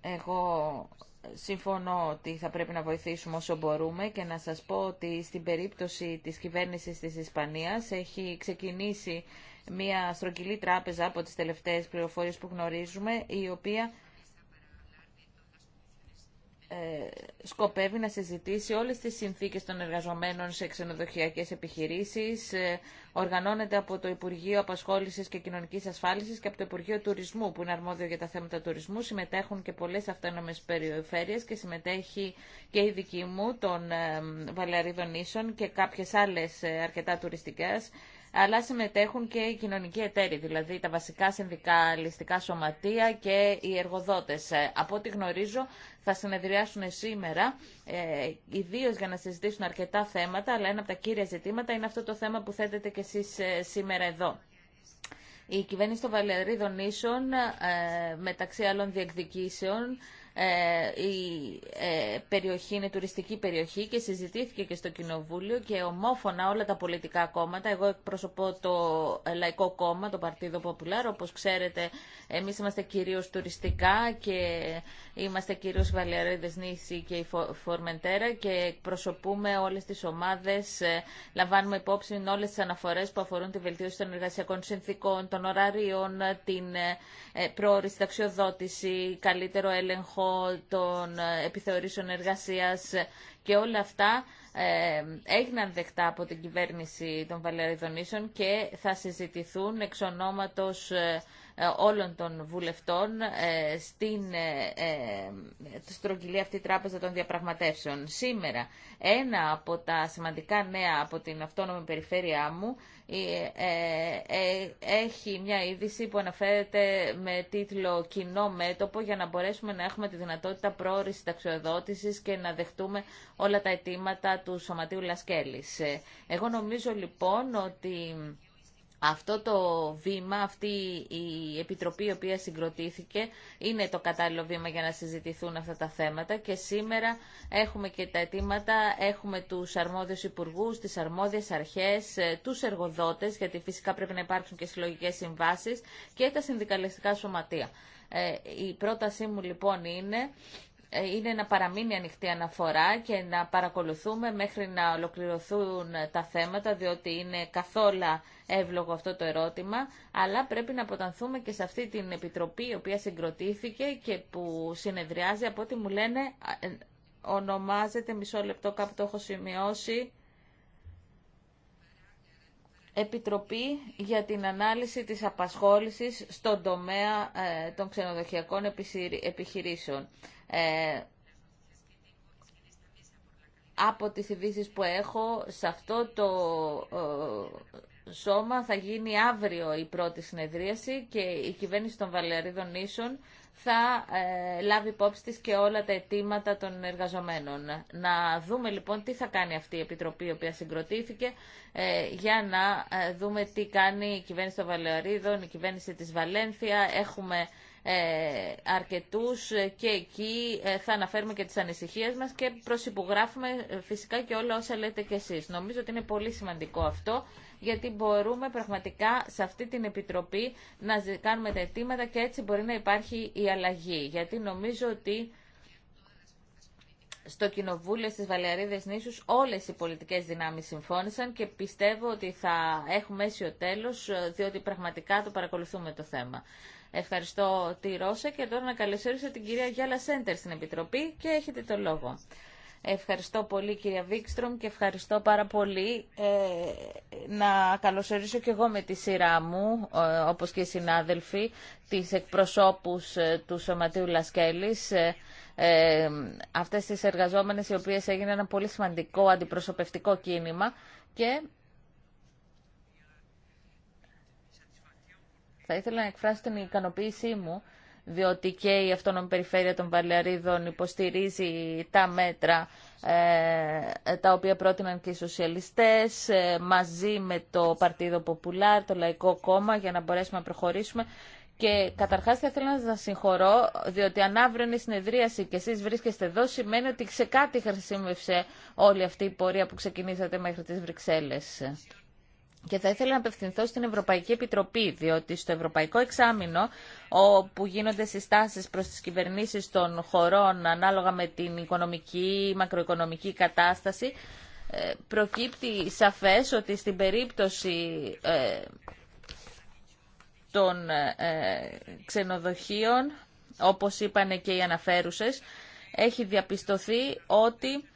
Εγώ συμφωνώ ότι θα πρέπει να βοηθήσουμε όσο μπορούμε και να σας πω ότι στην περίπτωση της κυβέρνησης της Ισπανίας έχει ξεκινήσει μια στρογγυλή τράπεζα από τις τελευταίες πληροφορίες που γνωρίζουμε, η οποία ε, σκοπεύει να συζητήσει όλες τις συνθήκες των εργαζομένων σε ξενοδοχειακές επιχειρήσεις. Ε, οργανώνεται από το Υπουργείο Απασχόλησης και Κοινωνικής Ασφάλισης και από το Υπουργείο Τουρισμού που είναι αρμόδιο για τα θέματα τουρισμού. Συμμετέχουν και πολλές αυτόνομες περιοφέρειες και συμμετέχει και η δική μου των ε, Βαλαρίδων Ίσων και κάποιες άλλες αρκετά τουριστικές αλλά συμμετέχουν και οι κοινωνικοί εταίροι, δηλαδή τα βασικά συνδικαλιστικά σωματεία και οι εργοδότες. Ε, από ό,τι γνωρίζω θα συνεδριάσουν σήμερα, ε, ιδίω για να συζητήσουν αρκετά θέματα, αλλά ένα από τα κύρια ζητήματα είναι αυτό το θέμα που θέτετε κι εσείς ε, σήμερα εδώ. Η κυβέρνηση των Βαλερίδων Ίσων, ε, μεταξύ άλλων διεκδικήσεων, ε, η ε, περιοχή είναι τουριστική περιοχή και συζητήθηκε και στο Κοινοβούλιο και ομόφωνα όλα τα πολιτικά κόμματα. Εγώ εκπροσωπώ το Λαϊκό Κόμμα, το Παρτίδο Ποπουλάρ, όπως ξέρετε εμείς είμαστε κυρίως τουριστικά και είμαστε κυρίως Βαλιαρίδες Νήσι και η Φορμεντέρα και εκπροσωπούμε όλες τις ομάδες, ε, λαμβάνουμε υπόψη όλες τις αναφορές που αφορούν τη βελτίωση των εργασιακών συνθήκων, των ωραρίων, την ε, ε, πρόορη ταξιοδότηση, καλύτερο έλεγχο των επιθεωρήσεων εργασίας και όλα αυτά έγιναν δεκτά από την κυβέρνηση των Βαλαιοδονήσεων και θα συζητηθούν εξ ονόματος ε, όλων των βουλευτών ε, στην ε, στρογγυλή αυτή τράπεζα των διαπραγματεύσεων. Σήμερα ένα από τα σημαντικά νέα από την αυτόνομη περιφέρειά μου έχει μια είδηση που αναφέρεται με τίτλο «Κοινό μέτωπο» για να μπορέσουμε να έχουμε τη δυνατότητα πρόορισης ταξιοδότησης και να δεχτούμε όλα τα αιτήματα του Σωματείου Λασκέλης. Εγώ νομίζω λοιπόν ότι αυτό το βήμα, αυτή η επιτροπή η οποία συγκροτήθηκε, είναι το κατάλληλο βήμα για να συζητηθούν αυτά τα θέματα και σήμερα έχουμε και τα αιτήματα, έχουμε τους αρμόδιους υπουργούς, τις αρμόδιες αρχές, ε, τους εργοδότες, γιατί φυσικά πρέπει να υπάρξουν και συλλογικές συμβάσεις και τα συνδικαλιστικά σωματεία. Ε, η πρότασή μου λοιπόν είναι είναι να παραμείνει ανοιχτή αναφορά και να παρακολουθούμε μέχρι να ολοκληρωθούν τα θέματα, διότι είναι καθόλου εύλογο αυτό το ερώτημα, αλλά πρέπει να αποτανθούμε και σε αυτή την επιτροπή η οποία συγκροτήθηκε και που συνεδριάζει από ό,τι μου λένε ονομάζεται, μισό λεπτό κάπου το έχω σημειώσει, Επιτροπή για την ανάλυση της απασχόλησης στον τομέα ε, των ξενοδοχειακών επιχειρήσεων. Ε, από τις ειδήσει που έχω, σε αυτό το σώμα θα γίνει αύριο η πρώτη συνεδρίαση και η κυβέρνηση των Βαλεαρίδων Νήσων θα ε, λάβει υπόψη της και όλα τα αιτήματα των εργαζομένων. Να δούμε λοιπόν τι θα κάνει αυτή η Επιτροπή η οποία συγκροτήθηκε ε, για να δούμε τι κάνει η κυβέρνηση των Βαλαιαρίδων, η κυβέρνηση της Βαλένθια. Έχουμε ε, αρκετούς ε, και εκεί ε, θα αναφέρουμε και τις ανησυχίες μας και προσυπογράφουμε φυσικά και όλα όσα λέτε κι εσείς. Νομίζω ότι είναι πολύ σημαντικό αυτό γιατί μπορούμε πραγματικά σε αυτή την Επιτροπή να κάνουμε τα αιτήματα και έτσι μπορεί να υπάρχει η αλλαγή. Γιατί νομίζω ότι στο Κοινοβούλιο στις Βαλεαρίδες νήσους όλες οι πολιτικές δυνάμεις συμφώνησαν και πιστεύω ότι θα έχουμε ο τέλος, ε, διότι πραγματικά το παρακολουθούμε το θέμα. Ευχαριστώ τη Ρώσα και τώρα να καλωσορίσω την κυρία Γιάλα Σέντερ στην Επιτροπή και έχετε το λόγο. Ευχαριστώ πολύ κυρία Βίκστρομ και ευχαριστώ πάρα πολύ ε, να καλωσορίσω και εγώ με τη σειρά μου, ε, όπως και οι συνάδελφοι, τις εκπροσώπους ε, του Σωματείου Λασκέλης ε, αυτές τις εργαζόμενες οι οποίες έγινε ένα πολύ σημαντικό αντιπροσωπευτικό κίνημα και θα ήθελα να εκφράσω την ικανοποίησή μου διότι και η Αυτόνομη Περιφέρεια των Βαλαιαρίδων υποστηρίζει τα μέτρα ε, τα οποία πρότειναν και οι σοσιαλιστές ε, μαζί με το Παρτίδο Ποπουλάρ, το Λαϊκό Κόμμα για να μπορέσουμε να προχωρήσουμε και καταρχάς θα ήθελα να σας συγχωρώ, διότι αν αύριο είναι η συνεδρίαση και εσείς βρίσκεστε εδώ, σημαίνει ότι σε κάτι χρησιμεύσε όλη αυτή η πορεία που ξεκινήσατε μέχρι τις Βρυξέλλες. Και θα ήθελα να απευθυνθώ στην Ευρωπαϊκή Επιτροπή, διότι στο Ευρωπαϊκό Εξάμεινο, όπου γίνονται συστάσεις προς τις κυβερνήσεις των χωρών ανάλογα με την οικονομική, μακροοικονομική κατάσταση, ε, προκύπτει σαφές ότι στην περίπτωση ε, των ε, ε, ξενοδοχείων, όπως είπαν και οι αναφέρουσες, έχει διαπιστωθεί ότι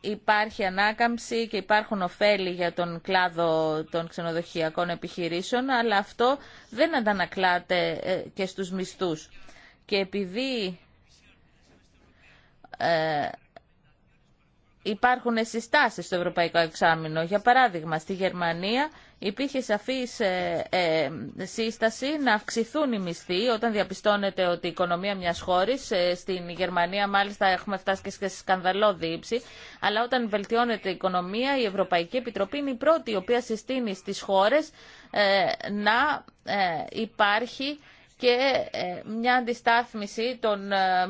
υπάρχει ανάκαμψη και υπάρχουν ωφέλη για τον κλάδο των ξενοδοχειακών επιχειρήσεων, αλλά αυτό δεν αντανακλάται ε, και στους μισθούς. Και επειδή υπάρχουν συστάσεις στο Ευρωπαϊκό Εξάμεινο, για παράδειγμα στη Γερμανία υπήρχε σαφής ε, ε, σύσταση να αυξηθούν οι μισθοί όταν διαπιστώνεται ότι η οικονομία μιας χώρης, ε, στην Γερμανία μάλιστα έχουμε φτάσει και σε σκανδαλώδη ύψη, αλλά όταν βελτιώνεται η οικονομία η Ευρωπαϊκή Επιτροπή είναι η πρώτη η οποία συστήνει στις χώρες ε, να υπάρχει και μια αντιστάθμιση των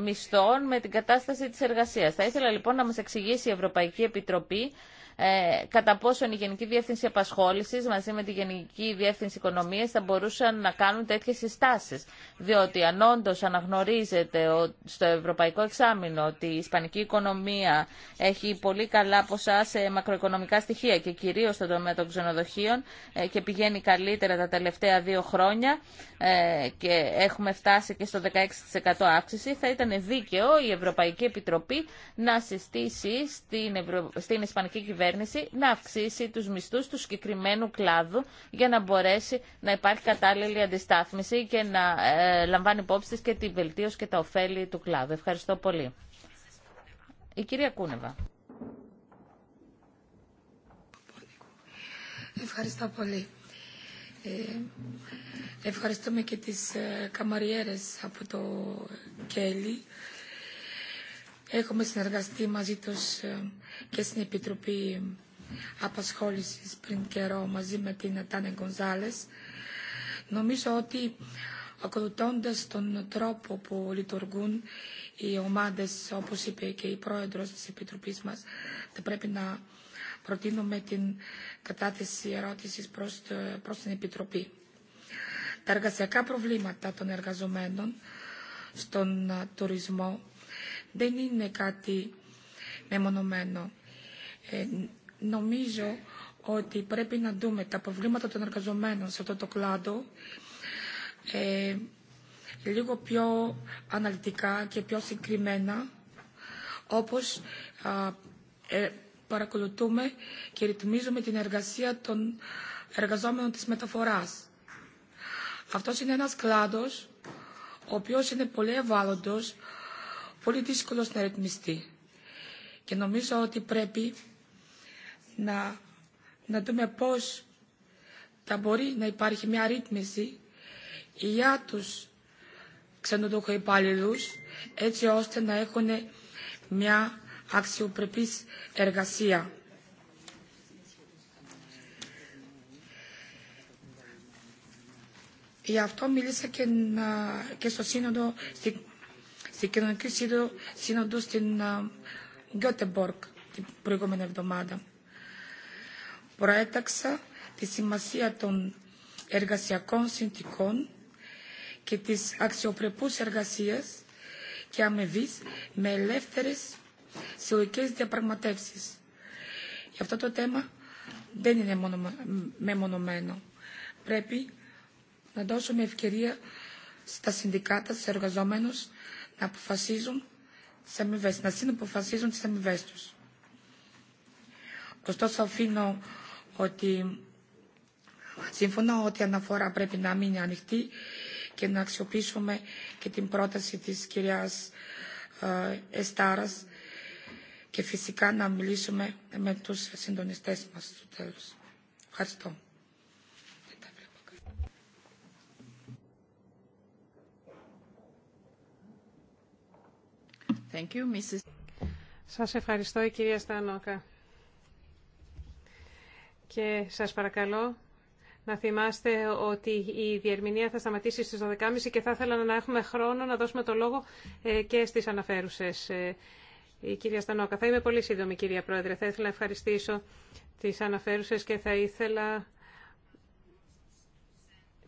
μισθών με την κατάσταση της εργασίας. Θα ήθελα λοιπόν να μας εξηγήσει η Ευρωπαϊκή Επιτροπή ε, κατά πόσο η Γενική Διεύθυνση Απασχόληση μαζί με τη Γενική Διεύθυνση Οικονομίας θα μπορούσαν να κάνουν τέτοιες συστάσεις. Διότι αν όντω αναγνωρίζεται στο Ευρωπαϊκό Εξάμεινο ότι η Ισπανική οικονομία έχει πολύ καλά ποσά σε μακροοικονομικά στοιχεία και κυρίως στον τομέα των ξενοδοχείων ε, και πηγαίνει καλύτερα τα τελευταία δύο χρόνια ε, και έχουμε φτάσει και στο 16% αύξηση, θα ήταν δίκαιο η Ευρωπαϊκή Επιτροπή να συστήσει στην, στην Ισπανική Κυβέρνηση να αυξήσει τους μισθούς του συγκεκριμένου κλάδου για να μπορέσει να υπάρχει κατάλληλη αντιστάθμιση και να ε, λαμβάνει υπόψη και τη βελτίωση και τα ωφέλη του κλάδου. Ευχαριστώ πολύ. Η κυρία Κούνεβα. Ευχαριστώ πολύ. Ε, ευχαριστούμε και τις ε, καμαριέρες από το Κέλλη Έχουμε συνεργαστεί μαζί τους ε, και στην Επιτροπή Απασχόλησης πριν καιρό μαζί με την Τάνε Γκονζάλες. Νομίζω ότι ακολουθώντας τον τρόπο που λειτουργούν οι ομάδες, όπως είπε και η πρόεδρος της Επιτροπής μας, θα πρέπει να προτείνουμε την κατάθεση ερώτησης προς, ε, την Επιτροπή. Τα εργασιακά προβλήματα των εργαζομένων στον ε, τουρισμό δεν είναι κάτι μεμονωμένο. Ε, νομίζω ότι πρέπει να δούμε τα προβλήματα των εργαζομένων σε αυτό το κλάδο ε, λίγο πιο αναλυτικά και πιο συγκεκριμένα όπως ε, παρακολουθούμε και ρυθμίζουμε την εργασία των εργαζόμενων της μεταφοράς. Αυτός είναι ένας κλάδος ο οποίος είναι πολύ ευάλωτος πολύ δύσκολο να ρυθμιστεί. Και νομίζω ότι πρέπει να, να δούμε πώς θα μπορεί να υπάρχει μια ρύθμιση για τους ξενοδοχοϊπαλληλούς έτσι ώστε να έχουν μια αξιοπρεπής εργασία. Γι' αυτό μίλησα και, και στο σύνοδο, στην στη Κοινωνική Σύνοδο στην Γκέτεμπορκ την προηγούμενη εβδομάδα. Προέταξα τη σημασία των εργασιακών συνθήκων και της αξιοπρεπούς εργασίας και αμοιβής με ελεύθερες συλλογικές διαπραγματεύσεις. Γι' αυτό το θέμα δεν είναι μόνο, μεμονωμένο. Πρέπει να δώσουμε ευκαιρία στα συνδικάτα, στους εργαζόμενους να αποφασίζουν τι αμοιβέ να συναποφασίζουν τις αμοιβές τους. Ωστόσο αφήνω ότι συμφωνώ ότι η αναφορά πρέπει να μείνει ανοιχτή και να αξιοποιήσουμε και την πρόταση της κυρίας ε, Εστάρας και φυσικά να μιλήσουμε με τους συντονιστές μας στο τέλος. Ευχαριστώ. Thank Σας ευχαριστώ η κυρία Στανόκα. Και σας παρακαλώ να θυμάστε ότι η διερμηνία θα σταματήσει στις 12.30 και θα ήθελα να έχουμε χρόνο να δώσουμε το λόγο ε, και στις αναφέρουσες. Ε, η κυρία Στανόκα, θα είμαι πολύ σύντομη κυρία Πρόεδρε. Θα ήθελα να ευχαριστήσω τις αναφέρουσες και θα ήθελα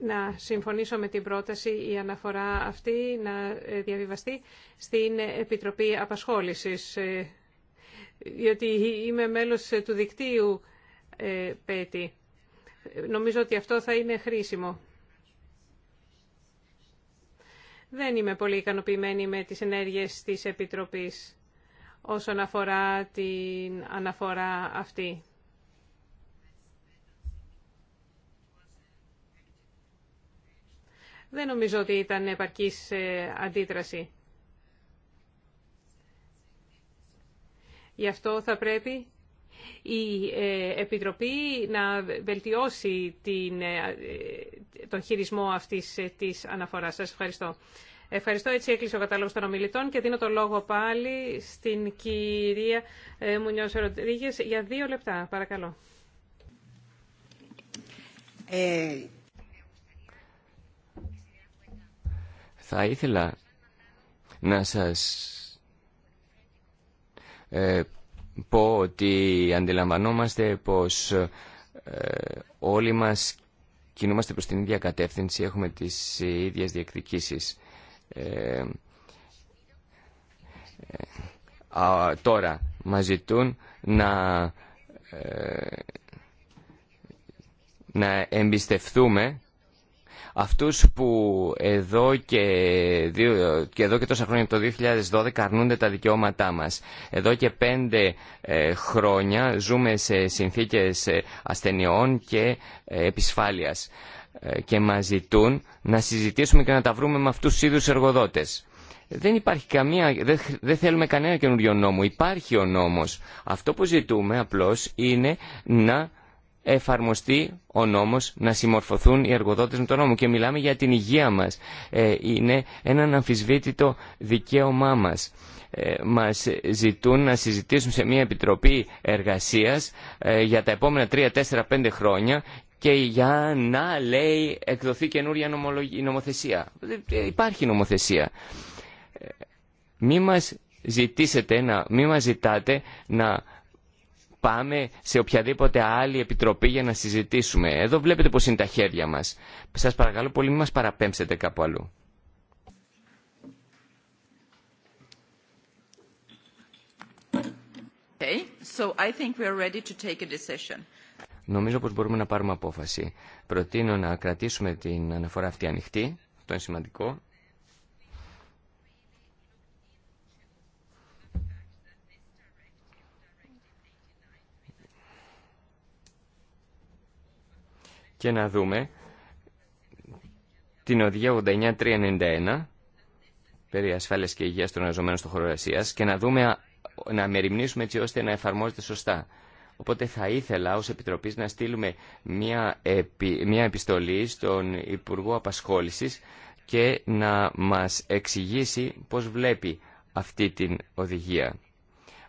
να συμφωνήσω με την πρόταση η αναφορά αυτή να διαβιβαστεί στην Επιτροπή Απασχόλησης, ε, διότι είμαι μέλος του δικτύου ε, ΠΕΤΗ. Νομίζω ότι αυτό θα είναι χρήσιμο. Δεν είμαι πολύ ικανοποιημένη με τις ενέργειες της Επιτροπής όσον αφορά την αναφορά αυτή. Δεν νομίζω ότι ήταν επαρκής ε, αντίδραση. Γι' αυτό θα πρέπει η ε, Επιτροπή να βελτιώσει την, ε, τον χειρισμό αυτής της αναφοράς. Σας ευχαριστώ. Ευχαριστώ. Έτσι έκλεισε ο κατάλογος των ομιλητών και δίνω το λόγο πάλι στην κυρία Μουνιός Ροντρίγες για δύο λεπτά. Παρακαλώ. Ε... Θα ήθελα να σας ε, πω ότι αντιλαμβανόμαστε πως ε, όλοι μας κινούμαστε προς την ίδια κατεύθυνση, έχουμε τις ίδιες διεκδικήσεις. Ε, ε, α, τώρα μας ζητούν να, να εμπιστευτούμε αυτούς που εδώ και, εδώ και τόσα χρόνια από το 2012 καρνούνται τα δικαιώματά μας. Εδώ και πέντε ε, χρόνια ζούμε σε συνθήκες ε, ασθενειών και ε, επισφάλειας ε, και μας ζητούν να συζητήσουμε και να τα βρούμε με αυτούς τους είδους εργοδότες. Δεν υπάρχει καμία, δεν, δεν θέλουμε κανένα καινούριο νόμο. Υπάρχει ο νόμος. Αυτό που ζητούμε απλώς είναι να εφαρμοστεί ο νόμος, να συμμορφωθούν οι εργοδότες με τον νόμο. Και μιλάμε για την υγεία μας. Ε, είναι ένα αμφισβήτητο δικαίωμά μας. Ε, μας ζητούν να συζητήσουμε σε μια επιτροπή εργασίας ε, για τα επόμενα 3, 4, 5 χρόνια και για να λέει εκδοθεί καινούρια νομοθεσία. Υπάρχει νομοθεσία. Μη μας ζητήσετε, να, μη μας ζητάτε να πάμε σε οποιαδήποτε άλλη επιτροπή για να συζητήσουμε. Εδώ βλέπετε πώς είναι τα χέρια μας. Σας παρακαλώ πολύ μην μας παραπέμψετε κάπου αλλού. Okay. So I think we are ready to take a decision. Νομίζω πως μπορούμε να πάρουμε απόφαση. Προτείνω να κρατήσουμε την αναφορά αυτή ανοιχτή, αυτό είναι σημαντικό, και να δούμε την οδηγία 89391 περί ασφάλειας και υγείας των εργαζομένων στο χώρο και να δούμε να μεριμνήσουμε έτσι ώστε να εφαρμόζεται σωστά. Οπότε θα ήθελα ως Επιτροπής να στείλουμε μια, μια επιστολή στον Υπουργό Απασχόλησης και να μας εξηγήσει πώς βλέπει αυτή την οδηγία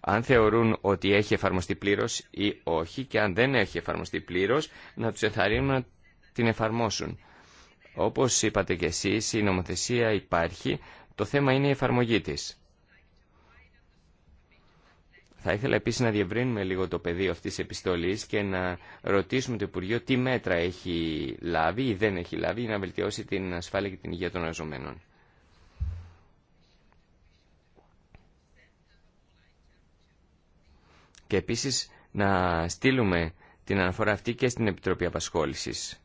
αν θεωρούν ότι έχει εφαρμοστεί πλήρω ή όχι και αν δεν έχει εφαρμοστεί πλήρω να τους ενθαρρύνουν να την εφαρμόσουν. Όπως είπατε και εσείς, η νομοθεσία υπάρχει, το θέμα είναι η εφαρμογή της. Θα ήθελα επίσης να διευρύνουμε λίγο το πεδίο αυτής της επιστολής και να ρωτήσουμε το Υπουργείο τι μέτρα έχει λάβει ή δεν έχει λάβει για να βελτιώσει την ασφάλεια και την υγεία των εργαζομένων. και επίσης να στείλουμε την αναφορά αυτή και στην Επιτροπή Απασχόλησης.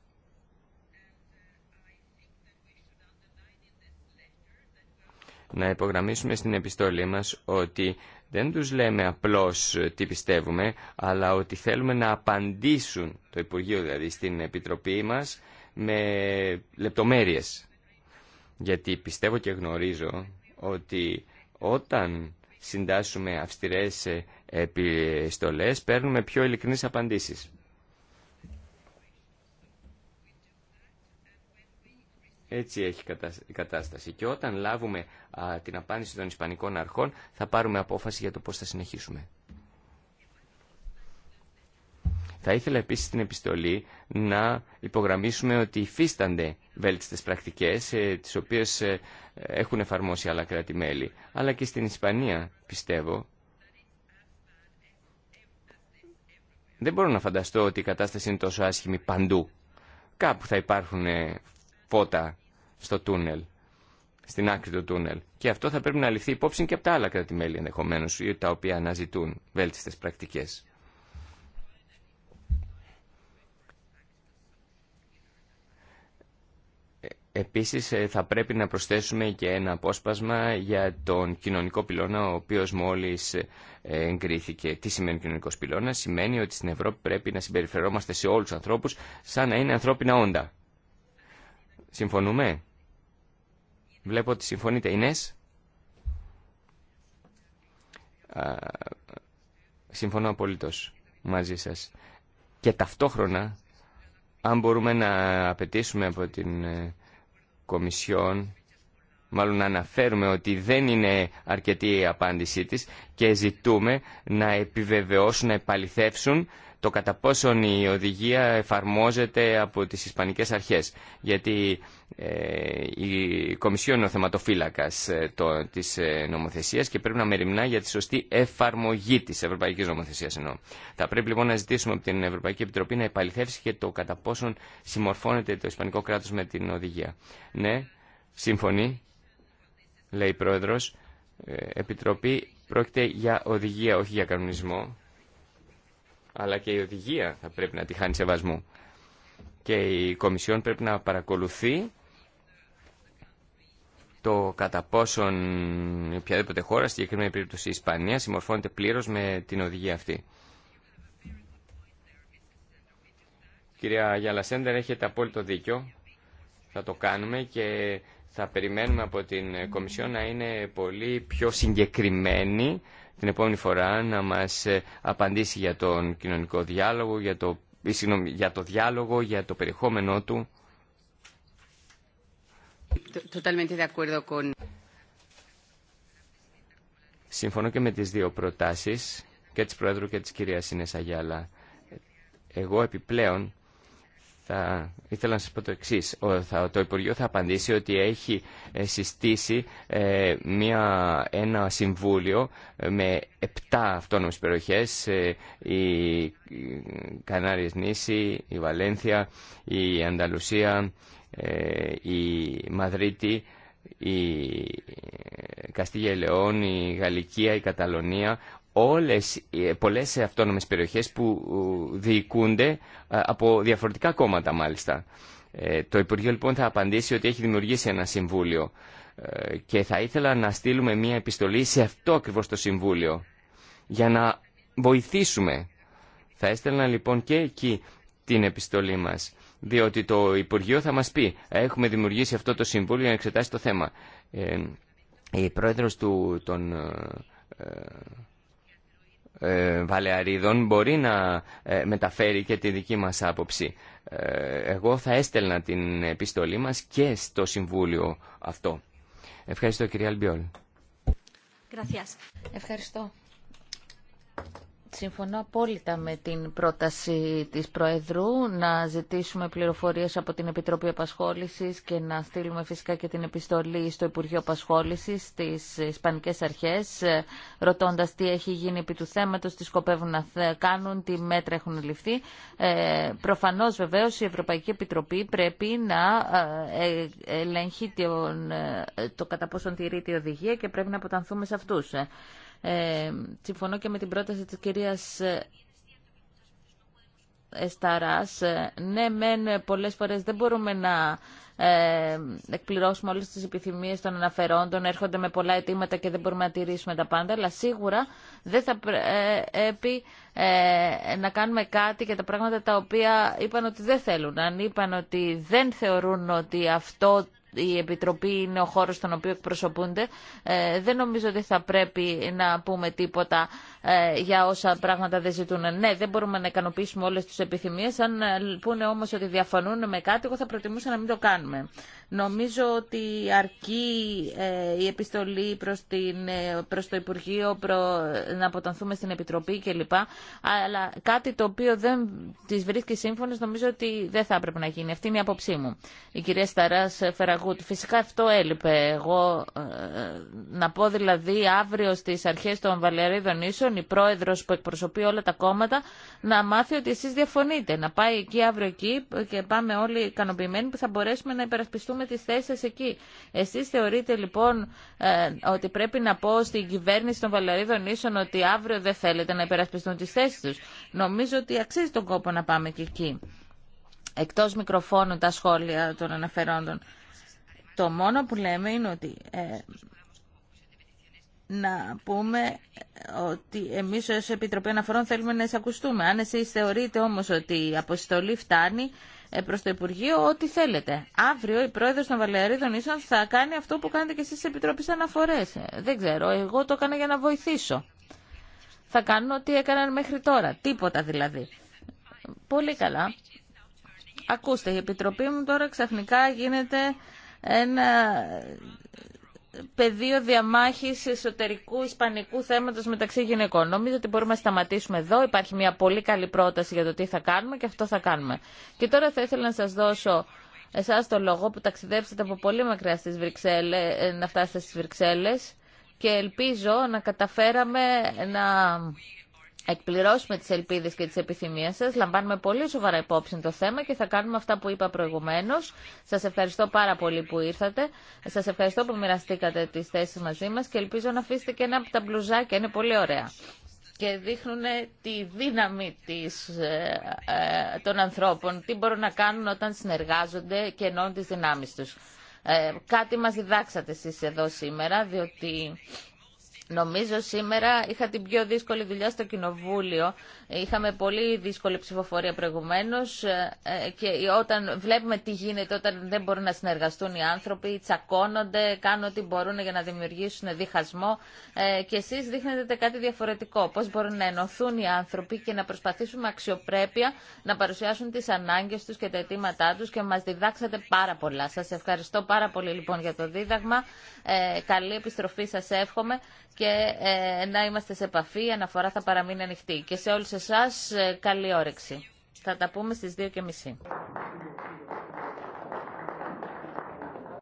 Να υπογραμμίσουμε στην επιστολή μας ότι δεν τους λέμε απλώς τι πιστεύουμε, αλλά ότι θέλουμε να απαντήσουν το Υπουργείο, δηλαδή στην Επιτροπή μας, με λεπτομέρειες. Γιατί πιστεύω και γνωρίζω ότι όταν συντάσσουμε αυστηρές επιστολές παίρνουμε πιο ειλικρινείς απαντήσεις. Έτσι έχει η κατάσταση. Και όταν λάβουμε την απάντηση των Ισπανικών αρχών θα πάρουμε απόφαση για το πώς θα συνεχίσουμε. Θα ήθελα επίσης στην επιστολή να υπογραμμίσουμε ότι υφίστανται βέλτιστες πρακτικές ε, τις οποίες ε, έχουν εφαρμόσει άλλα κράτη-μέλη. Αλλά και στην Ισπανία πιστεύω Δεν μπορώ να φανταστώ ότι η κατάσταση είναι τόσο άσχημη παντού. Κάπου θα υπάρχουν ε, φώτα στο τούνελ, στην άκρη του τούνελ. Και αυτό θα πρέπει να ληφθεί υπόψη και από τα άλλα κράτη-μέλη ενδεχομένω, τα οποία αναζητούν βέλτιστε πρακτικέ. Επίσης ε, θα πρέπει να προσθέσουμε και ένα απόσπασμα για τον κοινωνικό πυλώνα ο οποίος μόλις ε, εγκρίθηκε. Τι σημαίνει κοινωνικός πυλώνας? Σημαίνει ότι στην Ευρώπη πρέπει να συμπεριφερόμαστε σε όλους τους ανθρώπους σαν να είναι ανθρώπινα όντα. Συμφωνούμε? Βλέπω ότι συμφωνείτε. Ινές? Συμφωνώ απολύτως μαζί σας. Και ταυτόχρονα, αν μπορούμε να απαιτήσουμε από την ε, Κομισιόν, μάλλον αναφέρουμε ότι δεν είναι αρκετή η απάντησή της και ζητούμε να επιβεβαιώσουν, να επαληθεύσουν το κατά πόσον η οδηγία εφαρμόζεται από τις Ισπανικές αρχές. Γιατί ε, η Κομισιόν είναι ο θεματοφύλακας ε, το, της ε, νομοθεσίας και πρέπει να μεριμνά για τη σωστή εφαρμογή της Ευρωπαϊκής Νομοθεσίας. ενώ. Θα πρέπει λοιπόν να ζητήσουμε από την Ευρωπαϊκή Επιτροπή να επαληθεύσει και το κατά πόσον συμμορφώνεται το Ισπανικό κράτος με την οδηγία. Ναι, σύμφωνοι, λέει η Πρόεδρος, ε, Επιτροπή πρόκειται για οδηγία, όχι για κανονισμό αλλά και η οδηγία θα πρέπει να τη χάνει σεβασμού. Και η Κομισιόν πρέπει να παρακολουθεί το κατά πόσον οποιαδήποτε χώρα, στη συγκεκριμένη περίπτωση η Ισπανία, συμμορφώνεται πλήρω με την οδηγία αυτή. Κυρία Γιαλασέντερ, έχετε απόλυτο δίκιο. Θα το κάνουμε και θα περιμένουμε από την Κομισιόν να είναι πολύ πιο συγκεκριμένη την επόμενη φορά να μας ε, απαντήσει για τον κοινωνικό διάλογο, για το, το διάλογο, για το περιεχόμενό του. Συμφωνώ και με τις δύο προτάσεις, και της Πρόεδρου και της κυρίας Σινέσα Γιάλα. Εγώ επιπλέον θα ήθελα να σας πω το εξή. Το Υπουργείο θα απαντήσει ότι έχει ε, συστήσει ε, μια, ένα συμβούλιο ε, με επτά αυτόνομες περιοχές, η Κανάριες Νήσι, η Βαλένθια, η Ανταλουσία, η Μαδρίτη, η Καστίγια Λεών, η Γαλλικία, η Καταλωνία, όλες, ε, πολλές αυτόνομες περιοχές που ε, διοικούνται ε, από διαφορετικά κόμματα μάλιστα. Το Υπουργείο λοιπόν θα απαντήσει ότι έχει δημιουργήσει ένα συμβούλιο και θα ήθελα να στείλουμε μια επιστολή σε αυτό ακριβώς το συμβούλιο για να βοηθήσουμε. Θα έστελνα λοιπόν και εκεί την επιστολή μας διότι το Υπουργείο θα μας πει έχουμε δημιουργήσει αυτό το συμβούλιο για να εξετάσει το θέμα. Η πρόεδρος του, των ε, Βαλεαρίδων μπορεί να ε, μεταφέρει και τη δική μας άποψη. Ε, εγώ θα έστελνα την επιστολή μας και στο Συμβούλιο αυτό. Ευχαριστώ κυρία Αλμπιόλ. Ευχαριστώ. Συμφωνώ απόλυτα με την πρόταση της Προεδρού να ζητήσουμε πληροφορίες από την Επιτροπή Απασχόλησης και να στείλουμε φυσικά και την επιστολή στο Υπουργείο Απασχόλησης στις Ισπανικές Αρχές ρωτώντας τι έχει γίνει επί του θέματος, τι σκοπεύουν να κάνουν, τι μέτρα έχουν ληφθεί. Ε, προφανώς βεβαίως η Ευρωπαϊκή Επιτροπή πρέπει να ε, ε, ελέγχει το κατά πόσον τηρείται η οδηγία και πρέπει να αποτανθούμε σε αυτούς. Ε, συμφωνώ και με την πρόταση της κυρίας ε, Εσταράς. Ε, ναι, μεν ε, πολλές φορές δεν μπορούμε να εκπληρώσουμε όλες τις επιθυμίες των αναφερόντων, έρχονται με πολλά αιτήματα και δεν μπορούμε να τηρήσουμε τα πάντα, αλλά σίγουρα δεν θα πρέπει να κάνουμε κάτι για τα πράγματα τα οποία είπαν ότι δεν θέλουν. Αν είπαν ότι δεν θεωρούν ότι αυτό η Επιτροπή είναι ο χώρος στον οποίο εκπροσωπούνται. Ε, δεν νομίζω ότι θα πρέπει να πούμε τίποτα ε, για όσα πράγματα δεν ζητούν. Ναι, δεν μπορούμε να ικανοποιήσουμε όλε τι επιθυμίε. Αν ε, πούνε όμω ότι διαφωνούν με κάτι, εγώ θα προτιμούσα να μην το κάνουμε. Νομίζω ότι αρκεί ε, η επιστολή προς, την, το Υπουργείο προ, να αποτανθούμε στην Επιτροπή κλπ. Αλλά κάτι το οποίο δεν τις βρίσκει σύμφωνες νομίζω ότι δεν θα έπρεπε να γίνει. Αυτή είναι η απόψή μου. Η κυρία Σταράς Φεραγούτ. Φυσικά αυτό έλειπε. Εγώ να πω δηλαδή αύριο στις αρχές των Βαλεαρίδων Ίσων η πρόεδρο που εκπροσωπεί όλα τα κόμματα να μάθει ότι εσεί διαφωνείτε. Να πάει εκεί αύριο εκεί και πάμε όλοι ικανοποιημένοι που θα μπορέσουμε να υπερασπιστούμε τι θέσει σα εκεί. Εσεί θεωρείτε λοιπόν ε, ότι πρέπει να πω στην κυβέρνηση των Βαλαρίδων Ίσων ότι αύριο δεν θέλετε να υπερασπιστούν τι θέσει του. Νομίζω ότι αξίζει τον κόπο να πάμε και εκεί. εκτό μικροφώνου τα σχόλια των αναφερόντων. Το μόνο που λέμε είναι ότι ε, να πούμε ότι εμείς ως Επιτροπή Αναφορών θέλουμε να εισακουστούμε. Αν εσείς θεωρείτε όμως ότι η αποστολή φτάνει ε, προς το Υπουργείο, ό,τι θέλετε. Αύριο η Πρόεδρος των Βαλαιαρίδων Ίσων θα κάνει αυτό που κάνετε και εσείς στις Επιτροπές Αναφορές. Ε, δεν ξέρω, εγώ το έκανα για να βοηθήσω. Θα κάνω ό,τι έκαναν μέχρι τώρα. Τίποτα δηλαδή. Πολύ καλά. Ακούστε, η Επιτροπή μου τώρα ξαφνικά γίνεται ένα πεδίο διαμάχης εσωτερικού ισπανικού θέματος μεταξύ γυναικών. Νομίζω ότι μπορούμε να σταματήσουμε εδώ. Υπάρχει μια πολύ καλή πρόταση για το τι θα κάνουμε και αυτό θα κάνουμε. Και τώρα θα ήθελα να σα δώσω εσάς το λόγο που ταξιδέψατε από πολύ μακριά στις Βρυξέλλες, ε, να φτάσετε στις Βρυξέλλες και ελπίζω να καταφέραμε να εκπληρώσουμε τις ελπίδες και τις επιθυμίες σας. Λαμβάνουμε πολύ σοβαρά υπόψη το θέμα και θα κάνουμε αυτά που είπα προηγουμένως. Σας ευχαριστώ πάρα πολύ που ήρθατε. Σας ευχαριστώ που μοιραστήκατε τις θέσεις μαζί μας και ελπίζω να αφήσετε και ένα από τα μπλουζάκια. Είναι πολύ ωραία και δείχνουν τη δύναμη της, ε, ε, των ανθρώπων, τι μπορούν να κάνουν όταν συνεργάζονται και ενώνουν τις δυνάμεις τους. Ε, κάτι μας διδάξατε εσείς εδώ σήμερα, διότι Νομίζω σήμερα είχα την πιο δύσκολη δουλειά στο Κοινοβούλιο Είχαμε πολύ δύσκολη ψηφοφορία προηγουμένως ε, ε, και όταν βλέπουμε τι γίνεται όταν δεν μπορούν να συνεργαστούν οι άνθρωποι, τσακώνονται, κάνουν ό,τι μπορούν για να δημιουργήσουν διχασμό ε, και εσεί δείχνετε κάτι διαφορετικό. Πώ μπορούν να ενωθούν οι άνθρωποι και να προσπαθήσουν με αξιοπρέπεια να παρουσιάσουν τι ανάγκε του και τα αιτήματά του και μα διδάξατε πάρα πολλά. Σα ευχαριστώ πάρα πολύ λοιπόν για το δίδαγμα. καλή επιστροφή σα εύχομαι και να είμαστε σε επαφή. Η αναφορά θα παραμείνει ανοιχτή. Και σε όλους σε ε, καλή όρεξη. Θα τα πούμε στις 2.30.